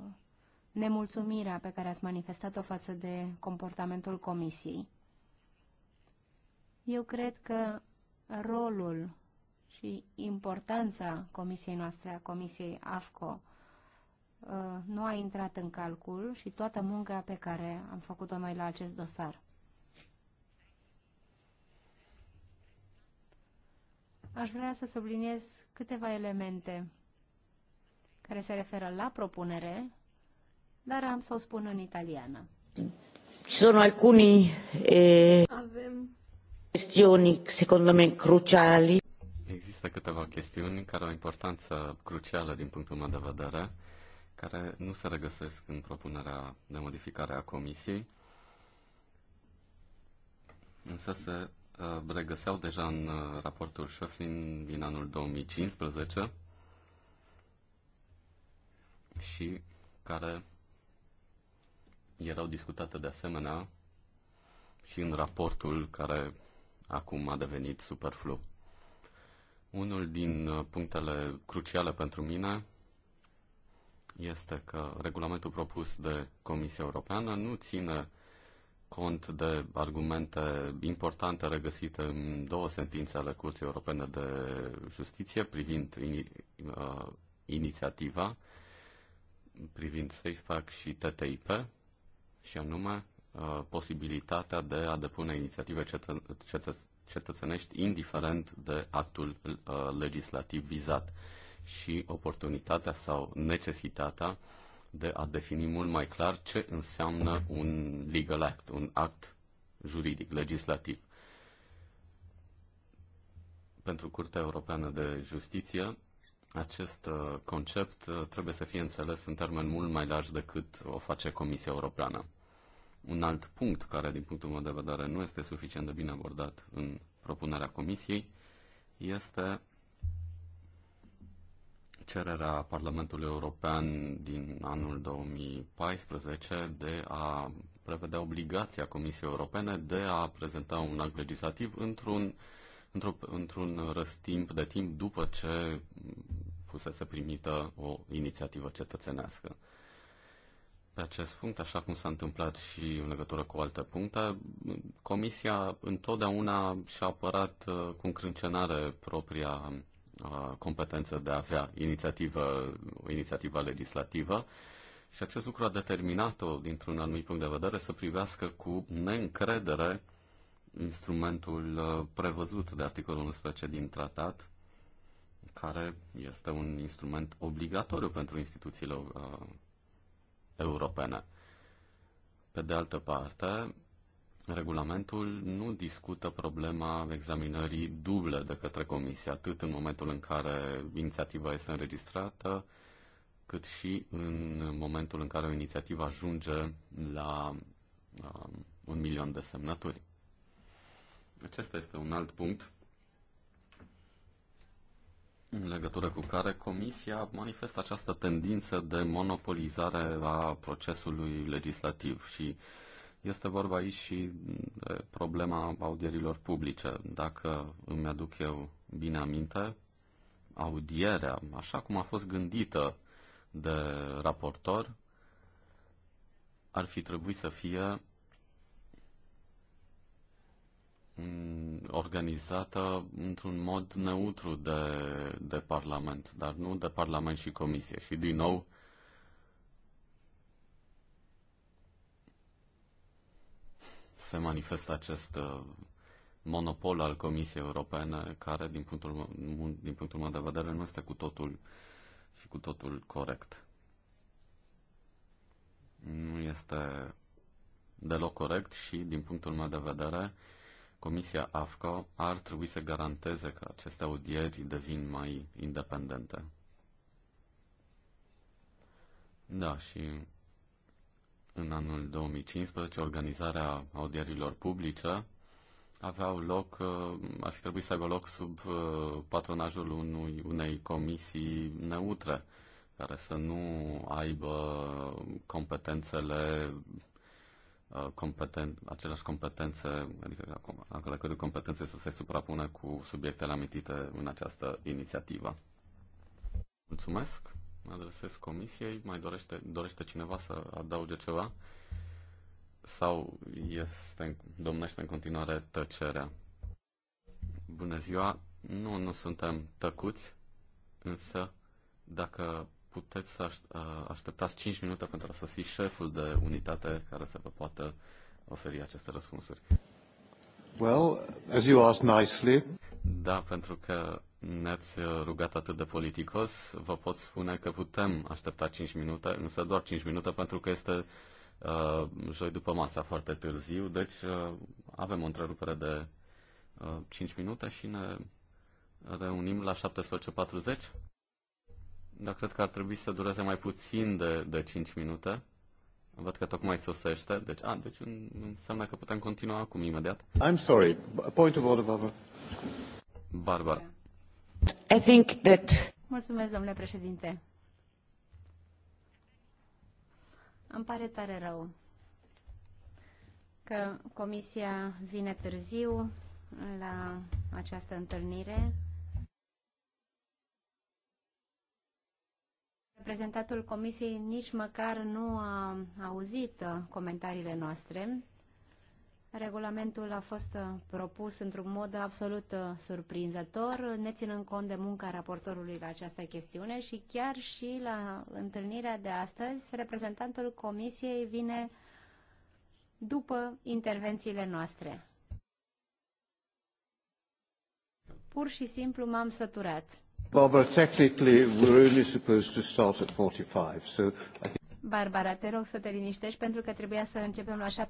nemulțumirea pe care ați manifestat-o față de comportamentul comisiei. Eu cred că rolul și importanța comisiei noastre, a comisiei AFCO, uh, nu a intrat în calcul și toată munca pe care am făcut-o noi la acest dosar. Aș vrea să subliniez câteva elemente care se referă la propunere, dar am să o spun în italiană. Sono alcuni eh, Avem... chestiuni, secondo me, cruciali. Există câteva chestiuni care au importanță crucială din punctul meu de vedere, care nu se regăsesc în propunerea de modificare a Comisiei, însă se uh, regăseau deja în uh, raportul Schöflin din anul 2015, și care erau discutate de asemenea și în raportul care acum a devenit superflu. Unul din uh, punctele cruciale pentru mine este că regulamentul propus de Comisia Europeană nu ține cont de argumente importante regăsite în două sentințe ale Curții Europene de Justiție privind in, uh, inițiativa privind SafePack și TTIP, și anume uh, posibilitatea de a depune inițiative cetă, cetă, cetățenești indiferent de actul uh, legislativ vizat și oportunitatea sau necesitatea de a defini mult mai clar ce înseamnă un legal act, un act juridic, legislativ. Pentru Curtea Europeană de Justiție, acest uh, concept uh, trebuie să fie înțeles în termen mult mai larg decât o face Comisia Europeană. Un alt punct care, din punctul meu de vedere, nu este suficient de bine abordat în propunerea Comisiei este cererea Parlamentului European din anul 2014 de a prevedea obligația Comisiei Europene de a prezenta un act legislativ într-un uh, într-o, într-un răstimp de timp după ce fusese primită o inițiativă cetățenească. Pe acest punct, așa cum s-a întâmplat și în legătură cu alte puncte, Comisia întotdeauna și-a apărat uh, cu încrâncenare propria uh, competență de a avea inițiativă, o inițiativă legislativă și acest lucru a determinat-o, dintr-un anumit punct de vedere, să privească cu neîncredere instrumentul uh, prevăzut de articolul 11 din tratat, care este un instrument obligatoriu pentru instituțiile uh, europene. Pe de altă parte, regulamentul nu discută problema examinării duble de către comisie, atât în momentul în care inițiativa este înregistrată, cât și în momentul în care o inițiativă ajunge la uh, un milion de semnături. Acesta este un alt punct în legătură cu care Comisia manifestă această tendință de monopolizare a procesului legislativ și este vorba aici și de problema audierilor publice. Dacă îmi aduc eu bine aminte, audierea, așa cum a fost gândită de raportor, ar fi trebuit să fie Mm, organizată într-un mod neutru de, de Parlament, dar nu de Parlament și Comisie. Și din nou, se manifestă acest uh, monopol al Comisiei Europene, care, din punctul, din punctul meu de vedere, nu este cu totul și cu totul corect. Nu este deloc corect și, din punctul meu de vedere, uh, Comisia AFCO ar trebui să garanteze că aceste audieri devin mai independente. Da, și în anul 2015 organizarea audierilor publice aveau loc, uh, ar fi trebuit să aibă loc sub uh, patronajul unui, unei comisii neutre, care să nu aibă competențele Uh, competen- aceleași competențe, adică la cărui competențe să se suprapună cu subiectele amintite în această inițiativă. Mulțumesc. Mă adresez comisiei. Mai dorește, dorește cineva să adauge ceva? Sau este, domnește în continuare tăcerea? Bună ziua! Nu, nu suntem tăcuți, însă dacă puteți să așteptați 5 minute pentru a sosi șeful de unitate care să vă poată oferi aceste răspunsuri. Well, as you asked nicely. Da, pentru că ne-ați rugat atât de politicos, vă pot spune că putem aștepta 5 minute, însă doar 5 minute pentru că este uh, joi după masa foarte târziu, deci uh, avem o întrerupere de uh, 5 minute și ne reunim la 17.40 dar cred că ar trebui să dureze mai puțin de, de 5 minute. Văd că tocmai sosește, deci, a, deci înseamnă că putem continua acum imediat. I'm sorry, A point of order, Barbara. Barbara. I think that... Mulțumesc, domnule președinte. Îmi pare tare rău că comisia vine târziu la această întâlnire reprezentantul Comisiei nici măcar nu a auzit uh, comentariile noastre. Regulamentul a fost uh, propus într-un mod absolut uh, surprinzător, ne ținând cont de munca raportorului la această chestiune și chiar și la întâlnirea de astăzi, reprezentantul Comisiei vine după intervențiile noastre. Pur și simplu m-am săturat. Barbara, technically we're only supposed to start at 45, so I think... Barbara, te rog să te liniștești pentru că trebuia să începem la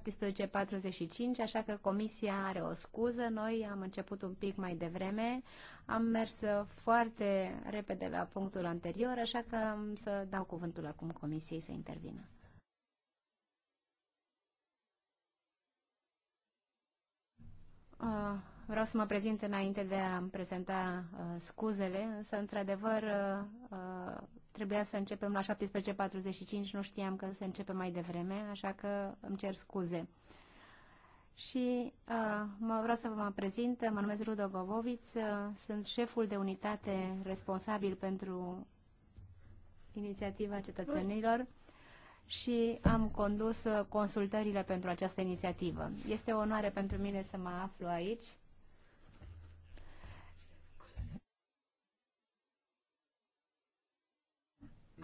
17.45, așa că comisia are o scuză. Noi am început un pic mai devreme, am mers foarte repede la punctul anterior, așa că am să dau cuvântul acum comisiei să intervină. Uh, vreau să mă prezint înainte de a-mi prezenta uh, scuzele, însă, într-adevăr, uh, uh trebuia să începem la 17.45, nu știam că se începe mai devreme, așa că îmi cer scuze. Și uh, mă, vreau să vă mă prezint, mă numesc Rudo Govoviț, uh, sunt șeful de unitate responsabil pentru inițiativa cetățenilor și am condus uh, consultările pentru această inițiativă. Este o onoare pentru mine să mă aflu aici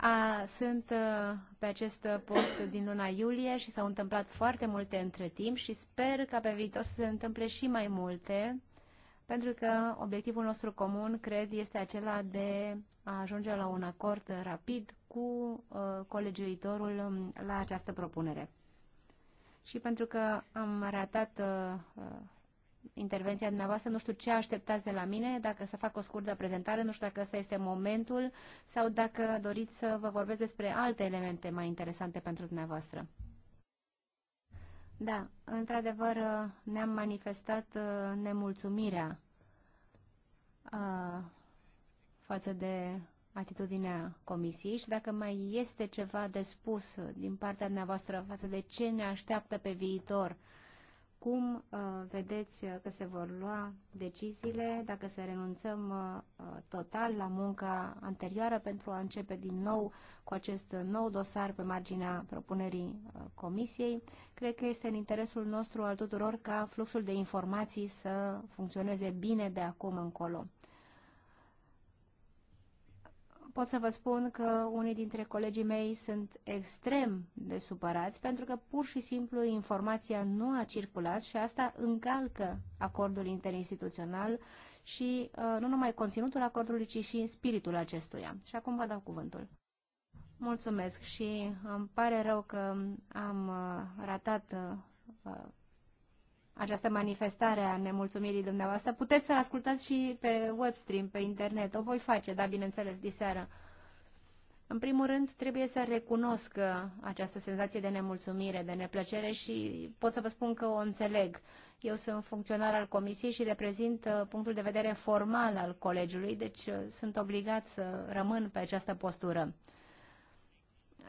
A, sunt uh, pe acest post din luna iulie și s-au întâmplat foarte multe între timp și sper ca pe viitor să se întâmple și mai multe, pentru că obiectivul nostru comun, cred, este acela de a ajunge la un acord rapid cu uh, colegiuitorul um, la această propunere. Și pentru că am ratat uh, uh intervenția dumneavoastră. Nu știu ce așteptați de la mine, dacă să fac o scurtă prezentare, nu știu dacă ăsta este momentul sau dacă doriți să vă vorbesc despre alte elemente mai interesante pentru dumneavoastră. Da, într-adevăr ne-am manifestat uh, nemulțumirea uh, față de atitudinea comisiei și dacă mai este ceva de spus din partea dumneavoastră față de ce ne așteaptă pe viitor cum uh, vedeți uh, că se vor lua deciziile, dacă să renunțăm uh, total la munca anterioară pentru a începe din nou cu acest nou dosar pe marginea propunerii comisiei. Cred că este în interesul nostru al tuturor ca fluxul de informații să funcționeze bine de acum încolo pot să vă spun că unii dintre colegii mei sunt extrem de supărați pentru că pur și simplu informația nu a circulat și asta încalcă acordul interinstituțional și uh, nu numai conținutul acordului, ci și spiritul acestuia. Și acum vă dau cuvântul. Mulțumesc și îmi pare rău că am uh, ratat uh, această manifestare a nemulțumirii dumneavoastră. Puteți să-l ascultați și pe webstream, pe internet. O voi face, da, bineînțeles, diseară. În primul rând, trebuie să recunosc uh, această senzație de nemulțumire, de neplăcere și pot să vă spun că o înțeleg. Eu sunt funcționar al comisiei și reprezint uh, punctul de vedere formal al colegiului, deci uh, sunt obligat să rămân pe această postură.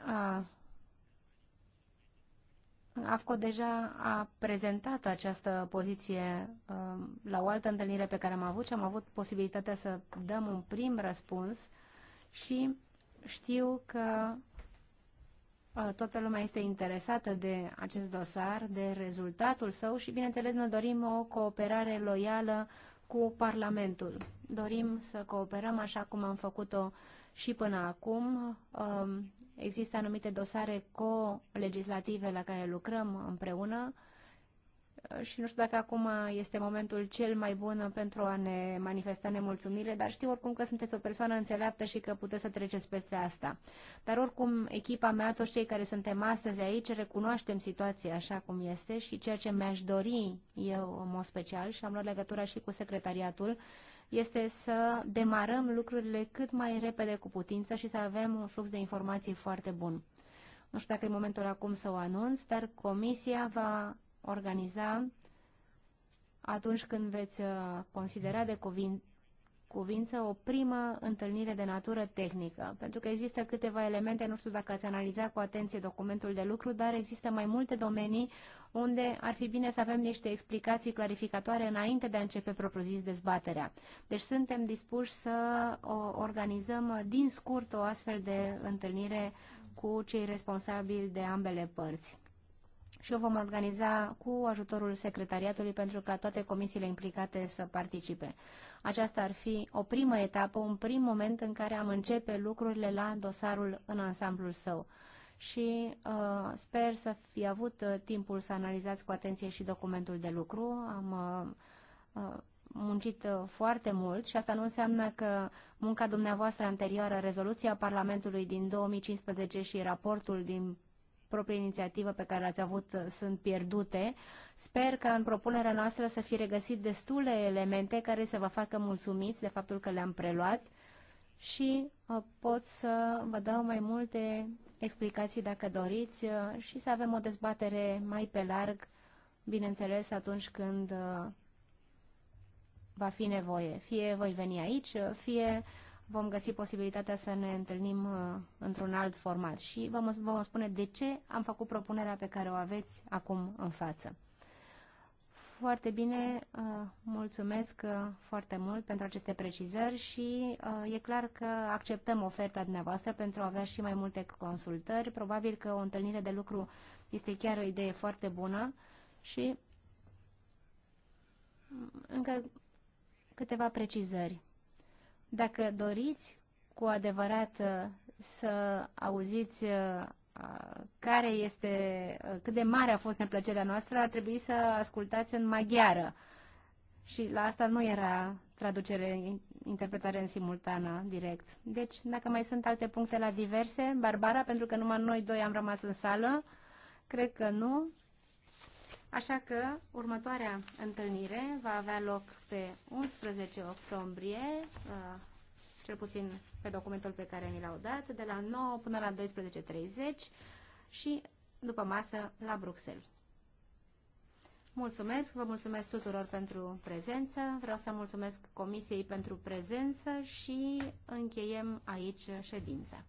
A AFCO deja a prezentat această poziție um, la o altă întâlnire pe care am avut și am avut posibilitatea să dăm un prim răspuns și știu că uh, toată lumea este interesată de acest dosar, de rezultatul său și, bineînțeles, ne dorim o cooperare loială cu Parlamentul. Dorim să cooperăm așa cum am făcut-o și până acum. Um, există anumite dosare co-legislative la care lucrăm împreună uh, și nu știu dacă acum este momentul cel mai bun pentru a ne manifesta nemulțumire, dar știu oricum că sunteți o persoană înțeleaptă și că puteți să treceți peste asta. Dar oricum, echipa mea, toți cei care suntem astăzi aici, recunoaștem situația așa cum este și ceea ce mi-aș dori eu în mod special și am luat legătura și cu secretariatul, este să demarăm lucrurile cât mai repede cu putință și să avem un flux de informații foarte bun. Nu știu dacă e momentul acum să o anunț, dar comisia va organiza atunci când veți uh, considera de, cuvin, cuvință o primă întâlnire de natură tehnică, pentru că există câteva elemente, nu știu dacă ați analizat cu atenție documentul de lucru, dar există mai multe domenii unde ar fi bine să avem niște explicații clarificatoare înainte de a începe propriu-zis dezbaterea. Deci suntem dispuși să o organizăm din scurt o astfel de întâlnire cu cei responsabili de ambele părți și o vom organiza cu ajutorul secretariatului pentru ca toate comisiile implicate să participe. Aceasta ar fi o primă etapă, un prim moment în care am începe lucrurile la dosarul în ansamblul său. Și uh, sper să fi avut uh, timpul să analizați cu atenție și documentul de lucru. Am uh, uh, muncit uh, foarte mult și asta nu înseamnă că munca dumneavoastră anterioară, rezoluția Parlamentului din 2015 și raportul din propria inițiativă pe care l ați avut uh, sunt pierdute. Sper că în propunerea noastră să fi regăsit destule elemente care să vă facă mulțumiți de faptul că le-am preluat și uh, pot să vă dau mai multe explicații dacă doriți uh, și să avem o dezbatere mai pe larg, bineînțeles, atunci când va fi nevoie. Fie voi veni aici, fie vom găsi posibilitatea să ne întâlnim uh, într-un alt format și vă vom spune de ce am făcut propunerea pe care o aveți acum în față. Foarte bine, uh, mulțumesc uh, foarte mult pentru aceste precizări și e clar că acceptăm oferta dumneavoastră pentru a avea și mai multe consultări. Probabil că o întâlnire de lucru este chiar o idee foarte bună și mm, încă câteva precizări. Dacă doriți cu adevărat uh, să auziți uh, care este, uh, cât de mare a fost neplăcerea noastră, ar trebui să ascultați în maghiară. Și la asta nu era traducere, interpretare în simultană, direct. Deci, dacă mai sunt alte puncte la diverse, Barbara, pentru că numai noi doi am rămas în sală, cred că nu, Așa că următoarea întâlnire va avea loc pe 11 octombrie, uh, cel puțin pe documentul pe care mi l-au dat, de la 9 până la 12.30 și după masă la Bruxelles. Mulțumesc, vă mulțumesc tuturor pentru prezență, vreau să mulțumesc Comisiei pentru prezență și încheiem aici ședința.